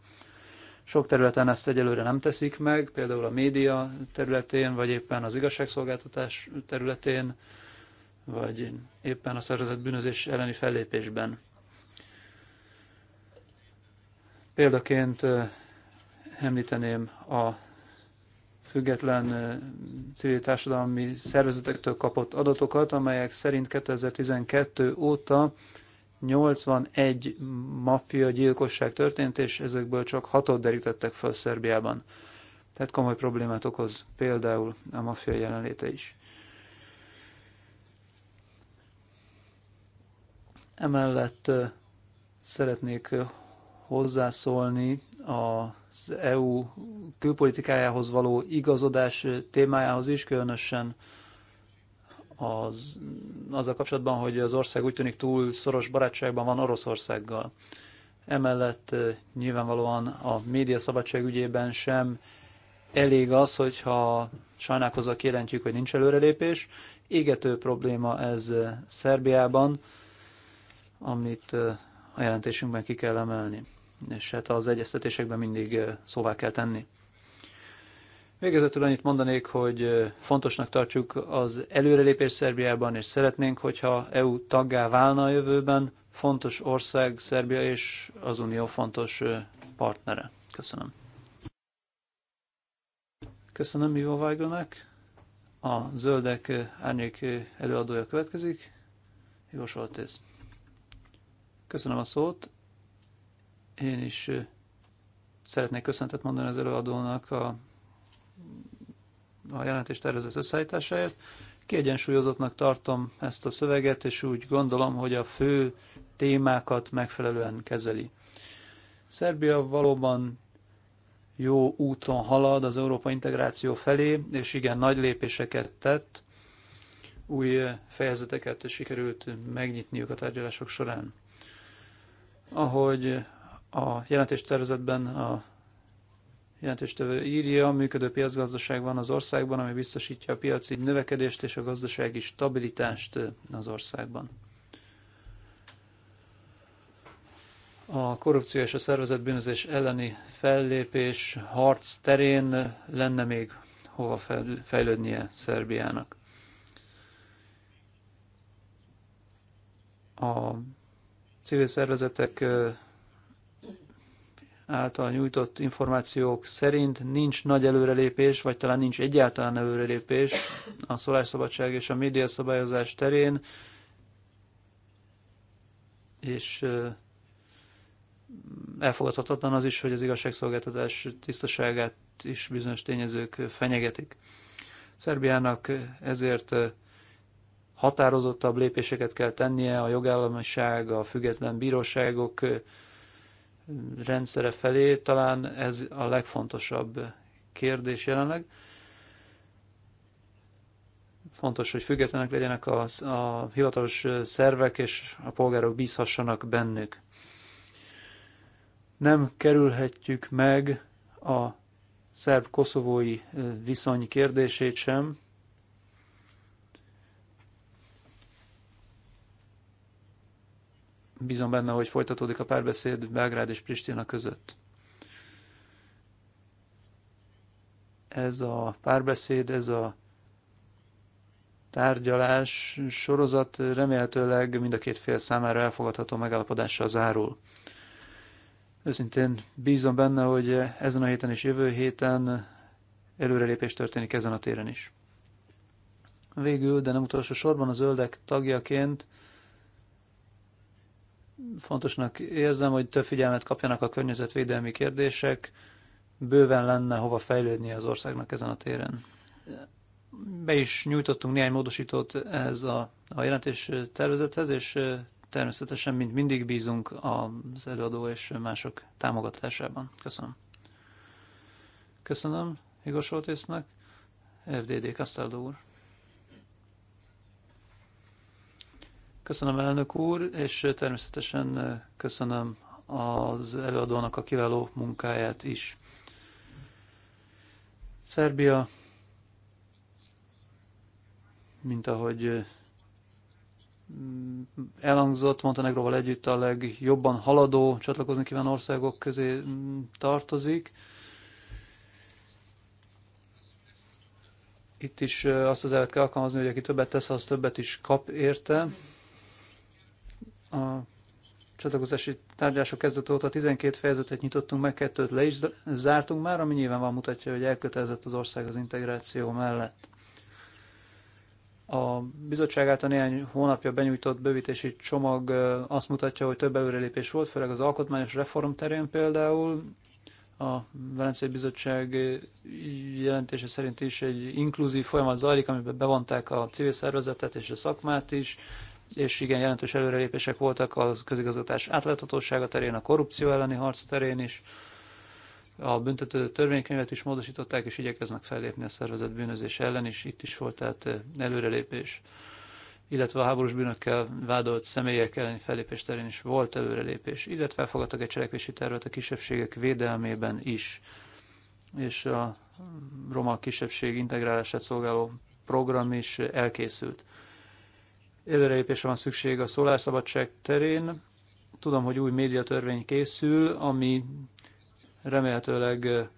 Sok területen ezt egyelőre nem teszik meg, például a média területén, vagy éppen az igazságszolgáltatás területén, vagy éppen a szervezett bűnözés elleni fellépésben. Példaként említeném a független civil társadalmi szervezetektől kapott adatokat, amelyek szerint 2012 óta 81 maffia gyilkosság történt, és ezekből csak hatot derítettek fel Szerbiában. Tehát komoly problémát okoz például a maffia jelenléte is. Emellett szeretnék hozzászólni az EU külpolitikájához való igazodás témájához is, különösen az, a kapcsolatban, hogy az ország úgy tűnik túl szoros barátságban van Oroszországgal. Emellett nyilvánvalóan a média szabadság ügyében sem elég az, hogyha sajnálkozva kijelentjük, hogy nincs előrelépés. Égető probléma ez Szerbiában, amit a jelentésünkben ki kell emelni. És hát az egyeztetésekben mindig szóvá kell tenni. Végezetül annyit mondanék, hogy fontosnak tartjuk az előrelépés Szerbiában, és szeretnénk, hogyha EU taggá válna a jövőben, fontos ország Szerbia és az Unió fontos partnere. Köszönöm. Köszönöm Ivo Weigelnek. A Zöldek árnyék előadója következik. Jó Soltész. Köszönöm a szót. Én is szeretnék köszöntet mondani az előadónak a a jelentés tervezett összeállításáért. Kiegyensúlyozottnak tartom ezt a szöveget, és úgy gondolom, hogy a fő témákat megfelelően kezeli. Szerbia valóban jó úton halad az Európa integráció felé, és igen, nagy lépéseket tett, új fejezeteket sikerült megnyitniuk a tárgyalások során. Ahogy a jelentéstervezetben a jelentéstevő írja, működő piacgazdaság van az országban, ami biztosítja a piaci növekedést és a gazdasági stabilitást az országban. A korrupció és a szervezetbűnözés elleni fellépés harc terén lenne még hova fejlődnie Szerbiának. A civil szervezetek által nyújtott információk szerint nincs nagy előrelépés, vagy talán nincs egyáltalán előrelépés a szólásszabadság és a médiaszabályozás terén, és elfogadhatatlan az is, hogy az igazságszolgáltatás tisztaságát is bizonyos tényezők fenyegetik. Szerbiának ezért határozottabb lépéseket kell tennie a jogállamiság, a független bíróságok rendszere felé, talán ez a legfontosabb kérdés jelenleg. Fontos, hogy függetlenek legyenek a, a hivatalos szervek, és a polgárok bízhassanak bennük. Nem kerülhetjük meg a szerb-koszovói viszony kérdését sem, Bízom benne, hogy folytatódik a párbeszéd Belgrád és Pristina között. Ez a párbeszéd, ez a tárgyalás sorozat remélhetőleg mind a két fél számára elfogadható megállapodással zárul. Őszintén bízom benne, hogy ezen a héten és jövő héten előrelépés történik ezen a téren is. Végül, de nem utolsó sorban a zöldek tagjaként fontosnak érzem, hogy több figyelmet kapjanak a környezetvédelmi kérdések, bőven lenne hova fejlődni az országnak ezen a téren. Be is nyújtottunk néhány módosítót ehhez a, a jelentés tervezethez, és természetesen, mint mindig bízunk az előadó és mások támogatásában. Köszönöm. Köszönöm Igor Soltésznek, FDD Castaldo úr. Köszönöm elnök úr, és természetesen köszönöm az előadónak a kiváló munkáját is. Szerbia, mint ahogy mm, elhangzott, Montenegroval együtt a legjobban haladó csatlakozni kíván országok közé mm, tartozik. Itt is azt az elvet kell alkalmazni, hogy aki többet tesz, az többet is kap érte a csatlakozási tárgyások kezdete óta 12 fejezetet nyitottunk meg, kettőt le is zártunk már, ami nyilvánvalóan mutatja, hogy elkötelezett az ország az integráció mellett. A bizottság által néhány hónapja benyújtott bővítési csomag azt mutatja, hogy több előrelépés volt, főleg az alkotmányos reform terén például. A Velencei Bizottság jelentése szerint is egy inkluzív folyamat zajlik, amiben bevonták a civil szervezetet és a szakmát is, és igen, jelentős előrelépések voltak a közigazgatás átláthatósága terén, a korrupció elleni harc terén is, a büntető törvénykönyvet is módosították, és igyekeznek fellépni a szervezet bűnözés ellen is, itt is volt tehát eh, előrelépés illetve a háborús bűnökkel vádolt személyek elleni fellépés terén is volt előrelépés, illetve elfogadtak egy cselekvési tervet a kisebbségek védelmében is, és a roma kisebbség integrálását szolgáló program is elkészült. Előrelépésre van szükség a szólásszabadság terén. Tudom, hogy új médiatörvény készül, ami remélhetőleg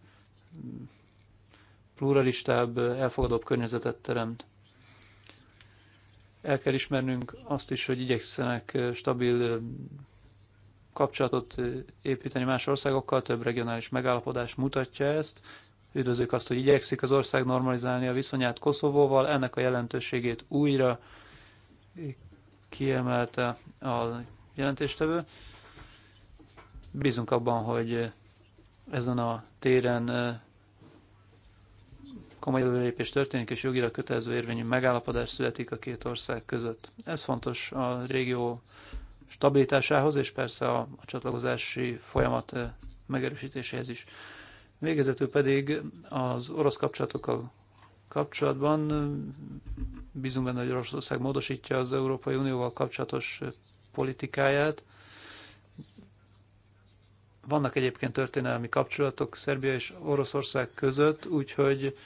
pluralistább, elfogadóbb környezetet teremt. El kell ismernünk azt is, hogy igyekszenek stabil kapcsolatot építeni más országokkal, több regionális megállapodás mutatja ezt. Üdvözlük azt, hogy igyekszik az ország normalizálni a viszonyát Koszovóval, ennek a jelentőségét újra kiemelte a jelentéstevő. Bízunk abban, hogy ezen a téren eh, komoly előrépés történik, és jogilag kötelező érvényű megállapodás születik a két ország között. Ez fontos a régió stabilitásához, és persze a, a csatlakozási folyamat eh, megerősítéséhez is. Végezetül pedig az orosz kapcsolatokkal kapcsolatban. Bízunk benne, hogy Oroszország módosítja az Európai Unióval kapcsolatos politikáját. Vannak egyébként történelmi kapcsolatok Szerbia és Oroszország között, úgyhogy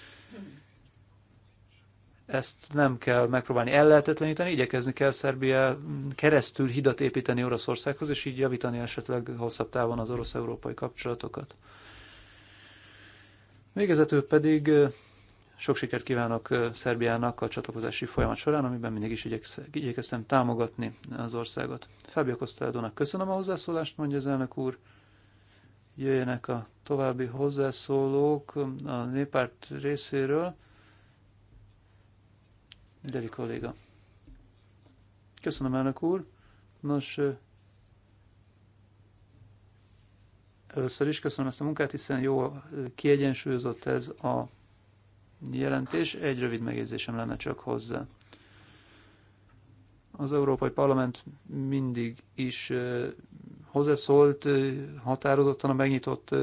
ezt nem kell megpróbálni ellehetetleníteni, igyekezni kell Szerbia keresztül hidat építeni Oroszországhoz, és így javítani esetleg hosszabb távon az orosz-európai kapcsolatokat. Végezetül pedig sok sikert kívánok Szerbiának a csatlakozási folyamat során, amiben mindig is igyekeztem támogatni az országot. Fábio Kosztádónak köszönöm a hozzászólást, mondja az elnök úr. Jöjjenek a további hozzászólók a népárt részéről. Deli kolléga. Köszönöm, elnök úr. Nos, először is köszönöm ezt a munkát, hiszen jó kiegyensúlyozott ez a jelentés. Egy rövid megjegyzésem lenne csak hozzá. Az Európai Parlament mindig is hozzászólt határozottan a megnyitott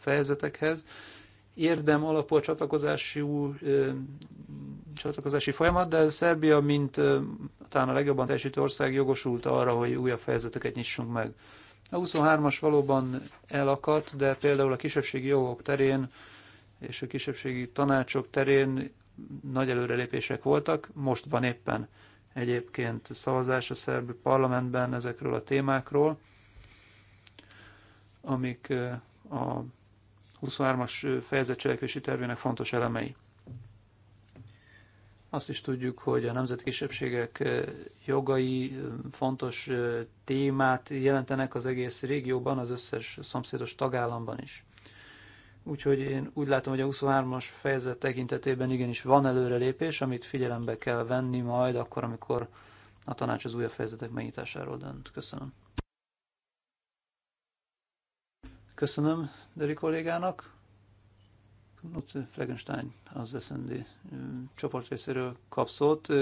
fejezetekhez. Érdem alapú csatlakozási, csatlakozási folyamat, de Szerbia, mint talán a legjobban teljesítő ország jogosult arra, hogy újabb fejezeteket nyissunk meg. A 23-as valóban elakadt, de például a kisebbségi jogok terén és a kisebbségi tanácsok terén nagy előrelépések voltak. Most van éppen egyébként szavazás a szerb parlamentben ezekről a témákról, amik a 23-as fejezet cselekvési tervének fontos elemei. Azt is tudjuk, hogy a nemzeti kisebbségek jogai fontos témát jelentenek az egész régióban, az összes szomszédos tagállamban is. Úgyhogy én úgy látom, hogy a 23-as fejezet tekintetében igenis van előrelépés, amit figyelembe kell venni majd akkor, amikor a tanács az újabb fejezetek megnyitásáról dönt. Köszönöm. Köszönöm Deri kollégának. Knut Flegenstein az SND csoport részéről kapszott.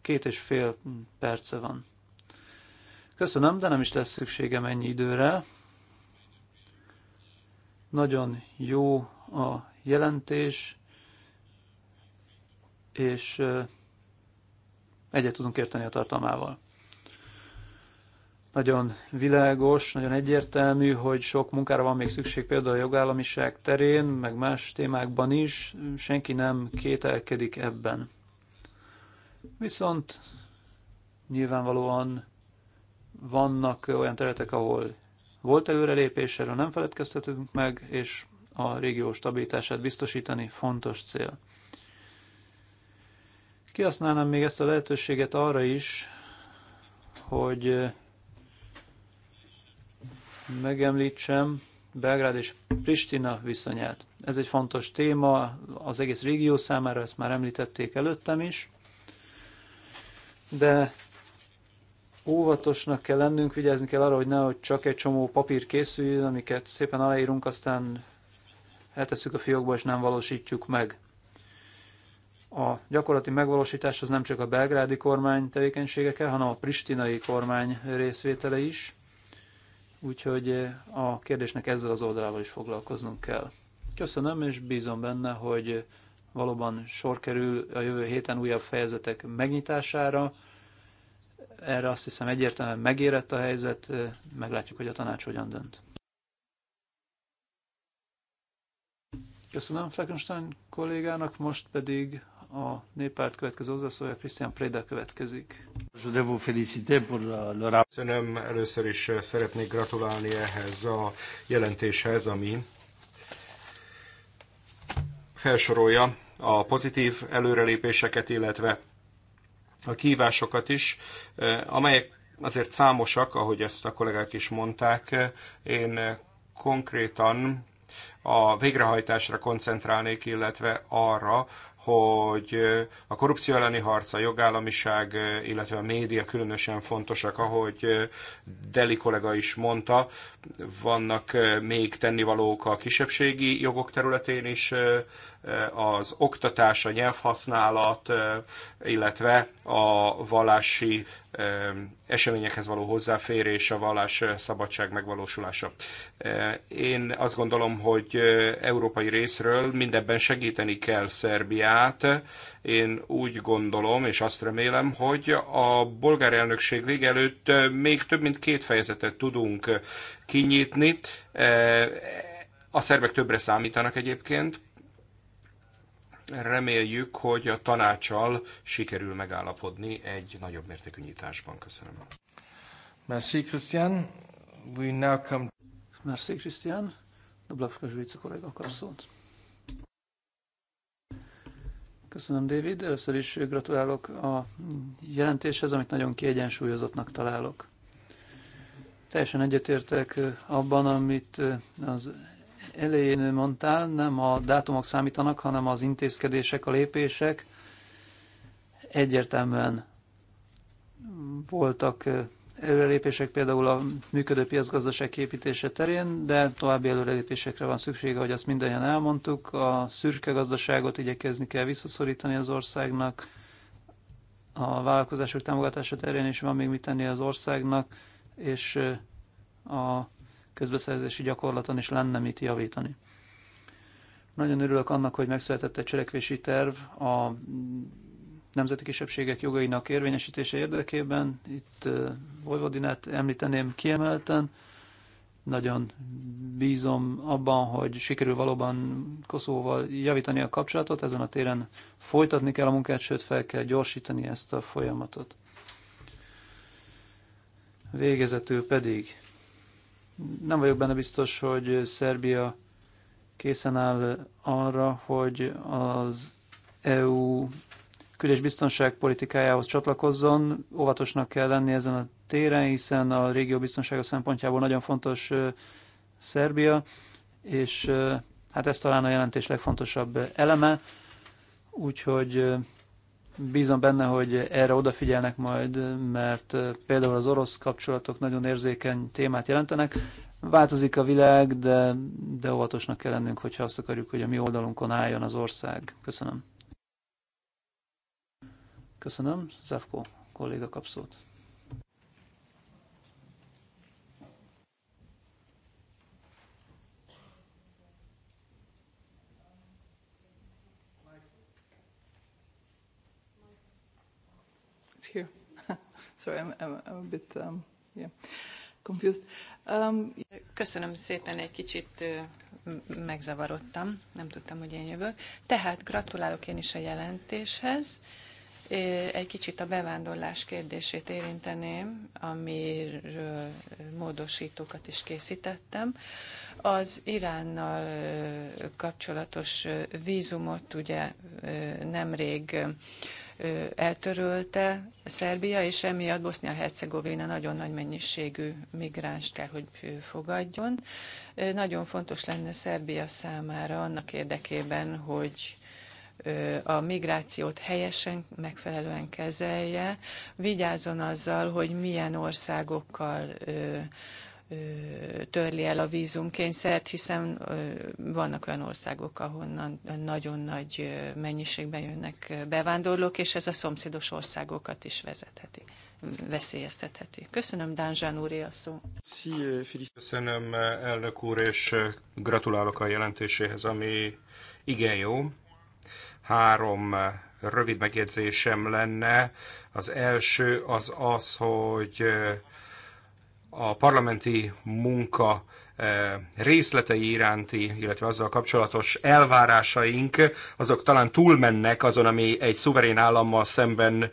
Két és fél perce van. Köszönöm, de nem is lesz szükségem ennyi időre. Nagyon jó a jelentés, és egyet tudunk érteni a tartalmával. Nagyon világos, nagyon egyértelmű, hogy sok munkára van még szükség például a jogállamiság terén, meg más témákban is, senki nem kételkedik ebben. Viszont nyilvánvalóan vannak olyan területek, ahol volt előrelépés, erről nem feledkeztetünk meg, és a régió stabilitását biztosítani fontos cél. Kihasználnám még ezt a lehetőséget arra is, hogy eh, megemlítsem Belgrád és Pristina viszonyát. Ez egy fontos téma az egész régió számára, ezt már említették előttem is, de óvatosnak kell lennünk, vigyázni kell arra, hogy nehogy csak egy csomó papír készüljön, amiket szépen aláírunk, aztán eltesszük a fiókba, és nem valósítjuk meg. A gyakorlati megvalósítás az nem csak a belgrádi kormány tevékenysége kell, hanem a pristinai kormány részvétele is. Úgyhogy a kérdésnek ezzel az oldalával is foglalkoznunk kell. Köszönöm, és bízom benne, hogy valóban sor kerül a jövő héten újabb fejezetek megnyitására erre azt hiszem egyértelműen megérett a helyzet, meglátjuk, hogy a tanács hogyan dönt. Köszönöm Fleckenstein kollégának, most pedig a néppárt következő hozzászólja, Christian Préda következik. Köszönöm, először is szeretnék gratulálni ehhez a jelentéshez, ami felsorolja a pozitív előrelépéseket, illetve a kívásokat is, amelyek azért számosak, ahogy ezt a kollégák is mondták. Én konkrétan a végrehajtásra koncentrálnék, illetve arra, hogy a korrupció elleni harc, a jogállamiság, illetve a média különösen fontosak, ahogy Deli kollega is mondta, vannak még tennivalók a kisebbségi jogok területén is, az oktatás, a nyelvhasználat, illetve a vallási eseményekhez való hozzáférés, a vallás eh, szabadság megvalósulása. Eh, én azt gondolom, hogy eh, európai részről mindebben segíteni kell Szerbiát. Én úgy gondolom, és azt remélem, hogy a bolgár elnökség vége előtt még több mint két fejezetet tudunk kinyitni. A szerbek többre számítanak egyébként, Reméljük, hogy a tanácsal sikerül megállapodni egy nagyobb mértékű nyitásban. Köszönöm. Merci, Christian. We now come... Merci, Christian. Dublavka Zsvica kollega akar szót. Köszönöm, David. Először is gratulálok a jelentéshez, amit nagyon kiegyensúlyozottnak találok. Teljesen egyetértek abban, amit az elején mondtál, nem a dátumok számítanak, hanem az intézkedések, a lépések. Egyértelműen voltak előrelépések például a működő piacgazdaság képítése terén, de további előrelépésekre van szüksége, hogy azt mindannyian elmondtuk. A szürke gazdaságot igyekezni kell visszaszorítani az országnak, a vállalkozások támogatása terén is van még mit tenni az országnak, és a közbeszerzési gyakorlaton is lenne mit javítani. Nagyon örülök annak, hogy megszületett egy cselekvési terv a nemzeti kisebbségek jogainak érvényesítése érdekében. Itt Vojvodinát említeném kiemelten. Nagyon bízom abban, hogy sikerül valóban Koszóval javítani a kapcsolatot. Ezen a téren folytatni kell a munkát, sőt fel kell gyorsítani ezt a folyamatot. Végezetül pedig nem vagyok benne biztos, hogy Szerbia készen áll arra, hogy az EU kül- és politikájához csatlakozzon. Óvatosnak kell lenni ezen a téren, hiszen a régió biztonsága szempontjából nagyon fontos Szerbia, és hát ez talán a jelentés legfontosabb eleme, úgyhogy Bízom benne, hogy erre odafigyelnek majd, mert például az orosz kapcsolatok nagyon érzékeny témát jelentenek. Változik a világ, de, de óvatosnak kell lennünk, hogyha azt akarjuk, hogy a mi oldalunkon álljon az ország. Köszönöm. Köszönöm. Zavko, kolléga kapszót. Sorry, I'm, I'm a bit um, yeah, confused. Um, Köszönöm szépen, egy kicsit megzavarodtam, nem tudtam, hogy én jövök. Tehát gratulálok én is a jelentéshez. Egy kicsit a bevándorlás kérdését érinteném, amiről módosítókat is készítettem. Az Iránnal kapcsolatos vízumot ugye nemrég eltörölte Szerbia, és emiatt Bosznia-Hercegovina nagyon nagy mennyiségű migráns kell, hogy fogadjon. Nagyon fontos lenne Szerbia számára annak érdekében, hogy a migrációt helyesen, megfelelően kezelje, vigyázzon azzal, hogy milyen országokkal törli el a vízumkényszert, hiszen vannak olyan országok, ahonnan nagyon nagy mennyiségben jönnek bevándorlók, és ez a szomszédos országokat is vezetheti, veszélyeztetheti. Köszönöm, Dánzsán úr, a szó. Köszönöm, elnök úr, és gratulálok a jelentéséhez, ami igen jó. Három rövid megjegyzésem lenne. Az első az az, hogy a parlamenti munka részletei iránti, illetve azzal kapcsolatos elvárásaink, azok talán túlmennek azon, ami egy szuverén állammal szemben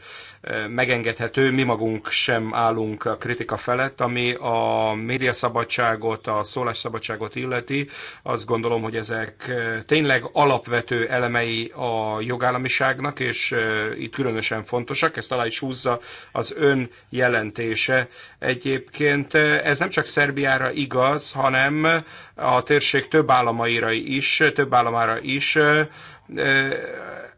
megengedhető. Mi magunk sem állunk a kritika felett, ami a médiaszabadságot, a szólásszabadságot illeti. Azt gondolom, hogy ezek tényleg alapvető elemei a jogállamiságnak, és itt különösen fontosak. Ezt alá is húzza az ön jelentése. Egyébként ez nem csak Szerbiára igaz, hanem hanem a térség több államaira is, több államára is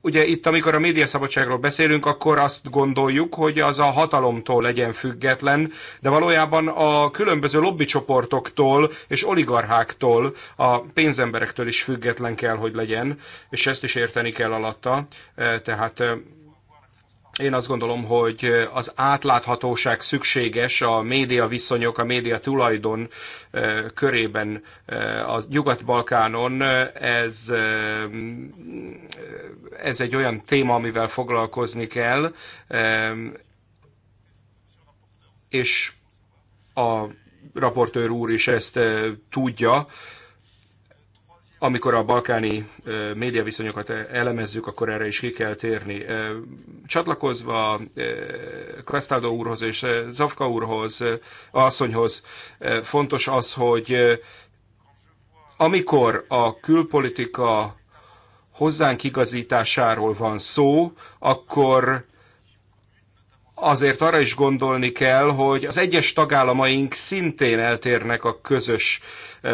ugye itt, amikor a médiaszabadságról beszélünk, akkor azt gondoljuk, hogy az a hatalomtól legyen független, de valójában a különböző lobbycsoportoktól és oligarcháktól, a pénzemberektől is független kell, hogy legyen, és ezt is érteni kell alatta. Tehát én azt gondolom, hogy az átláthatóság szükséges a média viszonyok, a média tulajdon körében az Nyugat-Balkánon. Ez, ez egy olyan téma, amivel foglalkozni kell, és a raportőr úr is ezt tudja, amikor a balkáni médiaviszonyokat e-, elemezzük, akkor erre is ki kell térni. Csatlakozva Kasztáldó úrhoz és Zavka úrhoz, asszonyhoz fontos az, hogy amikor a külpolitika hozzánk igazításáról van szó, akkor azért arra is gondolni kell, hogy az egyes tagállamaink szintén eltérnek a közös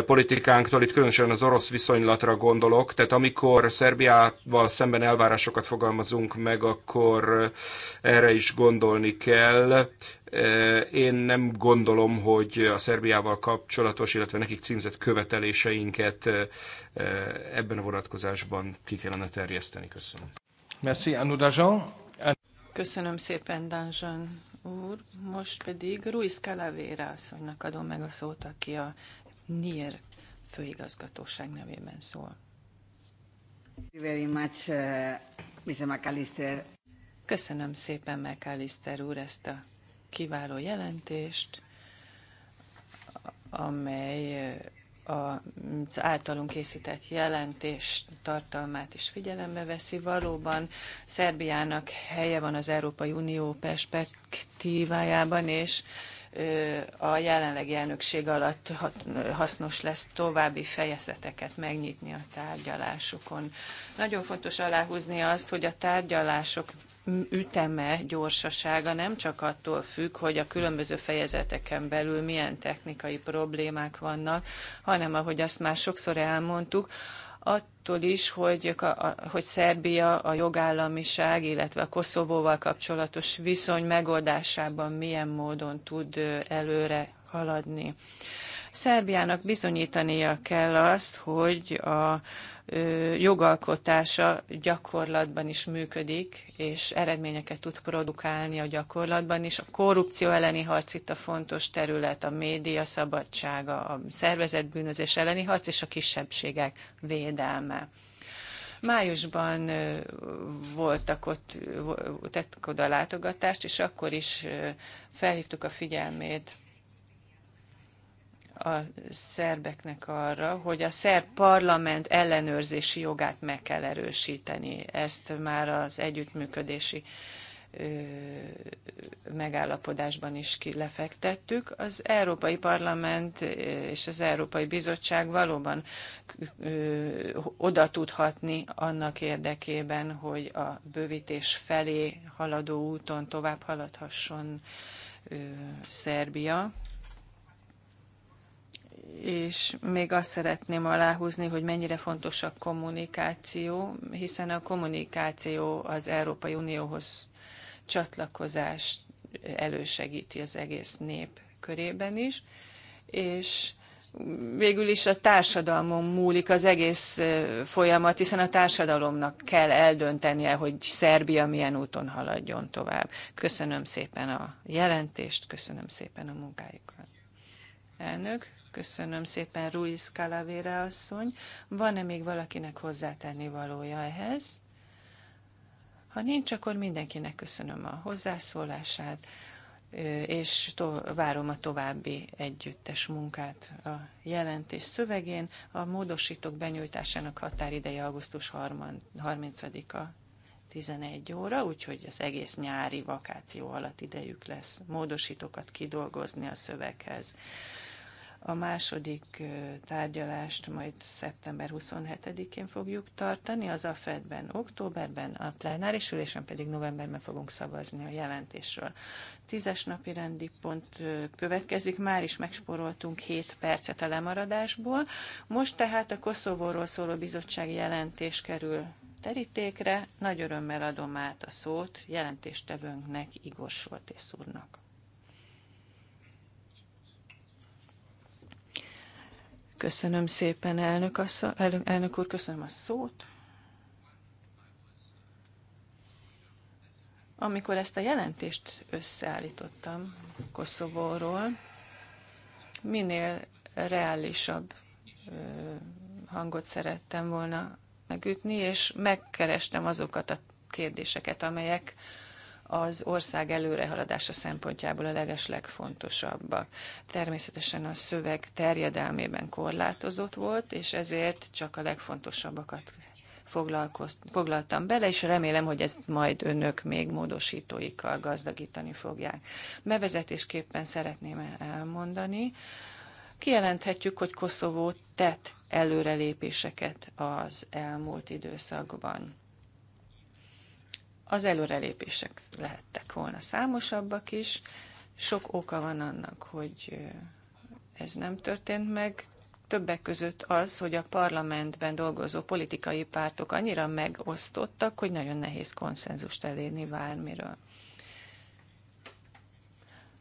politikánktól, itt különösen az orosz viszonylatra gondolok, tehát amikor Szerbiával szemben elvárásokat fogalmazunk meg, akkor eh, erre is gondolni kell. Eh, én nem gondolom, hogy a Szerbiával kapcsolatos, illetve nekik címzett követeléseinket eh, ebben a vonatkozásban ki kellene terjeszteni. Köszönöm. Merci, Köszönöm szépen, Danzsan úr. Most pedig Ruiz Calavera asszonynak adom meg a szót, aki a NIR főigazgatóság nevében szól. Very much, uh, Mr. McAllister. Köszönöm szépen, McAllister úr, ezt a kiváló jelentést, amely uh, az általunk készített jelentés tartalmát is figyelembe veszi. Valóban Szerbiának helye van az Európai Unió perspektívájában, és a jelenlegi elnökség alatt hasznos lesz további fejezeteket megnyitni a tárgyalásokon. Nagyon fontos aláhúzni azt, hogy a tárgyalások üteme, gyorsasága nem csak attól függ, hogy a különböző fejezeteken belül milyen technikai problémák vannak, hanem ahogy azt már sokszor elmondtuk, attól is, hogy, hogy Szerbia a jogállamiság, illetve a Koszovóval kapcsolatos viszony megoldásában milyen módon tud előre haladni. Szerbiának bizonyítania kell azt, hogy a jogalkotása gyakorlatban is működik, és eredményeket tud produkálni a gyakorlatban is. A korrupció elleni harc itt a fontos terület, a média szabadsága, a szervezetbűnözés elleni harc és a kisebbségek védelme. Májusban voltak ott, tettek oda a látogatást, és akkor is felhívtuk a figyelmét a szerbeknek arra, hogy a szerb parlament ellenőrzési jogát meg kell erősíteni. Ezt már az együttműködési megállapodásban is lefektettük. Az Európai Parlament és az Európai Bizottság valóban oda tudhatni annak érdekében, hogy a bővítés felé haladó úton tovább haladhasson Szerbia és még azt szeretném aláhúzni, hogy mennyire fontos a kommunikáció, hiszen a kommunikáció az Európai Unióhoz csatlakozást elősegíti az egész nép körében is, és végül is a társadalmon múlik az egész folyamat, hiszen a társadalomnak kell eldöntenie, hogy Szerbia milyen úton haladjon tovább. Köszönöm szépen a jelentést, köszönöm szépen a munkájukat. Elnök, Köszönöm szépen, Ruiz Calavera asszony. Van-e még valakinek hozzátenni valója ehhez? Ha nincs, akkor mindenkinek köszönöm a hozzászólását, és várom a további együttes munkát a jelentés szövegén. A módosítók benyújtásának határideje augusztus 30-a 11 óra, úgyhogy az egész nyári vakáció alatt idejük lesz módosítókat kidolgozni a szöveghez. A második tárgyalást majd szeptember 27-én fogjuk tartani, az a ben októberben, a plenáris ülésen pedig novemberben fogunk szavazni a jelentésről. Tízes napi rendi pont következik, már is megspóroltunk 7 percet a lemaradásból. Most tehát a Koszovóról szóló bizottsági jelentés kerül terítékre. Nagy örömmel adom át a szót jelentéstevőnknek, Igor Soltész úrnak. Köszönöm szépen, elnök, asszony, elnök úr, köszönöm a szót. Amikor ezt a jelentést összeállítottam Koszovóról, minél reálisabb hangot szerettem volna megütni, és megkerestem azokat a kérdéseket, amelyek az ország előrehaladása szempontjából a legeslegfontosabbak. Természetesen a szöveg terjedelmében korlátozott volt, és ezért csak a legfontosabbakat foglaltam bele, és remélem, hogy ezt majd önök még módosítóikkal gazdagítani fogják. Bevezetésképpen szeretném elmondani, kijelenthetjük, hogy Koszovó tett előrelépéseket az elmúlt időszakban. Az előrelépések lehettek volna számosabbak is. Sok oka van annak, hogy ez nem történt meg. Többek között az, hogy a parlamentben dolgozó politikai pártok annyira megosztottak, hogy nagyon nehéz konszenzust elérni bármiről.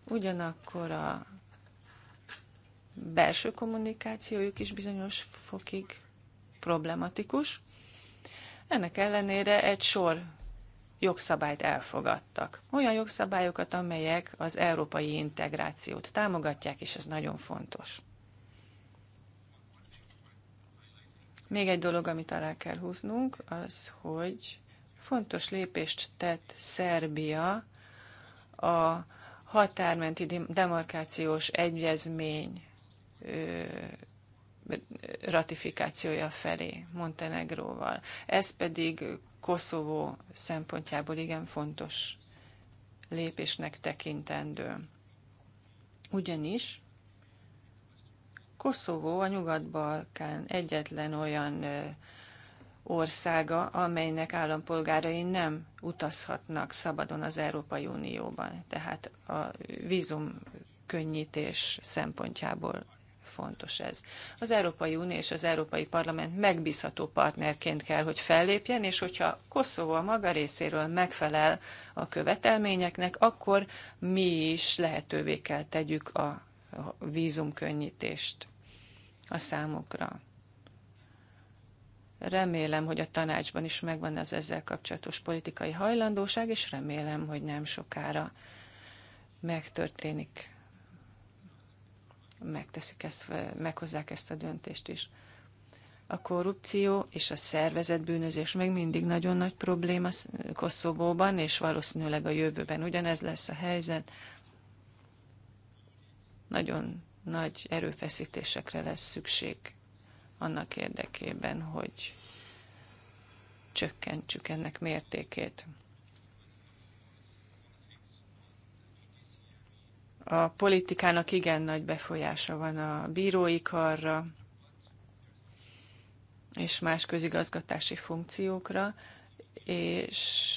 Ugyanakkor a belső kommunikációjuk is bizonyos fokig problematikus. Ennek ellenére egy sor jogszabályt elfogadtak. Olyan jogszabályokat, amelyek az európai integrációt támogatják, és ez nagyon fontos. Még egy dolog, amit alá kell húznunk, az, hogy fontos lépést tett Szerbia a határmenti demarkációs egyezmény ratifikációja felé Montenegróval. Ez pedig Koszovó szempontjából igen fontos lépésnek tekintendő. Ugyanis Koszovó a Nyugat-Balkán egyetlen olyan országa, amelynek állampolgárai nem utazhatnak szabadon az Európai Unióban. Tehát a vízum könnyítés szempontjából fontos ez. Az Európai Unió és az Európai Parlament megbízható partnerként kell, hogy fellépjen, és hogyha Koszovó a maga részéről megfelel a követelményeknek, akkor mi is lehetővé kell tegyük a vízumkönnyítést a számukra. Remélem, hogy a tanácsban is megvan az ezzel kapcsolatos politikai hajlandóság, és remélem, hogy nem sokára megtörténik megteszik ezt, meghozzák ezt a döntést is. A korrupció és a szervezett bűnözés még mindig nagyon nagy probléma Koszovóban, és valószínűleg a jövőben ugyanez lesz a helyzet. Nagyon nagy erőfeszítésekre lesz szükség annak érdekében, hogy csökkentsük ennek mértékét. A politikának igen nagy befolyása van a bírói karra és más közigazgatási funkciókra, és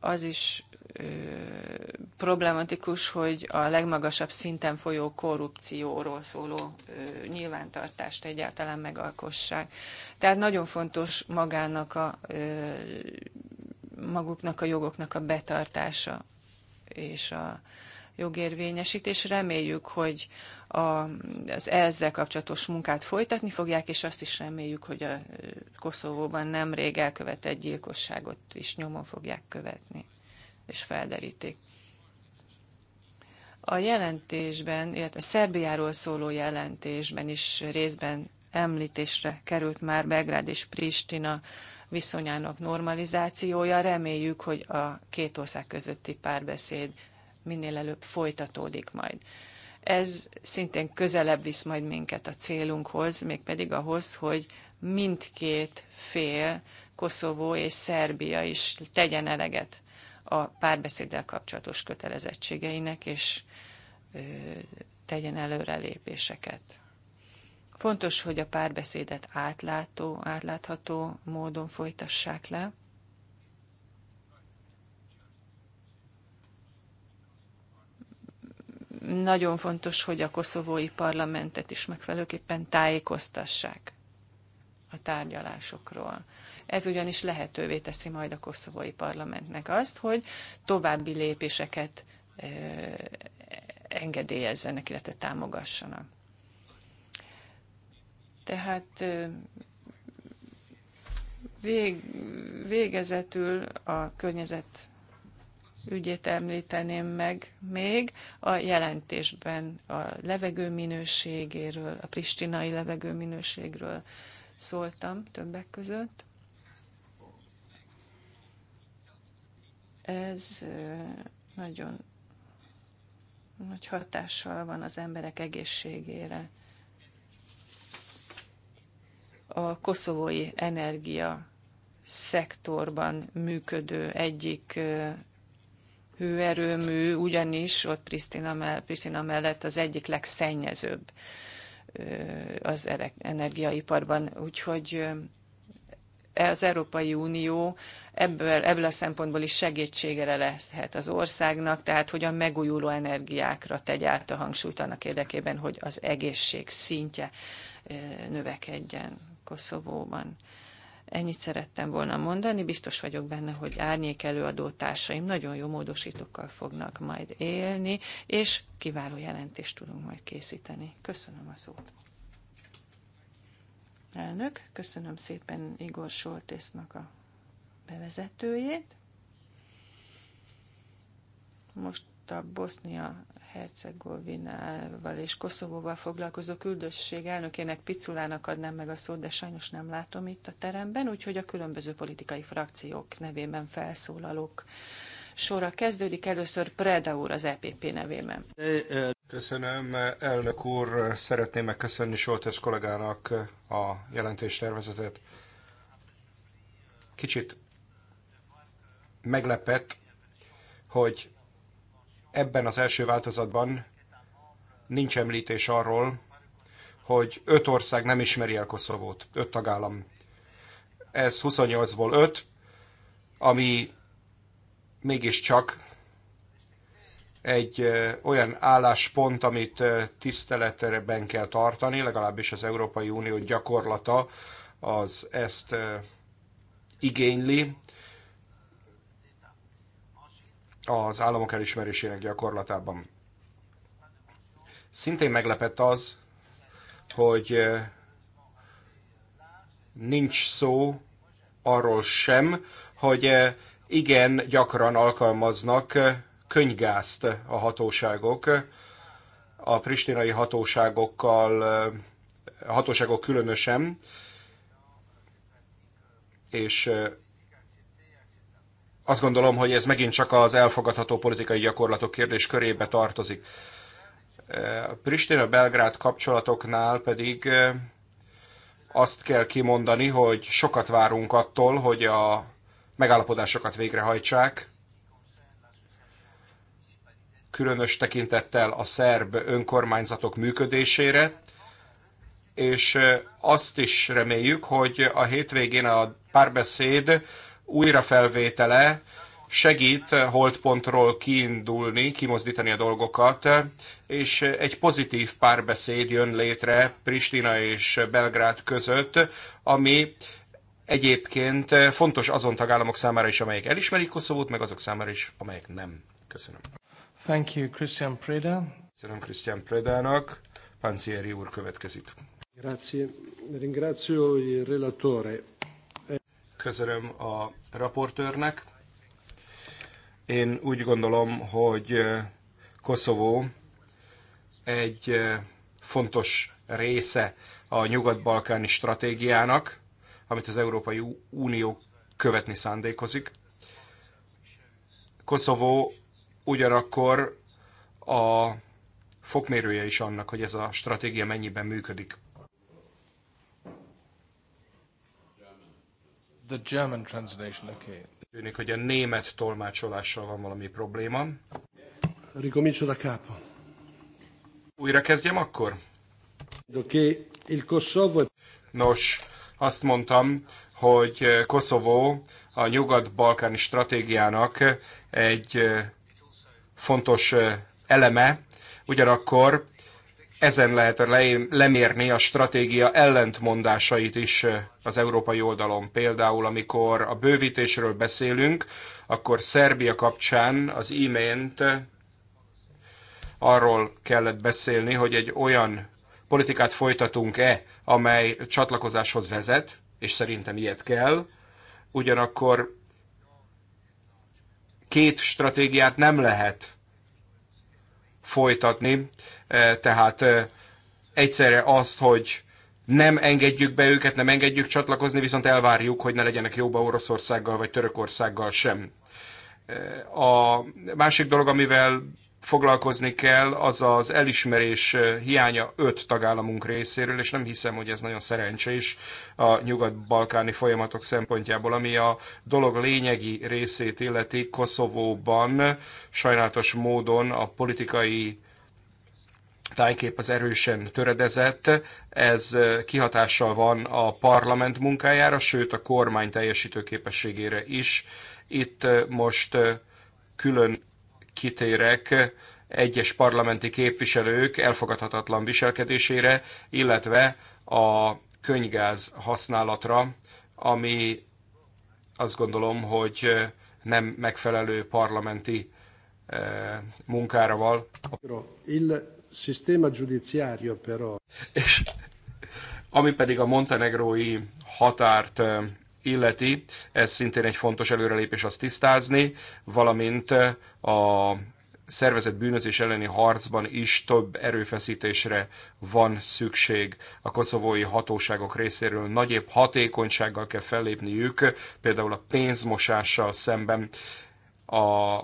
az is problematikus, hogy a legmagasabb szinten folyó korrupcióról szóló ö, nyilvántartást egyáltalán megalkossák. Tehát nagyon fontos magának a, ö, maguknak a jogoknak a betartása és a jogérvényesítés. Reméljük, hogy a, az ezzel kapcsolatos munkát folytatni fogják, és azt is reméljük, hogy a Koszovóban nemrég elkövetett gyilkosságot is nyomon fogják követni, és felderítik. A jelentésben, illetve a Szerbiáról szóló jelentésben is részben említésre került már Belgrád és Pristina viszonyának normalizációja. Reméljük, hogy a két ország közötti párbeszéd minél előbb folytatódik majd. Ez szintén közelebb visz majd minket a célunkhoz, mégpedig ahhoz, hogy mindkét fél, Koszovó és Szerbia is tegyen eleget a párbeszéddel kapcsolatos kötelezettségeinek, és tegyen előrelépéseket. Fontos, hogy a párbeszédet átlátó, átlátható módon folytassák le. Nagyon fontos, hogy a koszovói parlamentet is megfelelőképpen tájékoztassák a tárgyalásokról. Ez ugyanis lehetővé teszi majd a koszovói parlamentnek azt, hogy további lépéseket eh, engedélyezzenek, illetve támogassanak. Tehát vég, végezetül a környezet ügyét említeném meg még. A jelentésben a levegő minőségéről, a pristinai levegő minőségről szóltam többek között. Ez nagyon nagy hatással van az emberek egészségére a koszovói energia szektorban működő egyik hőerőmű, ugyanis ott Pristina, mell- Pristina mellett az egyik legszennyezőbb az energiaiparban. Úgyhogy az Európai Unió ebből, ebből a szempontból is segítségere lehet az országnak, tehát hogy a megújuló energiákra tegy át a hangsúlyt annak érdekében, hogy az egészség szintje növekedjen. Koszovóban. Ennyit szerettem volna mondani, biztos vagyok benne, hogy árnyék előadó társaim nagyon jó módosítókkal fognak majd élni, és kiváló jelentést tudunk majd készíteni. Köszönöm a szót. Elnök, köszönöm szépen Igor Soltésznak a bevezetőjét. Most a Bosznia-Hercegovinával és Koszovóval foglalkozó küldösség elnökének Piculának adnám meg a szót, de sajnos nem látom itt a teremben, úgyhogy a különböző politikai frakciók nevében felszólalok. Sora kezdődik először Preda úr az EPP nevében. Köszönöm, elnök úr, szeretném megköszönni Soltes kollégának a jelentéstervezetet. Kicsit meglepett, hogy Ebben az első változatban nincs említés arról, hogy öt ország nem ismeri el Koszovót, öt tagállam. Ez 28-ból 5, ami mégiscsak egy olyan álláspont, amit tiszteletben kell tartani, legalábbis az Európai Unió gyakorlata az ezt igényli az államok elismerésének gyakorlatában. Szintén meglepett az, hogy eh, nincs szó arról sem, hogy eh, igen, gyakran alkalmaznak eh, könygázt a hatóságok, a pristinai hatóságokkal, hatóságok különösen, és azt gondolom, hogy ez megint csak az elfogadható politikai gyakorlatok kérdés körébe tartozik. E, Pristina-Belgrád kapcsolatoknál pedig e, azt kell kimondani, hogy sokat várunk attól, hogy a megállapodásokat végrehajtsák, különös tekintettel a szerb önkormányzatok működésére, és e, azt is reméljük, hogy a hétvégén a párbeszéd újrafelvétele segít holdpontról kiindulni, kimozdítani a dolgokat, és egy pozitív párbeszéd jön létre Pristina és Belgrád között, ami egyébként fontos azon tagállamok számára is, amelyek elismerik Koszovót, meg azok számára is, amelyek nem. Köszönöm. Thank you, Christian Preda. Köszönöm Christian Predának. Pancieri úr következik. Grazie. Ringrazio il relatore köszönöm a raportőrnek. Én úgy gondolom, hogy eh, Koszovó egy eh, fontos része a nyugat-balkáni stratégiának, amit az Európai Unió követni szándékozik. Koszovó ugyanakkor a fokmérője is annak, hogy ez a stratégia mennyiben működik. The German translation, okay. Tűnik, hogy a német tolmácsolással van valami probléma. Ricomincio da capo. Újra kezdjem akkor? Okay. Il Kosovo... Nos, azt mondtam, hogy Koszovó a nyugat-balkáni stratégiának egy eh, fontos eh, eleme, ugyanakkor ezen lehet lemérni a stratégia ellentmondásait is az európai oldalon. Például, amikor a bővítésről beszélünk, akkor Szerbia kapcsán az imént arról kellett beszélni, hogy egy olyan politikát folytatunk-e, amely csatlakozáshoz vezet, és szerintem ilyet kell, ugyanakkor két stratégiát nem lehet folytatni, e, tehát e, egyszerre azt, hogy nem engedjük be őket, nem engedjük csatlakozni, viszont elvárjuk, hogy ne legyenek jóba Oroszországgal vagy Törökországgal sem. E, a másik dolog, amivel foglalkozni kell, az az elismerés eh, hiánya öt tagállamunk részéről, és nem hiszem, hogy ez nagyon szerencsés a nyugat-balkáni folyamatok szempontjából, ami a dolog lényegi részét illeti Koszovóban sajnálatos módon a politikai tájkép az erősen töredezett, ez eh, kihatással van a parlament munkájára, sőt a kormány teljesítő képességére is. Itt eh, most külön kitérek egyes parlamenti képviselők elfogadhatatlan viselkedésére, illetve a könygáz használatra, ami azt gondolom, hogy nem megfelelő parlamenti eh, munkára val. Il sistema giudiziario però. És ami pedig a montenegrói határt eh, illeti, ez szintén egy fontos előrelépés azt tisztázni, valamint a szervezett bűnözés elleni harcban is több erőfeszítésre van szükség. A koszovói hatóságok részéről nagyobb hatékonysággal kell fellépniük, például a pénzmosással szemben a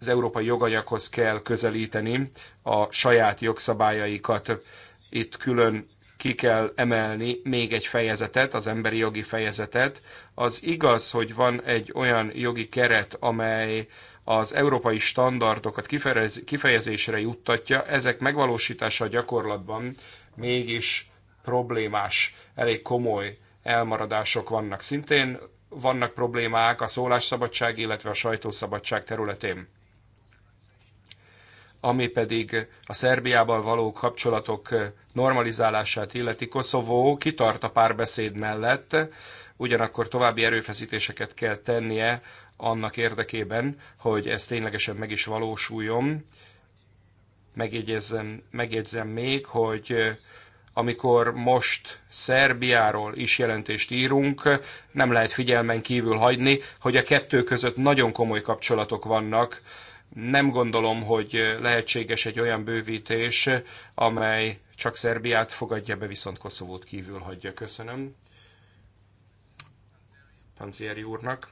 az európai joganyaghoz kell közelíteni a saját jogszabályaikat. Itt külön ki kell emelni még egy fejezetet, az emberi jogi fejezetet. Az igaz, hogy van egy olyan jogi keret, amely az európai standardokat kifejezésre juttatja, ezek megvalósítása a gyakorlatban mégis problémás, elég komoly elmaradások vannak. Szintén vannak problémák a szólásszabadság, illetve a sajtószabadság területén ami pedig a Szerbiával való kapcsolatok eh, normalizálását illeti. Koszovó kitart a párbeszéd mellett, ugyanakkor további erőfeszítéseket kell tennie annak érdekében, hogy ez ténylegesen meg is valósuljon. Megjegyezzem, megjegyzem még, hogy eh, amikor most Szerbiáról is jelentést írunk, nem lehet figyelmen kívül hagyni, hogy a kettő között nagyon komoly kapcsolatok vannak, nem gondolom, hogy lehetséges egy olyan bővítés, amely csak Szerbiát fogadja be, viszont Koszovót kívül hagyja. Köszönöm. Panzeri úrnak.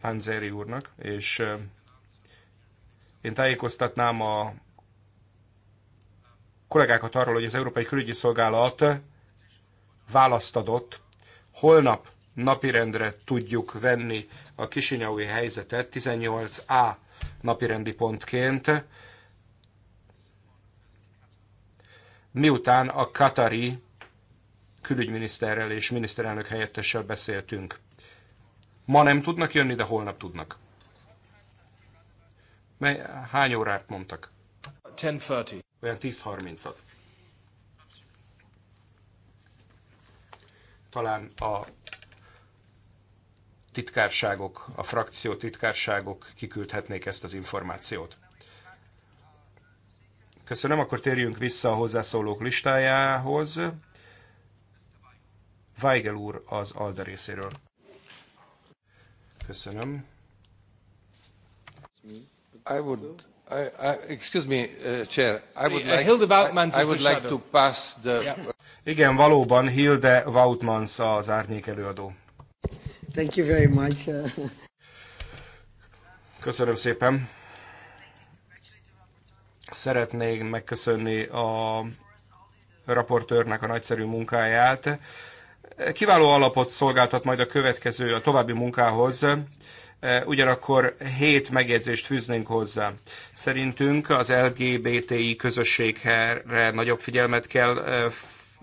Panzeri úrnak, és én tájékoztatnám a kollégákat arról, hogy az Európai Külügyi Szolgálat választ adott. Holnap napirendre tudjuk venni a kisinyaui helyzetet 18A napirendi pontként, miután a katari külügyminiszterrel és miniszterelnök helyettessel beszéltünk. Ma nem tudnak jönni, de holnap tudnak. Mely, hány órát mondtak? 10.30. Olyan 10.30-at. Talán a titkárságok, a frakció titkárságok kiküldhetnék ezt az információt. Köszönöm, akkor térjünk vissza a hozzászólók listájához. Weigel úr az Alda részéről. Köszönöm. I would, I, I, excuse me, uh, Chair, I would uh, like, Hilde I, I would like to pass the... Yeah. Igen, valóban Hilde Wautmans az árnyék előadó. Thank you very much. Köszönöm szépen. Szeretnék megköszönni a raportőrnek a nagyszerű munkáját. Kiváló alapot szolgáltat majd a következő, a további munkához ugyanakkor hét megjegyzést fűznénk hozzá. Szerintünk az LGBTI közösségre nagyobb figyelmet kell eh,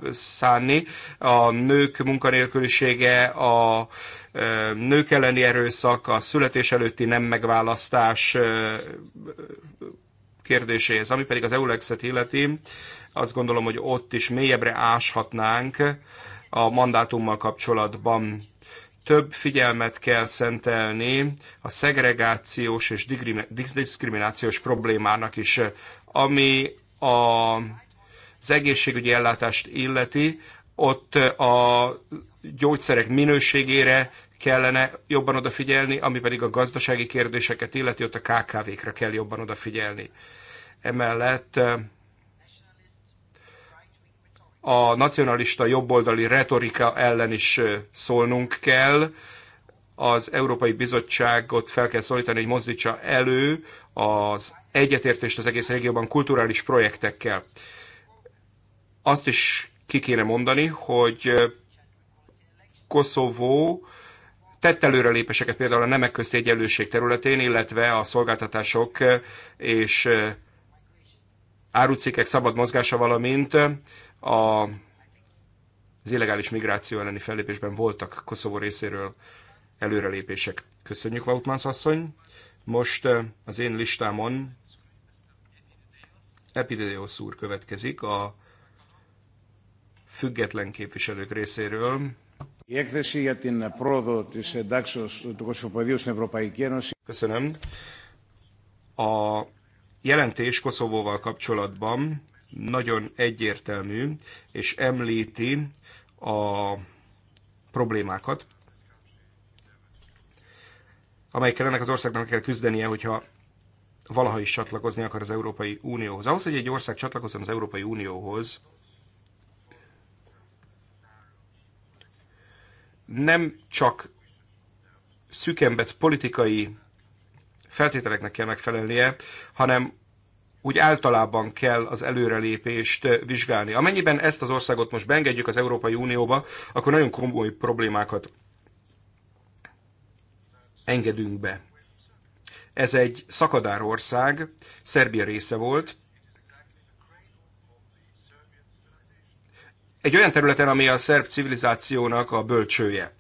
szánni. A nők munkanélkülisége, a nők elleni erőszak, a születés előtti nem megválasztás kérdéséhez. Ami pedig az EULEX-et illeti, azt gondolom, hogy ott is mélyebbre áshatnánk a mandátummal kapcsolatban több figyelmet kell szentelni a szegregációs és diszkriminációs problémának is, ami a az egészségügyi ellátást illeti, ott eh, a gyógyszerek minőségére kellene jobban odafigyelni, ami pedig a gazdasági kérdéseket illeti, ott a KKV-kra kell jobban odafigyelni. Emellett eh, a nacionalista jobboldali retorika ellen is eh, szólnunk kell. Az Európai Bizottságot fel kell szólítani, hogy mozdítsa elő az egyetértést az egész régióban kulturális projektekkel azt is ki kéne mondani, hogy Koszovó tett előrelépéseket például a nemek közti egyenlőség területén, illetve a szolgáltatások és árucikek szabad mozgása, valamint a, az illegális migráció elleni fellépésben voltak Koszovó részéről előrelépések. Köszönjük, Vautmans asszony! Most az én listámon Epideos úr következik, a független képviselők részéről. Köszönöm. A jelentés Koszovóval kapcsolatban nagyon egyértelmű, és említi a problémákat, amelyekkel ennek az országnak kell küzdenie, hogyha valaha is csatlakozni akar az Európai Unióhoz. Ahhoz, hogy egy ország csatlakozzon az Európai Unióhoz, nem csak szükembet politikai feltételeknek kell megfelelnie, hanem úgy általában kell az előrelépést vizsgálni. Amennyiben ezt az országot most beengedjük az Európai Unióba, akkor nagyon komoly problémákat engedünk be. Ez egy szakadár ország, Szerbia része volt, egy olyan területen, ami a szerb civilizációnak a bölcsője.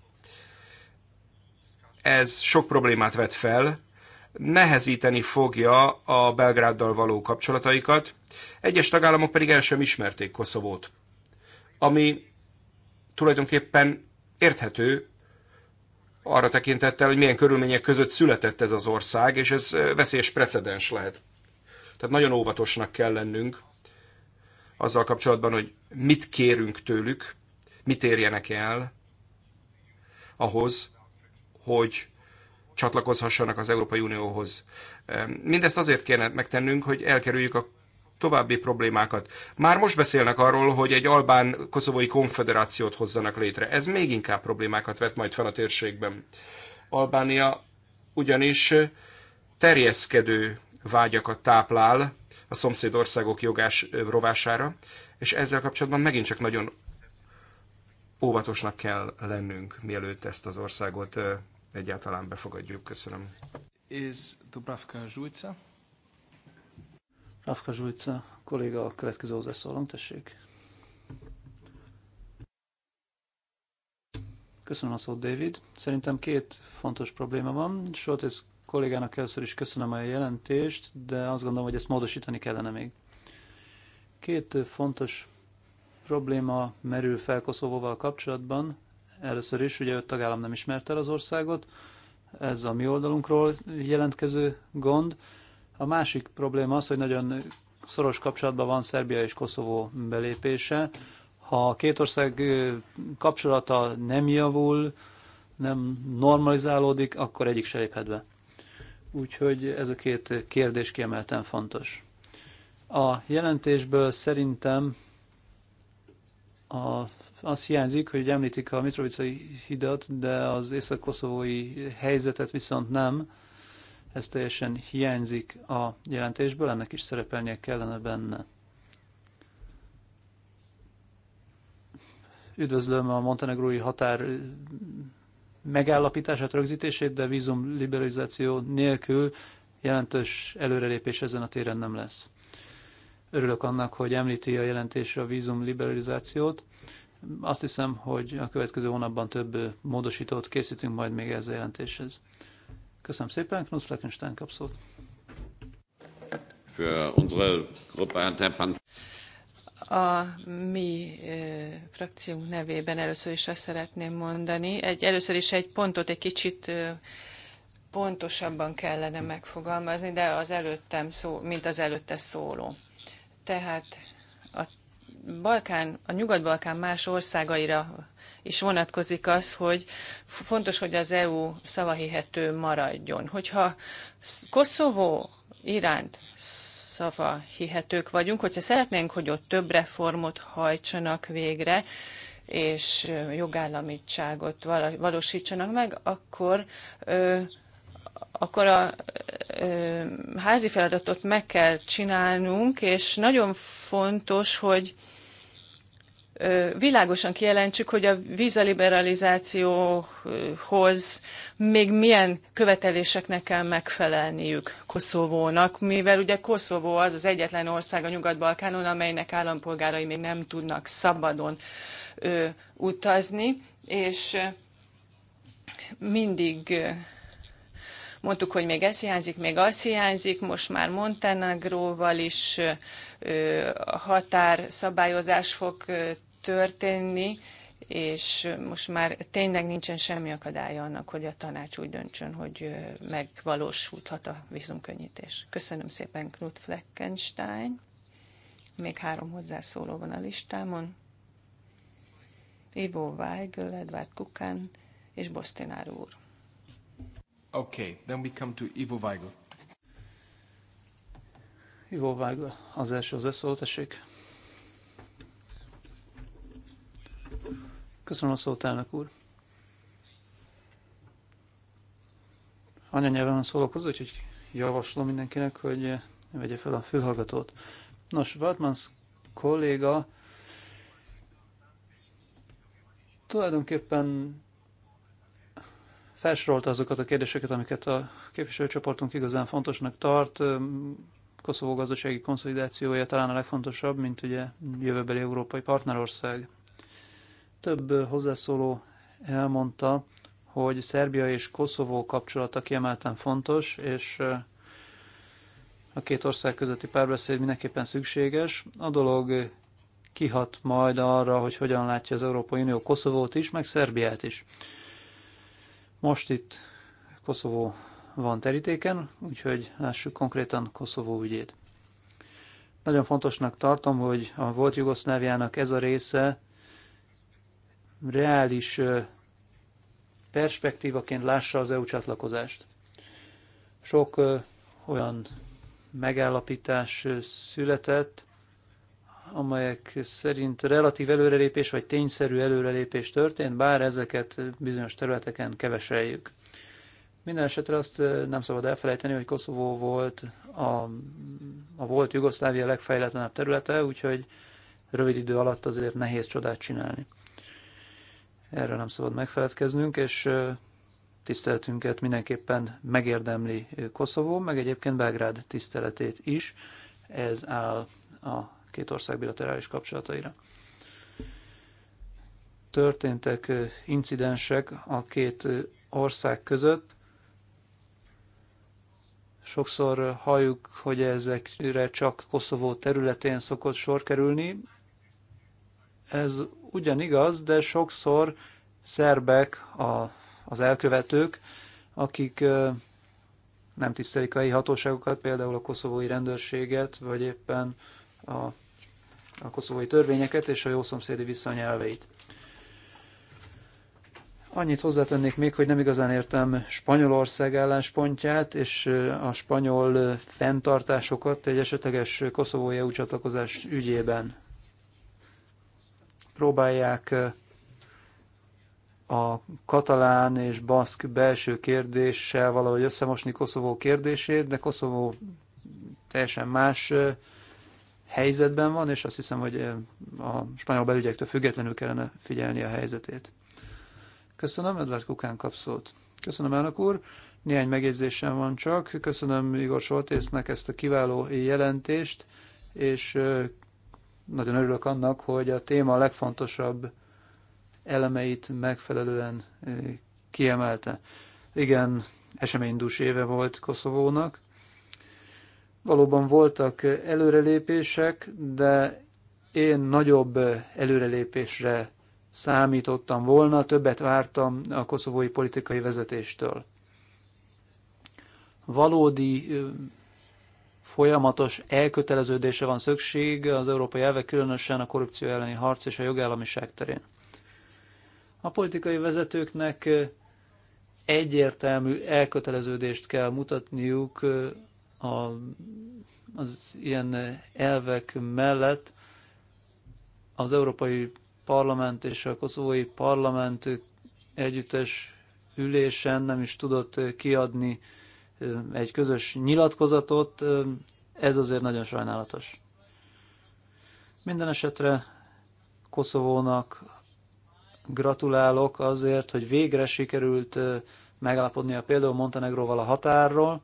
Ez sok problémát vet fel, nehezíteni fogja a Belgráddal való kapcsolataikat, egyes tagállamok pedig el sem ismerték Koszovót, ami tulajdonképpen érthető arra tekintettel, hogy milyen körülmények között született ez az ország, és ez veszélyes precedens lehet. Tehát nagyon óvatosnak kell lennünk azzal kapcsolatban, hogy mit kérünk tőlük, mit érjenek el ahhoz, hogy csatlakozhassanak az Európai Unióhoz. Mindezt azért kéne megtennünk, hogy elkerüljük a további problémákat. Már most beszélnek arról, hogy egy albán-koszovói konfederációt hozzanak létre. Ez még inkább problémákat vet majd fel a térségben. Albánia ugyanis terjeszkedő vágyakat táplál, a szomszédországok jogás rovására, és ezzel kapcsolatban megint csak nagyon óvatosnak kell lennünk, mielőtt ezt az országot egyáltalán befogadjuk. Köszönöm. Is Dubravka Zsujca? Rafka Zsujca, kolléga, a következő hozzászólom, tessék. Köszönöm a szót, David. Szerintem két fontos probléma van. Soltész kollégának először is köszönöm a jelentést, de azt gondolom, hogy ezt módosítani kellene még. Két fontos probléma merül fel Koszovóval kapcsolatban. Először is, ugye öt tagállam nem ismerte el az országot, ez a mi oldalunkról jelentkező gond. A másik probléma az, hogy nagyon szoros kapcsolatban van Szerbia és Koszovó belépése. Ha a két ország kapcsolata nem javul, nem normalizálódik, akkor egyik se léphet be. Úgyhogy ez a két kérdés kiemelten fontos. A jelentésből szerintem a, az hiányzik, hogy említik a Mitrovicai hidat, de az észak-koszovói helyzetet viszont nem. Ez teljesen hiányzik a jelentésből, ennek is szerepelnie kellene benne. Üdvözlöm a montenegrói határ megállapítását, rögzítését, de vízum liberalizáció nélkül jelentős előrelépés ezen a téren nem lesz. Örülök annak, hogy említi a jelentésre a vízum liberalizációt. Azt hiszem, hogy a következő hónapban több módosítót készítünk majd még ez a jelentéshez. Köszönöm szépen, Knut Fleckenstein kapszót. Für unsere Gruppe a mi frakciónk nevében először is azt szeretném mondani, egy, először is egy pontot egy kicsit pontosabban kellene megfogalmazni, de az előttem szó, mint az előtte szóló. Tehát a Balkán, a Nyugat-Balkán más országaira is vonatkozik az, hogy fontos, hogy az EU szavahihető maradjon. Hogyha Koszovó iránt szava hihetők vagyunk. Hogyha szeretnénk, hogy ott több reformot hajtsanak végre, és jogállamiságot valósítsanak meg, akkor akkor a ö, házi feladatot meg kell csinálnunk, és nagyon fontos, hogy világosan kijelentsük, hogy a vízaliberalizációhoz még milyen követeléseknek kell megfelelniük Koszovónak, mivel ugye Koszovó az az egyetlen ország a Nyugat-Balkánon, amelynek állampolgárai még nem tudnak szabadon ö, utazni, és mindig mondtuk, hogy még ez hiányzik, még az hiányzik, most már Montenegróval is határszabályozás fog történni, és most már tényleg nincsen semmi akadálya annak, hogy a tanács úgy döntsön, hogy megvalósulhat a vízumkönnyítés. Köszönöm szépen Knut Fleckenstein. Még három hozzászóló van a listámon. Ivo Weigl, Edward Kukán és Bostinár úr. Okay, then we come to Ivo Weigl. Ivo Weigl, az első az eszó, tessék. Köszönöm a szót, elnök úr. Anyanyelven szólok hozzá, úgyhogy javaslom mindenkinek, hogy vegye fel a fülhallgatót. Nos, Bartmans kolléga tulajdonképpen felsorolta azokat a kérdéseket, amiket a képviselőcsoportunk igazán fontosnak tart. Koszovó gazdasági konszolidációja talán a legfontosabb, mint ugye jövőbeli európai partnerország több hozzászóló elmondta, hogy Szerbia és Koszovó kapcsolata kiemelten fontos, és a két ország közötti párbeszéd mindenképpen szükséges. A dolog kihat majd arra, hogy hogyan látja az Európai Unió Koszovót is, meg Szerbiát is. Most itt Koszovó van terítéken, úgyhogy lássuk konkrétan Koszovó ügyét. Nagyon fontosnak tartom, hogy a volt Jugoszláviának ez a része reális perspektívaként lássa az EU csatlakozást. Sok olyan megállapítás született, amelyek szerint relatív előrelépés vagy tényszerű előrelépés történt, bár ezeket bizonyos területeken keveseljük. Minden esetre azt nem szabad elfelejteni, hogy Koszovó volt a, a volt Jugoszlávia legfejletlenebb területe, úgyhogy rövid idő alatt azért nehéz csodát csinálni. Erről nem szabad megfeledkeznünk, és tiszteletünket mindenképpen megérdemli Koszovó, meg egyébként Belgrád tiszteletét is. Ez áll a két ország bilaterális kapcsolataira. Történtek incidensek a két ország között. Sokszor halljuk, hogy ezekre csak Koszovó területén szokott sor kerülni. Ez ugyan igaz, de sokszor szerbek a, az elkövetők, akik nem tisztelik a hatóságokat, például a koszovói rendőrséget, vagy éppen a, a koszovói törvényeket és a jószomszédi viszony elveit. Annyit hozzátennék még, hogy nem igazán értem Spanyolország álláspontját és a spanyol fenntartásokat egy esetleges koszovói EU csatlakozás ügyében próbálják a katalán és baszk belső kérdéssel valahogy összemosni Koszovó kérdését, de Koszovó teljesen más helyzetben van, és azt hiszem, hogy a spanyol belügyektől függetlenül kellene figyelni a helyzetét. Köszönöm, Edward Kukán kapszót. Köszönöm, elnök úr. Néhány megjegyzésem van csak. Köszönöm Igor Soltésznek ezt a kiváló jelentést, és nagyon örülök annak, hogy a téma legfontosabb elemeit megfelelően kiemelte. Igen, eseménydús éve volt Koszovónak. Valóban voltak előrelépések, de én nagyobb előrelépésre számítottam volna, többet vártam a koszovói politikai vezetéstől. Valódi folyamatos elköteleződése van szükség az európai elvek, különösen a korrupció elleni harc és a jogállamiság terén. A politikai vezetőknek egyértelmű elköteleződést kell mutatniuk a, az ilyen elvek mellett. Az Európai Parlament és a Koszovói Parlament együttes ülésen nem is tudott kiadni egy közös nyilatkozatot, ez azért nagyon sajnálatos. Minden esetre Koszovónak gratulálok azért, hogy végre sikerült megállapodnia például Montenegróval a határról,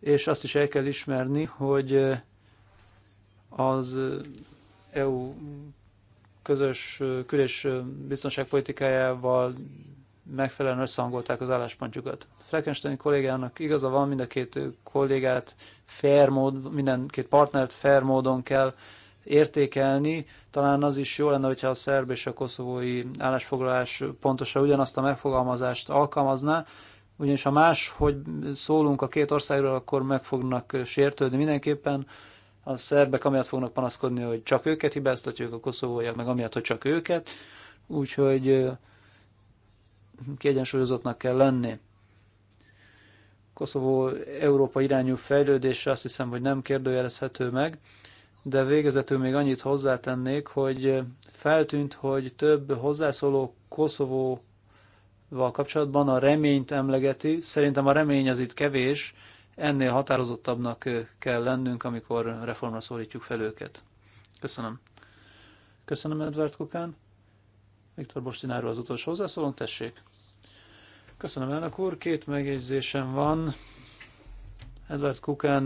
és azt is el kell ismerni, hogy az EU közös külés biztonságpolitikájával megfelelően összehangolták az álláspontjukat. Fleckenstein kollégának igaza van, mind a két kollégát fair mód, minden két partnert fair módon kell értékelni. Talán az is jó lenne, hogyha a szerb és a koszovói állásfoglalás pontosan ugyanazt a megfogalmazást alkalmazná, ugyanis ha más, hogy szólunk a két országról, akkor meg fognak sértődni mindenképpen. A szerbek amiatt fognak panaszkodni, hogy csak őket hibáztatjuk, a koszovóiak meg amiatt, hogy csak őket. Úgyhogy kiegyensúlyozottnak kell lenni. Koszovó Európa irányú fejlődése azt hiszem, hogy nem kérdőjelezhető meg, de végezetül még annyit hozzátennék, hogy feltűnt, hogy több hozzászóló Koszovóval kapcsolatban a reményt emlegeti. Szerintem a remény az itt kevés, ennél határozottabbnak kell lennünk, amikor reformra szólítjuk fel őket. Köszönöm. Köszönöm, Edward Kukán. Viktor Bostináról az utolsó hozzászólónk, tessék. Köszönöm, elnök úr. Két megjegyzésem van. Edward Kukán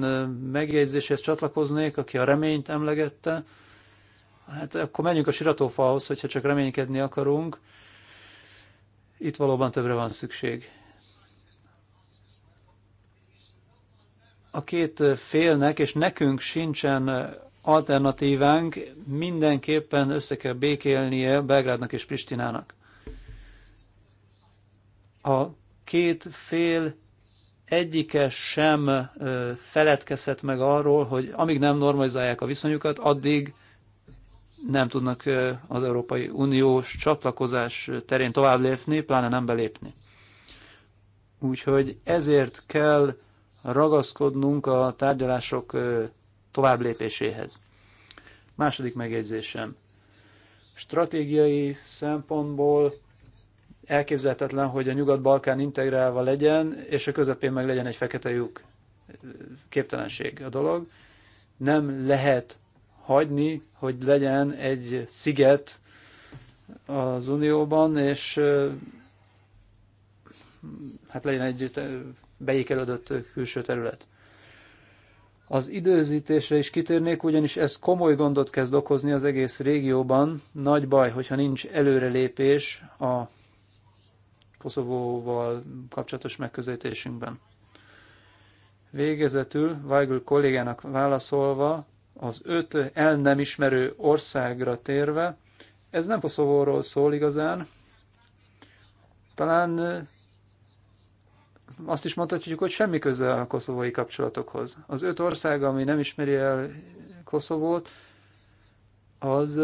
megjegyzéshez csatlakoznék, aki a reményt emlegette. Hát akkor menjünk a siratófához, hogyha csak reménykedni akarunk. Itt valóban többre van szükség. A két félnek, és nekünk sincsen alternatívánk, mindenképpen össze kell békélnie Belgrádnak és Pristinának. A két fél egyike sem feledkezhet meg arról, hogy amíg nem normalizálják a viszonyukat, addig nem tudnak az Európai Uniós csatlakozás terén tovább lépni, pláne nem belépni. Úgyhogy ezért kell ragaszkodnunk a tárgyalások tovább lépéséhez. Második megjegyzésem. Stratégiai szempontból elképzelhetetlen, hogy a Nyugat-Balkán integrálva legyen, és a közepén meg legyen egy fekete lyuk. Képtelenség a dolog. Nem lehet hagyni, hogy legyen egy sziget az Unióban, és hát legyen egy beékelődött külső terület. Az időzítésre is kitérnék, ugyanis ez komoly gondot kezd okozni az egész régióban. Nagy baj, hogyha nincs előrelépés a Koszovóval kapcsolatos megközelítésünkben. Végezetül Weigl kollégának válaszolva, az öt el nem ismerő országra térve, ez nem Koszovóról szól igazán, talán azt is mondhatjuk, hogy semmi köze a koszovói kapcsolatokhoz. Az öt ország, ami nem ismeri el Koszovót, az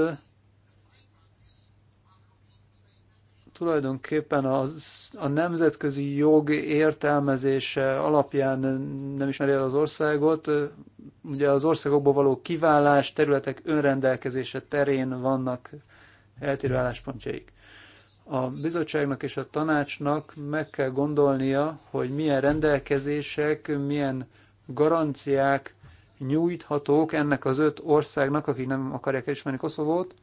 tulajdonképpen a, a nemzetközi jog értelmezése alapján nem ismeri el az országot. Ugye az országokból való kiválás, területek önrendelkezése terén vannak eltérő álláspontjaik. A bizottságnak és a tanácsnak meg kell gondolnia, hogy milyen rendelkezések, milyen garanciák nyújthatók ennek az öt országnak, akik nem akarják elismerni Koszovót,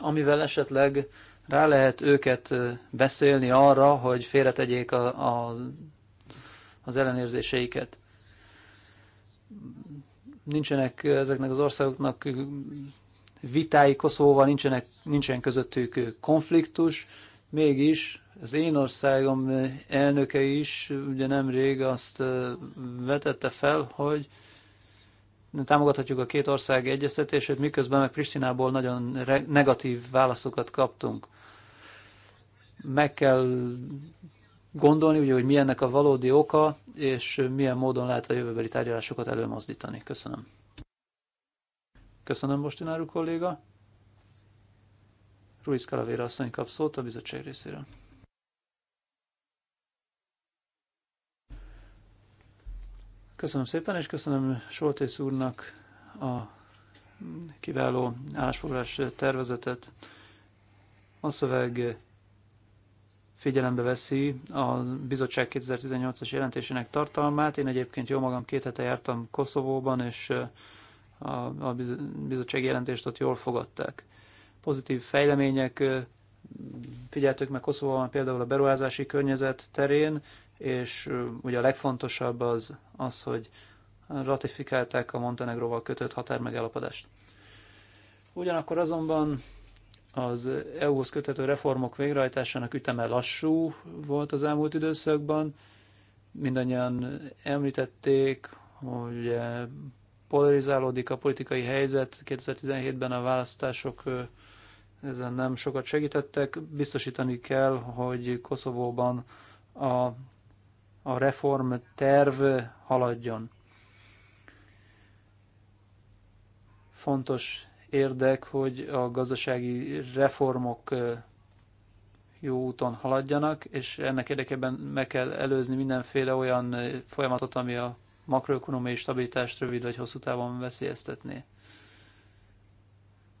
amivel esetleg rá lehet őket beszélni arra, hogy félretegyék a, a, az ellenérzéseiket. Nincsenek ezeknek az országoknak vitái Koszóval, nincsenek, nincsen közöttük konfliktus, mégis az én országom elnöke is ugye nemrég azt vetette fel, hogy támogathatjuk a két ország egyeztetését, miközben meg Pristinából nagyon negatív válaszokat kaptunk meg kell gondolni, ugye, hogy mi ennek a valódi oka, és milyen módon lehet a jövőbeli tárgyalásokat előmozdítani. Köszönöm. Köszönöm, Bostináru kolléga. Ruiz Calavera asszony kap szót a bizottság részéről. Köszönöm szépen, és köszönöm Soltész úrnak a kiváló állásfoglalás tervezetet. A szöveg figyelembe veszi a bizottság 2018-as jelentésének tartalmát. Én egyébként jó magam két hete jártam Koszovóban, és a, bizottság jelentést ott jól fogadták. Pozitív fejlemények figyeltük meg Koszovóban például a beruházási környezet terén, és ugye a legfontosabb az, az hogy ratifikálták a Montenegróval kötött határmegállapodást. Ugyanakkor azonban az EU-hoz köthető reformok végrehajtásának üteme lassú volt az elmúlt időszakban. Mindannyian említették, hogy polarizálódik a politikai helyzet. 2017-ben a választások ezen nem sokat segítettek. Biztosítani kell, hogy Koszovóban a, a reform terv haladjon. Fontos érdek, hogy a gazdasági reformok jó úton haladjanak, és ennek érdekében meg kell előzni mindenféle olyan folyamatot, ami a makroökonomiai stabilitást rövid vagy hosszú távon veszélyeztetné.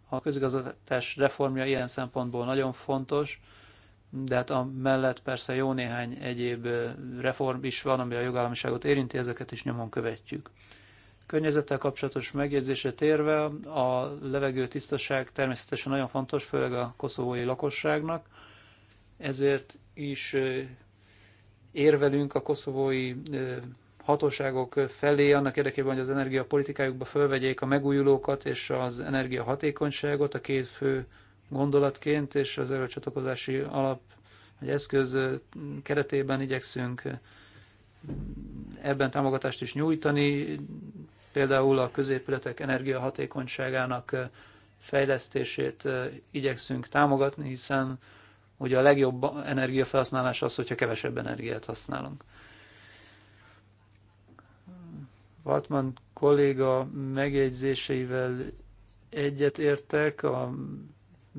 A közigazgatás reformja ilyen szempontból nagyon fontos, de hát a mellett persze jó néhány egyéb reform is van, ami a jogállamiságot érinti, ezeket is nyomon követjük. Környezettel kapcsolatos megjegyzése térve a levegő tisztaság természetesen nagyon fontos, főleg a koszovói lakosságnak, ezért is érvelünk a koszovói hatóságok felé annak érdekében, hogy az energiapolitikájukba fölvegyék a megújulókat és az energiahatékonyságot a két fő gondolatként, és az erőcsatlakozási alap egy eszköz keretében igyekszünk ebben támogatást is nyújtani, Például a középületek energiahatékonyságának fejlesztését igyekszünk támogatni, hiszen ugye a legjobb energiafelhasználás az, hogyha kevesebb energiát használunk. Vatman kolléga megjegyzéseivel egyetértek, a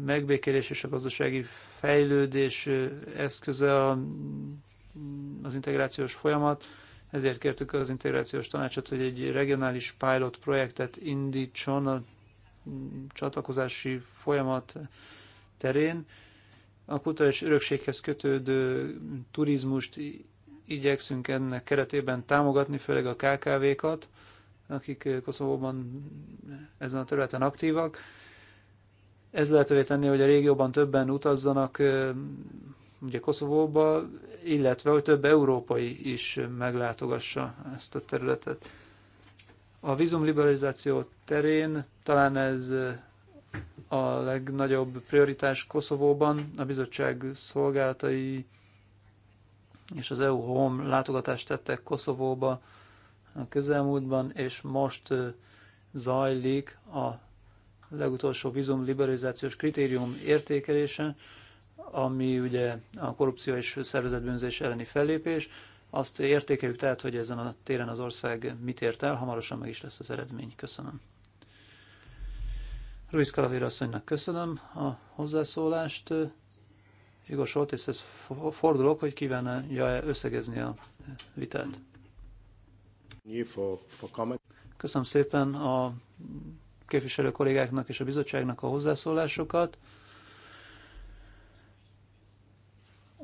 megbékélés és a gazdasági fejlődés eszköze az integrációs folyamat. Ezért kértük az integrációs tanácsot, hogy egy regionális pilot projektet indítson a csatlakozási folyamat terén. A kulturális örökséghez kötődő turizmust igyekszünk ennek keretében támogatni, főleg a KKV-kat, akik Koszovóban ezen a területen aktívak. Ez lehetővé tenni, hogy a régióban többen utazzanak, ugye Koszovóba, illetve hogy több európai is meglátogassa ezt a területet. A vízumliberalizáció terén talán ez a legnagyobb prioritás Koszovóban. A bizottság szolgálatai és az EU Home látogatást tettek Koszovóba a közelmúltban, és most zajlik a legutolsó vízumliberalizációs kritérium értékelése ami ugye a korrupció és szervezetbűnözés elleni fellépés. Azt értékeljük tehát, hogy ezen a téren az ország mit ért el, hamarosan meg is lesz az eredmény. Köszönöm. Ruiz Calavira asszonynak köszönöm a hozzászólást. Igor Soltészhez fordulok, hogy kívánja -e összegezni a vitát. Köszönöm szépen a képviselő kollégáknak és a bizottságnak a hozzászólásokat.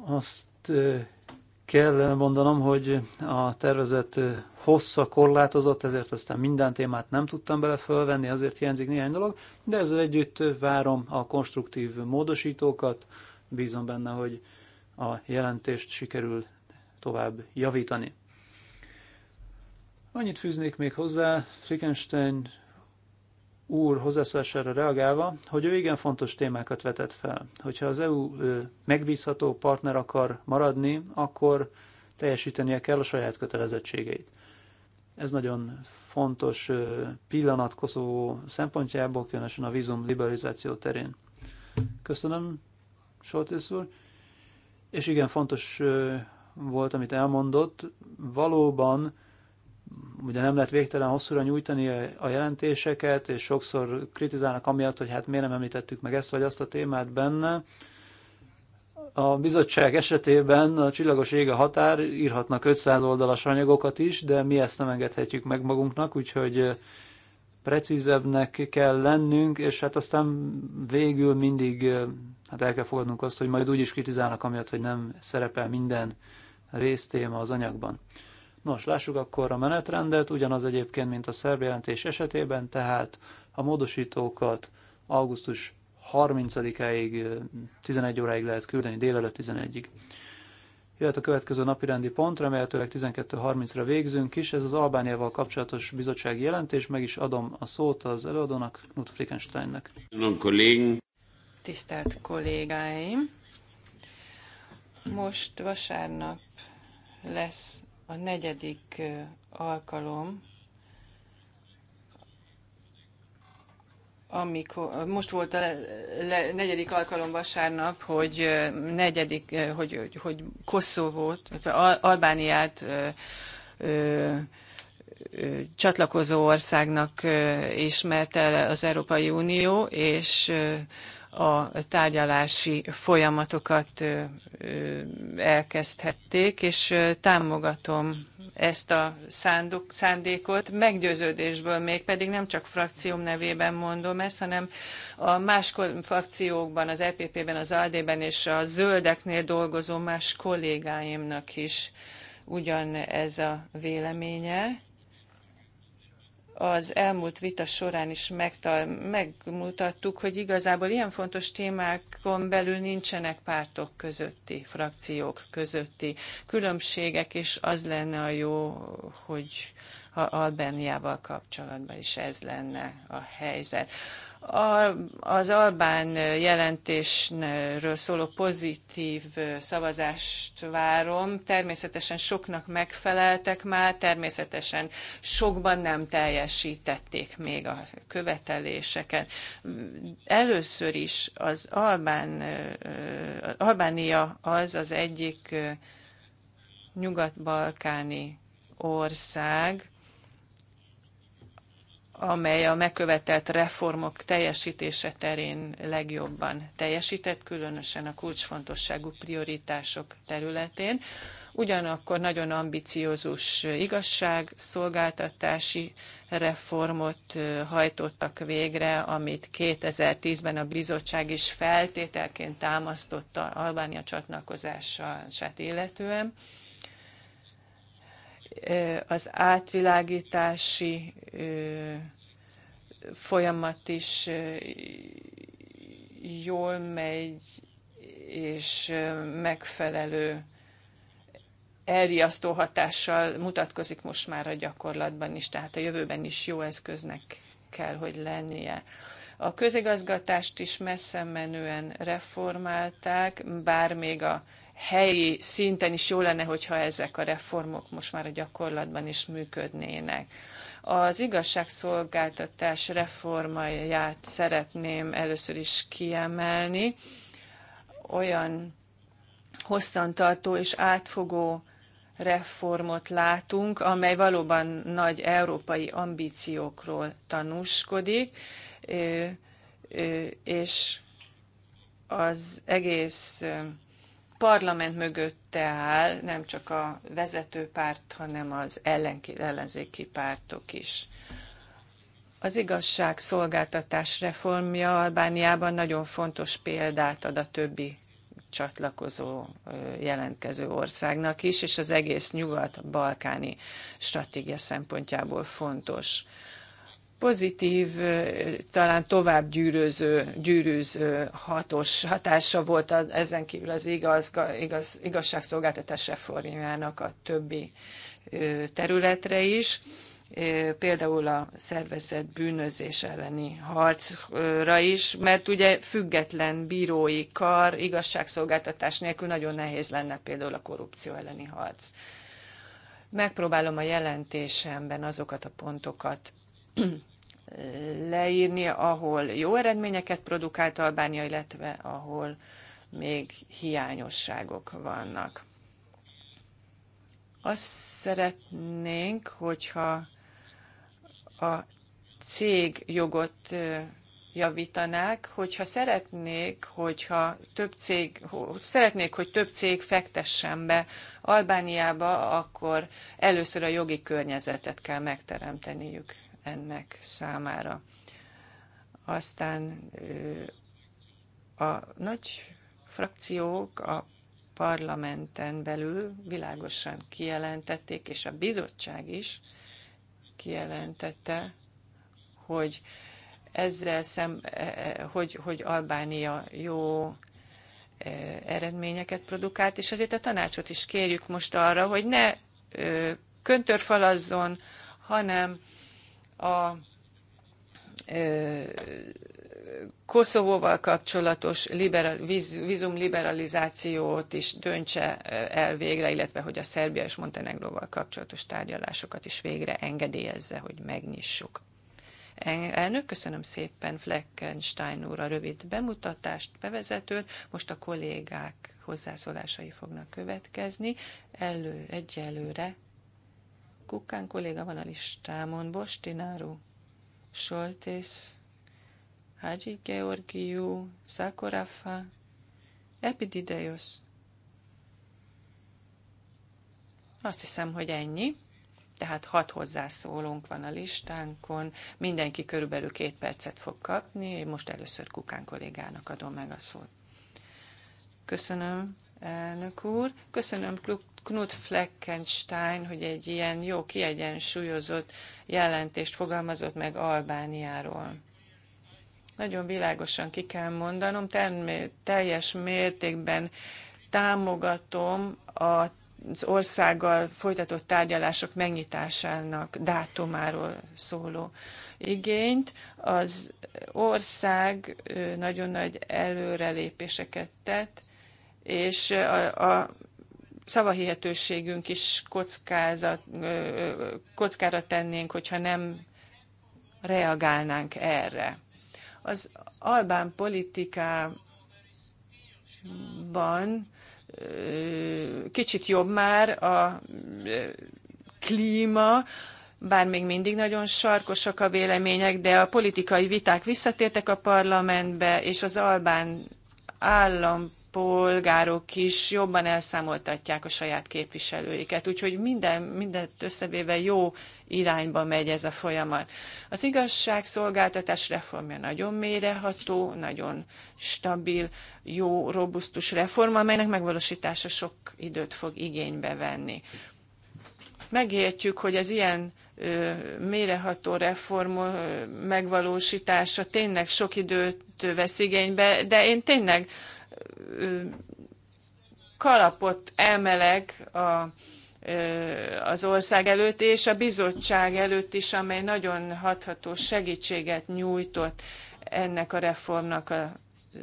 Azt kell mondanom, hogy a tervezet hossza korlátozott, ezért aztán minden témát nem tudtam bele fölvenni, azért hiányzik néhány dolog, de ezzel együtt várom a konstruktív módosítókat, bízom benne, hogy a jelentést sikerül tovább javítani. Annyit fűznék még hozzá, Frankenstein úr hozzászólására reagálva, hogy ő igen fontos témákat vetett fel. Hogyha az EU megbízható partner akar maradni, akkor teljesítenie kell a saját kötelezettségeit. Ez nagyon fontos pillanat Koszovó szempontjából, különösen a vízum liberalizáció terén. Köszönöm, Soltész úr. És igen, fontos volt, amit elmondott. Valóban ugye nem lehet végtelen hosszúra nyújtani a jelentéseket, és sokszor kritizálnak amiatt, hogy hát miért nem említettük meg ezt vagy azt a témát benne. A bizottság esetében a csillagos ég a határ, írhatnak 500 oldalas anyagokat is, de mi ezt nem engedhetjük meg magunknak, úgyhogy precízebbnek kell lennünk, és hát aztán végül mindig hát el kell fogadnunk azt, hogy majd úgy is kritizálnak amiatt, hogy nem szerepel minden résztéma az anyagban. Nos, lássuk akkor a menetrendet, ugyanaz egyébként, mint a szerb jelentés esetében, tehát a módosítókat augusztus 30-áig, 11 óráig lehet küldeni, délelőtt 11-ig. Jöhet a következő napirendi pont, remélhetőleg 12.30-ra végzünk is. Ez az Albániával kapcsolatos bizottsági jelentés, meg is adom a szót az előadónak, Knut Flickensteinnek. Tisztelt kollégáim! Most vasárnap lesz a negyedik alkalom, amikor, most volt a le, negyedik alkalom vasárnap, hogy negyedik, hogy, hogy, hogy Koszovót, tehát Albániát ö, csatlakozó országnak ismerte el az Európai Unió, és a tárgyalási folyamatokat elkezdhették, és támogatom ezt a szándok, szándékot meggyőződésből még pedig nem csak frakcióm nevében mondom ezt, hanem a más frakciókban, az EPP-ben, az ald ben és a zöldeknél dolgozó más kollégáimnak is ugyan ez a véleménye az elmúlt vita során is megtal- megmutattuk, hogy igazából ilyen fontos témákon belül nincsenek pártok közötti, frakciók közötti különbségek, és az lenne a jó, hogy ha Albániával kapcsolatban is ez lenne a helyzet az Albán jelentésről szóló pozitív szavazást várom. Természetesen soknak megfeleltek már, természetesen sokban nem teljesítették még a követeléseket. Először is az Albán, Albánia az az egyik nyugat-balkáni ország, amely a megkövetelt reformok teljesítése terén legjobban teljesített, különösen a kulcsfontosságú prioritások területén. Ugyanakkor nagyon ambiciózus igazságszolgáltatási reformot hajtottak végre, amit 2010-ben a bizottság is feltételként támasztotta Albánia csatlakozását illetően az átvilágítási folyamat is jól megy, és megfelelő elriasztó hatással mutatkozik most már a gyakorlatban is, tehát a jövőben is jó eszköznek kell, hogy lennie. A közigazgatást is messze menően reformálták, bár még a helyi szinten is jó lenne, hogyha ezek a reformok most már a gyakorlatban is működnének. Az igazságszolgáltatás reformáját szeretném először is kiemelni. Olyan hosszantartó és átfogó reformot látunk, amely valóban nagy európai ambíciókról tanúskodik, és az egész parlament mögötte áll nem csak a vezető párt, hanem az ellenki, ellenzéki pártok is. Az igazságszolgáltatás reformja Albániában nagyon fontos példát ad a többi csatlakozó jelentkező országnak is, és az egész nyugat-balkáni stratégia szempontjából fontos pozitív, talán tovább gyűröző, gyűrűző hatos hatása volt a, ezen kívül az igaz, igaz, igazságszolgáltatás reformjának a többi területre is például a szervezett bűnözés elleni harcra is, mert ugye független bírói kar, igazságszolgáltatás nélkül nagyon nehéz lenne például a korrupció elleni harc. Megpróbálom a jelentésemben azokat a pontokat leírni, ahol jó eredményeket produkált Albánia, illetve ahol még hiányosságok vannak. Azt szeretnénk, hogyha a cég jogot javítanák, hogyha szeretnék, hogyha több cég, szeretnék, hogy több cég fektessen be Albániába, akkor először a jogi környezetet kell megteremteniük ennek számára. Aztán a nagy frakciók a parlamenten belül világosan kijelentették, és a bizottság is kijelentette, hogy ezzel szem, e, e, hogy, hogy Albánia jó e, eredményeket produkált, és azért a tanácsot is kérjük most arra, hogy ne köntörfalazzon, hanem a Koszovóval kapcsolatos liberal, víz, vízumliberalizációt is döntse el végre, illetve hogy a Szerbia és Montenegróval kapcsolatos tárgyalásokat is végre engedélyezze, hogy megnyissuk. Elnök, köszönöm szépen Fleckenstein úr a rövid bemutatást, bevezetőt. Most a kollégák hozzászólásai fognak következni. Elő, egyelőre Kukán kolléga van a listámon, Bostináru, Soltész, Hágyi Georgiú, Szakorafa, Epidideios. Azt hiszem, hogy ennyi. Tehát hat hozzászólónk van a listánkon, mindenki körülbelül két percet fog kapni, most először Kukán kollégának adom meg a szót. Köszönöm, elnök úr. Köszönöm Knut Fleckenstein, hogy egy ilyen jó kiegyensúlyozott jelentést fogalmazott meg Albániáról. Nagyon világosan ki kell mondanom, teljes mértékben támogatom a az országgal folytatott tárgyalások megnyitásának dátumáról szóló igényt. Az ország nagyon nagy előrelépéseket tett, és a, a szavahihetőségünk is kockázat, kockára tennénk, hogyha nem reagálnánk erre. Az albán politikában kicsit jobb már a klíma, bár még mindig nagyon sarkosak a vélemények, de a politikai viták visszatértek a parlamentbe, és az albán állampolgárok is jobban elszámoltatják a saját képviselőiket. Úgyhogy minden, mindent összevéve jó irányba megy ez a folyamat. Az igazságszolgáltatás reformja nagyon méreható, nagyon stabil, jó, robusztus reform, amelynek megvalósítása sok időt fog igénybe venni. Megértjük, hogy az ilyen méreható reform megvalósítása tényleg sok időt vesz igénybe, de én tényleg kalapot emelek a, az ország előtt, és a bizottság előtt is, amely nagyon hatható segítséget nyújtott ennek a reformnak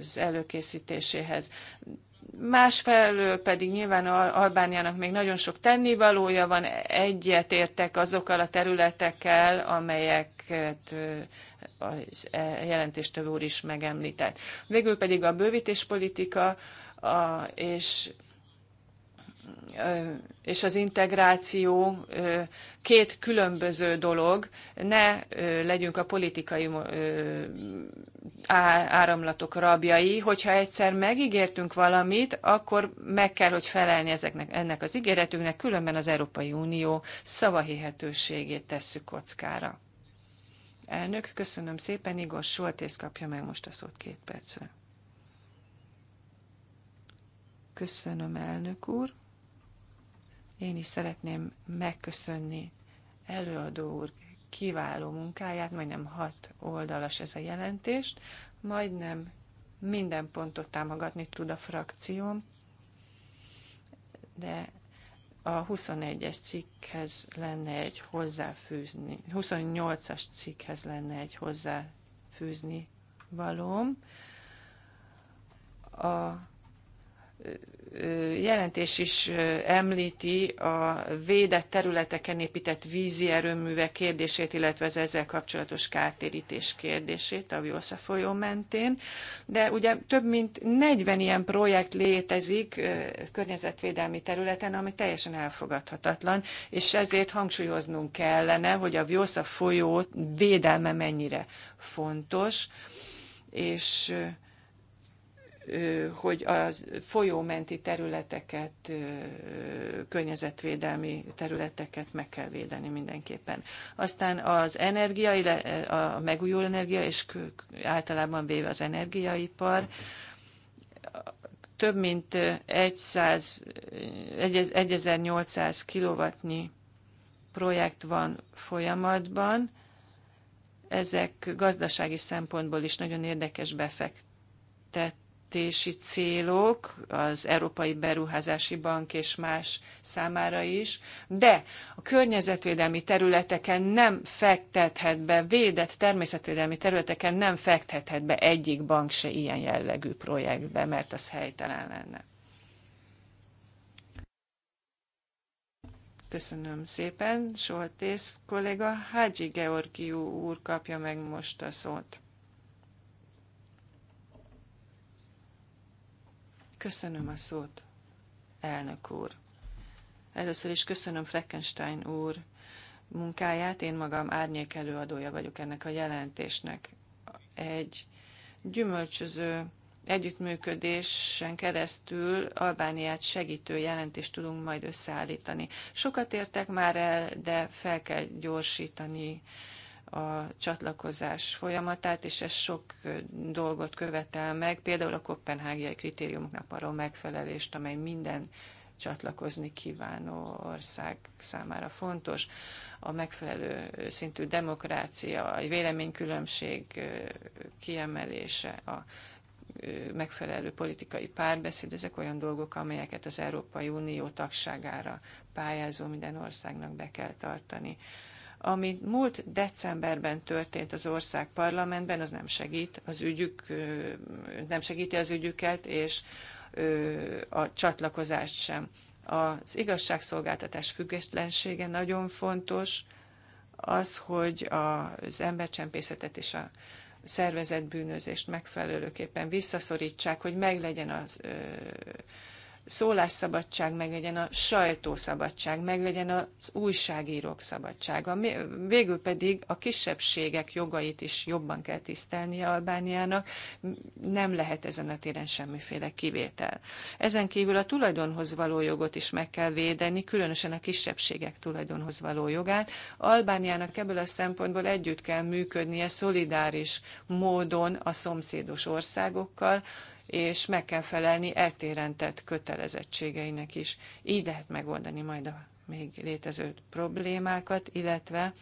az előkészítéséhez. Másfelől pedig nyilván Albániának még nagyon sok tennivalója van, egyetértek azokkal a területekkel, amelyeket a e jelentéstevő úr is megemlített. Végül pedig a bővítéspolitika a, és és az integráció két különböző dolog. Ne legyünk a politikai áramlatok rabjai. Hogyha egyszer megígértünk valamit, akkor meg kell, hogy felelni ezeknek, ennek az ígéretünknek, különben az Európai Unió szavahihetőségét tesszük kockára. Elnök, köszönöm szépen, Igor Soltész kapja meg most a szót két percre. Köszönöm, elnök úr. Én is szeretném megköszönni előadó úr kiváló munkáját, majdnem hat oldalas ez a jelentést, majdnem minden pontot támogatni tud a frakcióm, de a 21-es cikkhez lenne egy hozzáfűzni, 28-as cikkhez lenne egy hozzáfűzni valóm. A jelentés is említi a védett területeken épített vízi erőművek kérdését, illetve az ezzel kapcsolatos kártérítés kérdését a Vjósza folyó mentén. De ugye több mint 40 ilyen projekt létezik környezetvédelmi területen, ami teljesen elfogadhatatlan, és ezért hangsúlyoznunk kellene, hogy a Vjósza folyó védelme mennyire fontos, és hogy a folyómenti területeket, környezetvédelmi területeket meg kell védeni mindenképpen. Aztán az energia, a megújuló energia, és általában véve az energiaipar, több mint 100, 1800 kilovatnyi projekt van folyamatban. Ezek gazdasági szempontból is nagyon érdekes befektetés költségvetési célok az Európai Beruházási Bank és más számára is, de a környezetvédelmi területeken nem fektethet be, védett természetvédelmi területeken nem fektethet be egyik bank se ilyen jellegű projektbe, mert az helytelen lenne. Köszönöm szépen, Soltész kolléga. Hágyi Georgiú úr kapja meg most a szót. Köszönöm a szót, elnök úr. Először is köszönöm Fleckenstein úr munkáját. Én magam árnyék előadója vagyok ennek a jelentésnek. Egy gyümölcsöző együttműködésen keresztül Albániát segítő jelentést tudunk majd összeállítani. Sokat értek már el, de fel kell gyorsítani a csatlakozás folyamatát, és ez sok dolgot követel meg, például a kopenhágiai kritériumoknak való megfelelést, amely minden csatlakozni kívánó ország számára fontos. A megfelelő szintű demokrácia, a véleménykülönbség kiemelése, a megfelelő politikai párbeszéd, ezek olyan dolgok, amelyeket az Európai Unió tagságára pályázó minden országnak be kell tartani. Ami múlt decemberben történt az ország parlamentben, az nem segít az ügyük, nem segíti az ügyüket, és a csatlakozást sem. Az igazságszolgáltatás függetlensége nagyon fontos, az, hogy az embercsempészetet és a szervezetbűnözést megfelelőképpen visszaszorítsák, hogy meglegyen az szólásszabadság meglegyen, a sajtószabadság meglegyen, az újságírók szabadsága. Végül pedig a kisebbségek jogait is jobban kell tisztelni Albániának, nem lehet ezen a téren semmiféle kivétel. Ezen kívül a tulajdonhoz való jogot is meg kell védeni, különösen a kisebbségek tulajdonhoz való jogát. Albániának ebből a szempontból együtt kell működnie szolidáris módon a szomszédos országokkal, és meg kell felelni eltéren tett kötelezettségeinek is. Így lehet megoldani majd a még létező problémákat, illetve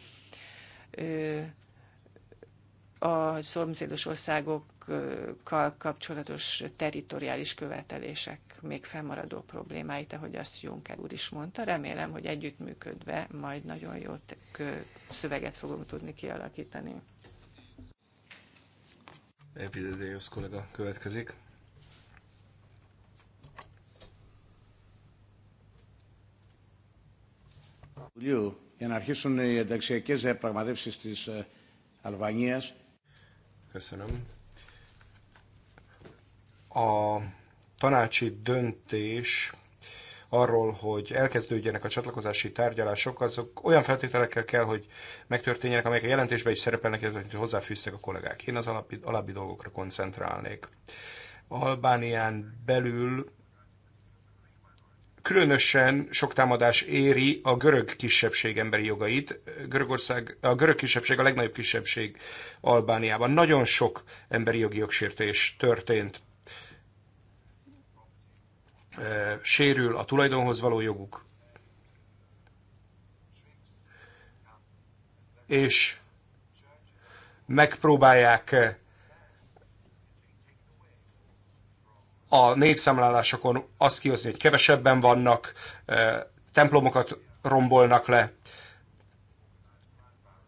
a szomszédos országokkal kapcsolatos teritoriális követelések még fennmaradó problémáit, ahogy azt Juncker úr is mondta. Remélem, hogy együttműködve majd nagyon jó szöveget fogunk tudni kialakítani. Epidedéjusz kollega következik. Βουλίου για να αρχίσουν οι ενταξιακέ διαπραγματεύσει τη Αλβανία. Köszönöm. A tanácsi döntés arról, hogy elkezdődjenek a csatlakozási tárgyalások, azok olyan feltételekkel kell, hogy megtörténjenek, amelyek a jelentésben is szerepelnek, illetve hogy hozzáfűztek a kollégák. Én az alábbi, alábbi dolgokra koncentrálnék. Albánián belül Különösen sok támadás éri a görög kisebbség emberi jogait. Görögország, a görög kisebbség a legnagyobb kisebbség Albániában. Nagyon sok emberi jogi jogsértés történt. Sérül a tulajdonhoz való joguk. És megpróbálják a népszámlálásokon azt kihozni, hogy kevesebben vannak, templomokat rombolnak le,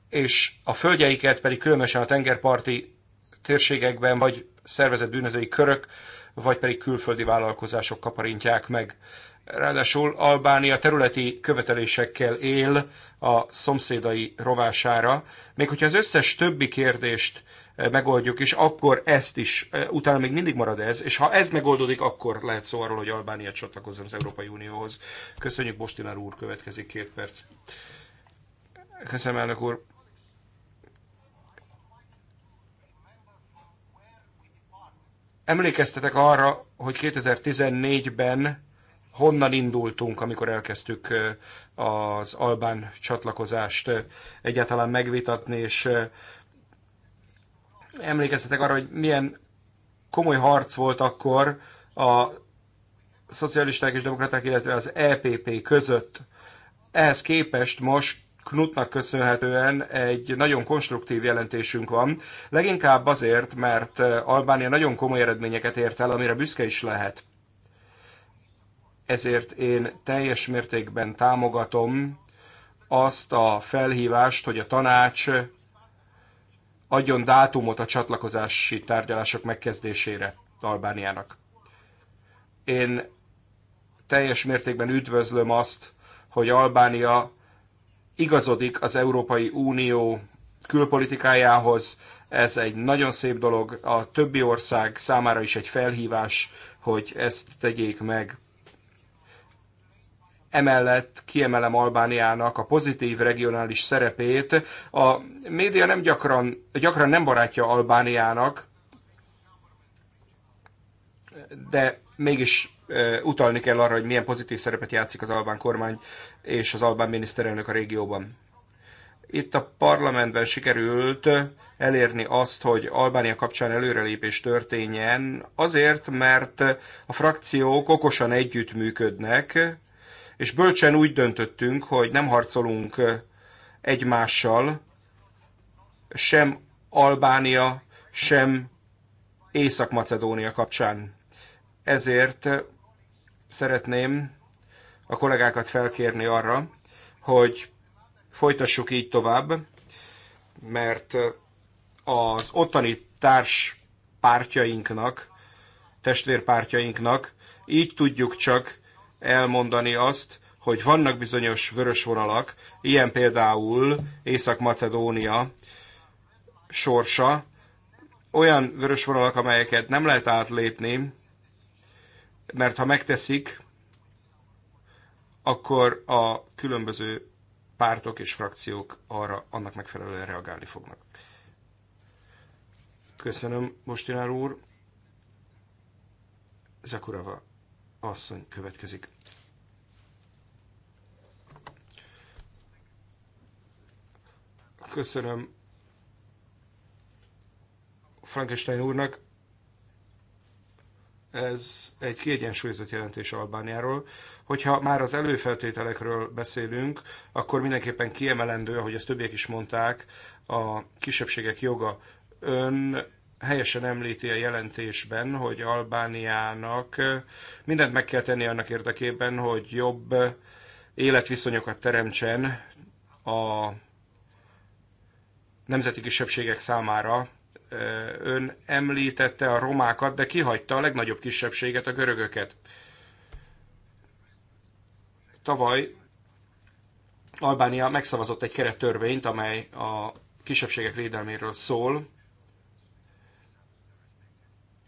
és a földjeiket pedig különösen a tengerparti térségekben, vagy szervezett bűnözői körök, vagy pedig külföldi vállalkozások kaparintják meg. Ráadásul Albánia területi követelésekkel él a szomszédai rovására, még hogyha az összes többi kérdést Eh, megoldjuk, és akkor ezt is, eh, utána még mindig marad ez, és ha ez megoldódik, akkor lehet szó arról, hogy Albánia csatlakozzon az Európai Unióhoz. Köszönjük, Bostinár úr, következik két perc. Köszönöm, elnök úr. Emlékeztetek arra, hogy 2014-ben honnan indultunk, amikor elkezdtük eh, az Albán csatlakozást egyáltalán megvitatni, és emlékeztetek arra, hogy milyen komoly harc volt akkor a szocialisták és demokraták, illetve az EPP között. Ehhez képest most Knutnak köszönhetően egy nagyon konstruktív jelentésünk van. Leginkább azért, mert eh, Albánia nagyon komoly eredményeket ért el, amire büszke is lehet. Ezért én teljes mértékben támogatom azt a felhívást, hogy a tanács adjon dátumot a csatlakozási tárgyalások megkezdésére Albániának. Én teljes mértékben üdvözlöm azt, hogy Albánia igazodik az Európai Unió külpolitikájához. Ez egy nagyon szép dolog, a többi ország számára is egy felhívás, hogy ezt tegyék meg. Emellett kiemelem Albániának a pozitív regionális szerepét. A média nem gyakran, gyakran nem barátja Albániának, de mégis utalni kell arra, hogy milyen pozitív szerepet játszik az albán kormány és az albán miniszterelnök a régióban. Itt a parlamentben sikerült elérni azt, hogy Albánia kapcsán előrelépés történjen, azért, mert a frakciók okosan együttműködnek, és bölcsen úgy döntöttünk, hogy nem harcolunk egymással, sem Albánia, sem Észak-Macedónia kapcsán. Ezért szeretném a kollégákat felkérni arra, hogy folytassuk így tovább, mert az ottani társ pártjainknak, testvérpártjainknak így tudjuk csak elmondani azt, hogy vannak bizonyos vörös vonalak, ilyen például Észak-Macedónia sorsa, olyan vörös vonalak, amelyeket nem lehet átlépni, mert ha megteszik, akkor a különböző pártok és frakciók arra annak megfelelően reagálni fognak. Köszönöm, Mostinár úr. Zakurava asszony következik. Köszönöm Frankenstein úrnak. Ez egy kiegyensúlyozott jelentés Albániáról. Hogyha már az előfeltételekről beszélünk, akkor mindenképpen kiemelendő, ahogy ezt többiek is mondták, a kisebbségek joga. Ön helyesen említi a jelentésben, hogy Albániának mindent meg kell tenni annak érdekében, hogy jobb életviszonyokat teremtsen a nemzeti kisebbségek számára. Ön említette a romákat, de kihagyta a legnagyobb kisebbséget, a görögöket. Tavaly Albánia megszavazott egy kerettörvényt, amely a kisebbségek védelméről szól,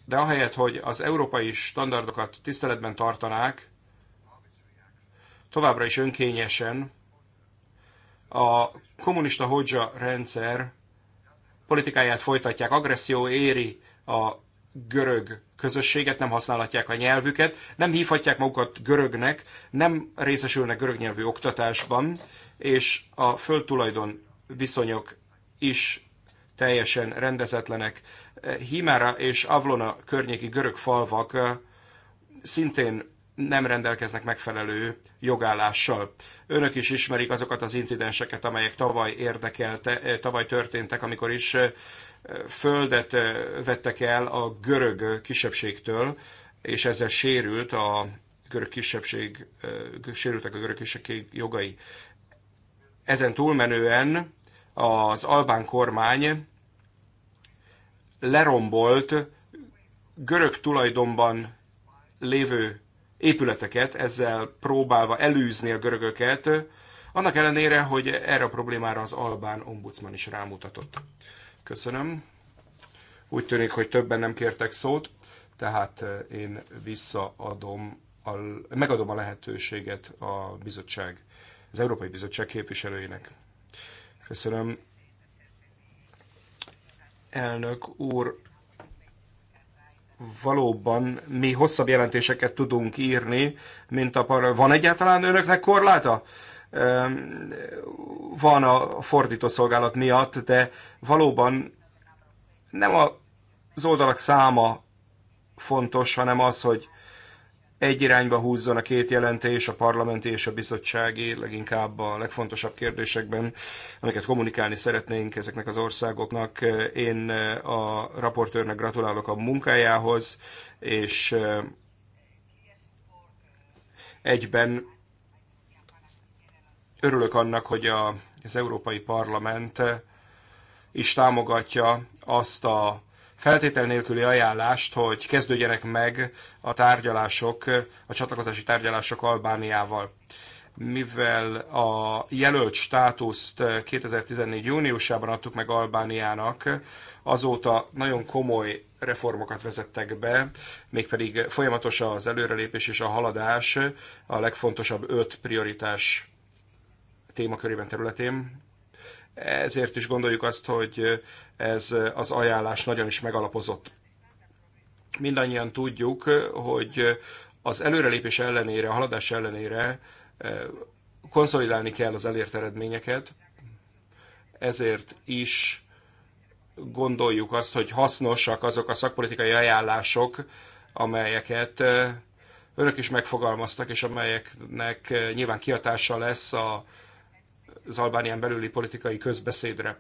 de ahelyett, hogy az európai standardokat tiszteletben tartanák, továbbra is önkényesen a kommunista hodzsa rendszer politikáját folytatják, agresszió éri a görög közösséget, nem használhatják a nyelvüket, nem hívhatják magukat görögnek, nem részesülnek görög nyelvű oktatásban, és a földtulajdon viszonyok is teljesen rendezetlenek. Himára és Avlona környéki görög falvak eh, szintén nem rendelkeznek megfelelő jogállással. Önök is ismerik azokat az incidenseket, amelyek tavaly érdekelte, eh, tavaly történtek, amikor is eh, földet eh, vettek el a görög kisebbségtől, és ezzel sérült a görög kisebbség, sérültek a görög kisebbség jogai. Ezen túlmenően az albán kormány lerombolt görög tulajdonban lévő épületeket, ezzel próbálva előzni a görögöket, annak ellenére, hogy erre a problémára az albán ombudsman is rámutatott. Köszönöm. Úgy tűnik, hogy többen nem kértek szót, tehát eh, én visszaadom, a, megadom a lehetőséget a bizottság, az Európai Bizottság képviselőinek. Köszönöm. Elnök úr, valóban mi hosszabb jelentéseket tudunk írni, mint a par... Van egyáltalán önöknek korláta? Van a fordítószolgálat miatt, de valóban nem az oldalak száma fontos, hanem az, hogy egy irányba húzzon a két jelentés, a parlamenti és a bizottsági, leginkább a legfontosabb kérdésekben, amiket kommunikálni szeretnénk ezeknek az országoknak. Én a raportőrnek gratulálok a munkájához, és egyben örülök annak, hogy a, az Európai Parlament is támogatja azt a feltétel nélküli ajánlást, hogy kezdődjenek meg a tárgyalások, a csatlakozási tárgyalások Albániával. Mivel a jelölt státuszt 2014. júniusában adtuk meg Albániának, azóta nagyon komoly reformokat vezettek be, mégpedig folyamatos az előrelépés és a haladás a legfontosabb öt prioritás témakörében, területén ezért is gondoljuk azt, hogy ez az ajánlás nagyon is megalapozott. Mindannyian tudjuk, hogy az előrelépés ellenére, a haladás ellenére eh, konszolidálni kell az elért eredményeket, ezért is gondoljuk azt, hogy hasznosak azok a szakpolitikai ajánlások, amelyeket eh, önök is megfogalmaztak, és amelyeknek eh, nyilván kihatása lesz a az Albánián belüli politikai közbeszédre.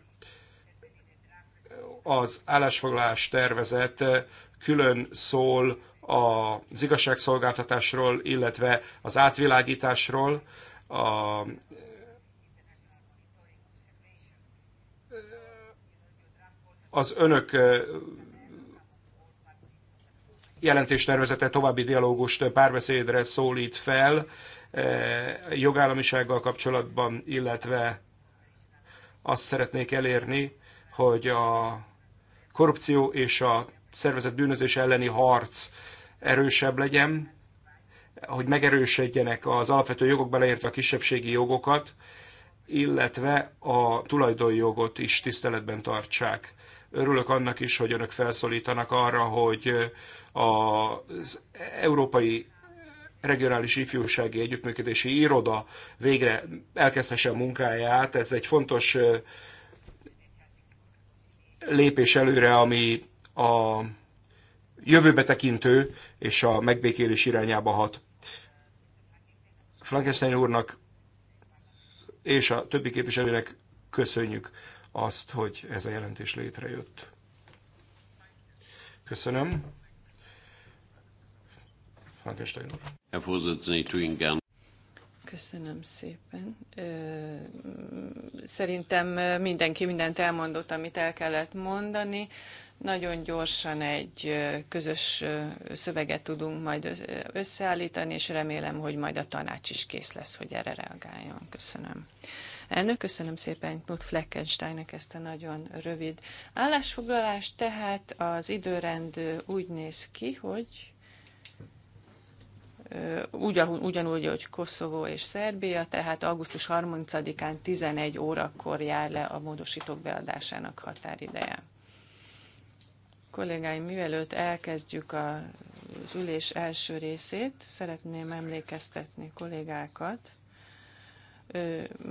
Az állásfoglalás tervezet külön szól az igazságszolgáltatásról, illetve az átvilágításról, a az önök jelentéstervezete további dialógust párbeszédre szólít fel, Eh, jogállamisággal kapcsolatban, illetve azt szeretnék elérni, hogy a korrupció és a szervezett bűnözés elleni harc erősebb legyen, hogy megerősödjenek az alapvető jogok beleértve a kisebbségi jogokat, illetve a tulajdonjogot is tiszteletben tartsák. Örülök annak is, hogy önök felszólítanak arra, hogy az európai regionális ifjúsági együttműködési iroda végre elkezdhesse a munkáját. Ez egy fontos lépés előre, ami a jövőbe tekintő és a megbékélés irányába hat. Frankenstein úrnak és a többi képviselőnek köszönjük azt, hogy ez a jelentés létrejött. Köszönöm. Frankenstein úr. Herr Vorsitzender, Köszönöm szépen. Szerintem mindenki mindent elmondott, amit el kellett mondani. Nagyon gyorsan egy közös szöveget tudunk majd összeállítani, és remélem, hogy majd a tanács is kész lesz, hogy erre reagáljon. Köszönöm. Elnök, köszönöm szépen Knut Fleckensteinnek ezt a nagyon rövid állásfoglalást. Tehát az időrend úgy néz ki, hogy ugyanúgy, hogy Koszovó és Szerbia, tehát augusztus 30-án 11 órakor jár le a módosítók beadásának határideje. Kollégáim, mielőtt elkezdjük az ülés első részét, szeretném emlékeztetni kollégákat,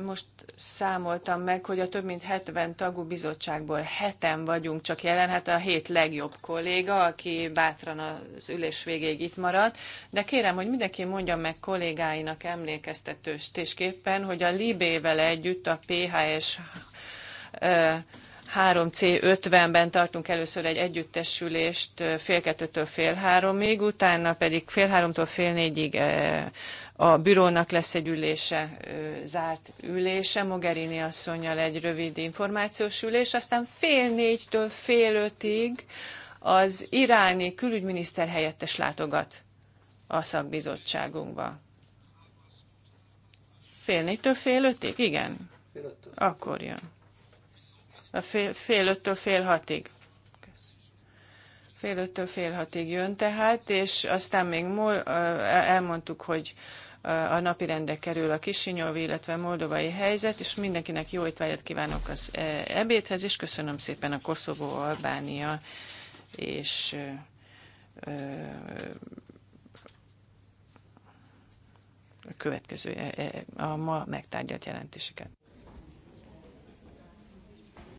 most számoltam meg, hogy a több mint 70 tagú bizottságból heten vagyunk csak jelen, hát a hét legjobb kolléga, aki bátran az ülés végéig itt maradt, de kérem, hogy mindenki mondja meg kollégáinak emlékeztetőstésképpen, hogy a Libével együtt a PHS 3C50-ben tartunk először egy együttesülést fél kettőtől fél háromig, utána pedig fél háromtól fél négyig a bürónak lesz egy ülése, zárt ülése, Mogherini asszonynal egy rövid információs ülés, aztán fél négytől fél ötig az iráni külügyminiszter helyettes látogat a szakbizottságunkba. Fél négytől fél ötig? Igen. Akkor jön. A fél, fél öttől fél hatig fél öttől fél hatig jön tehát, és aztán még elmondtuk, hogy a napirendre kerül a Kisinyovi, illetve a moldovai helyzet, és mindenkinek jó étvágyat kívánok az e, ebédhez, és köszönöm szépen a Koszovó, Albánia és a következő, e, e, a ma megtárgyalt jelentéseket.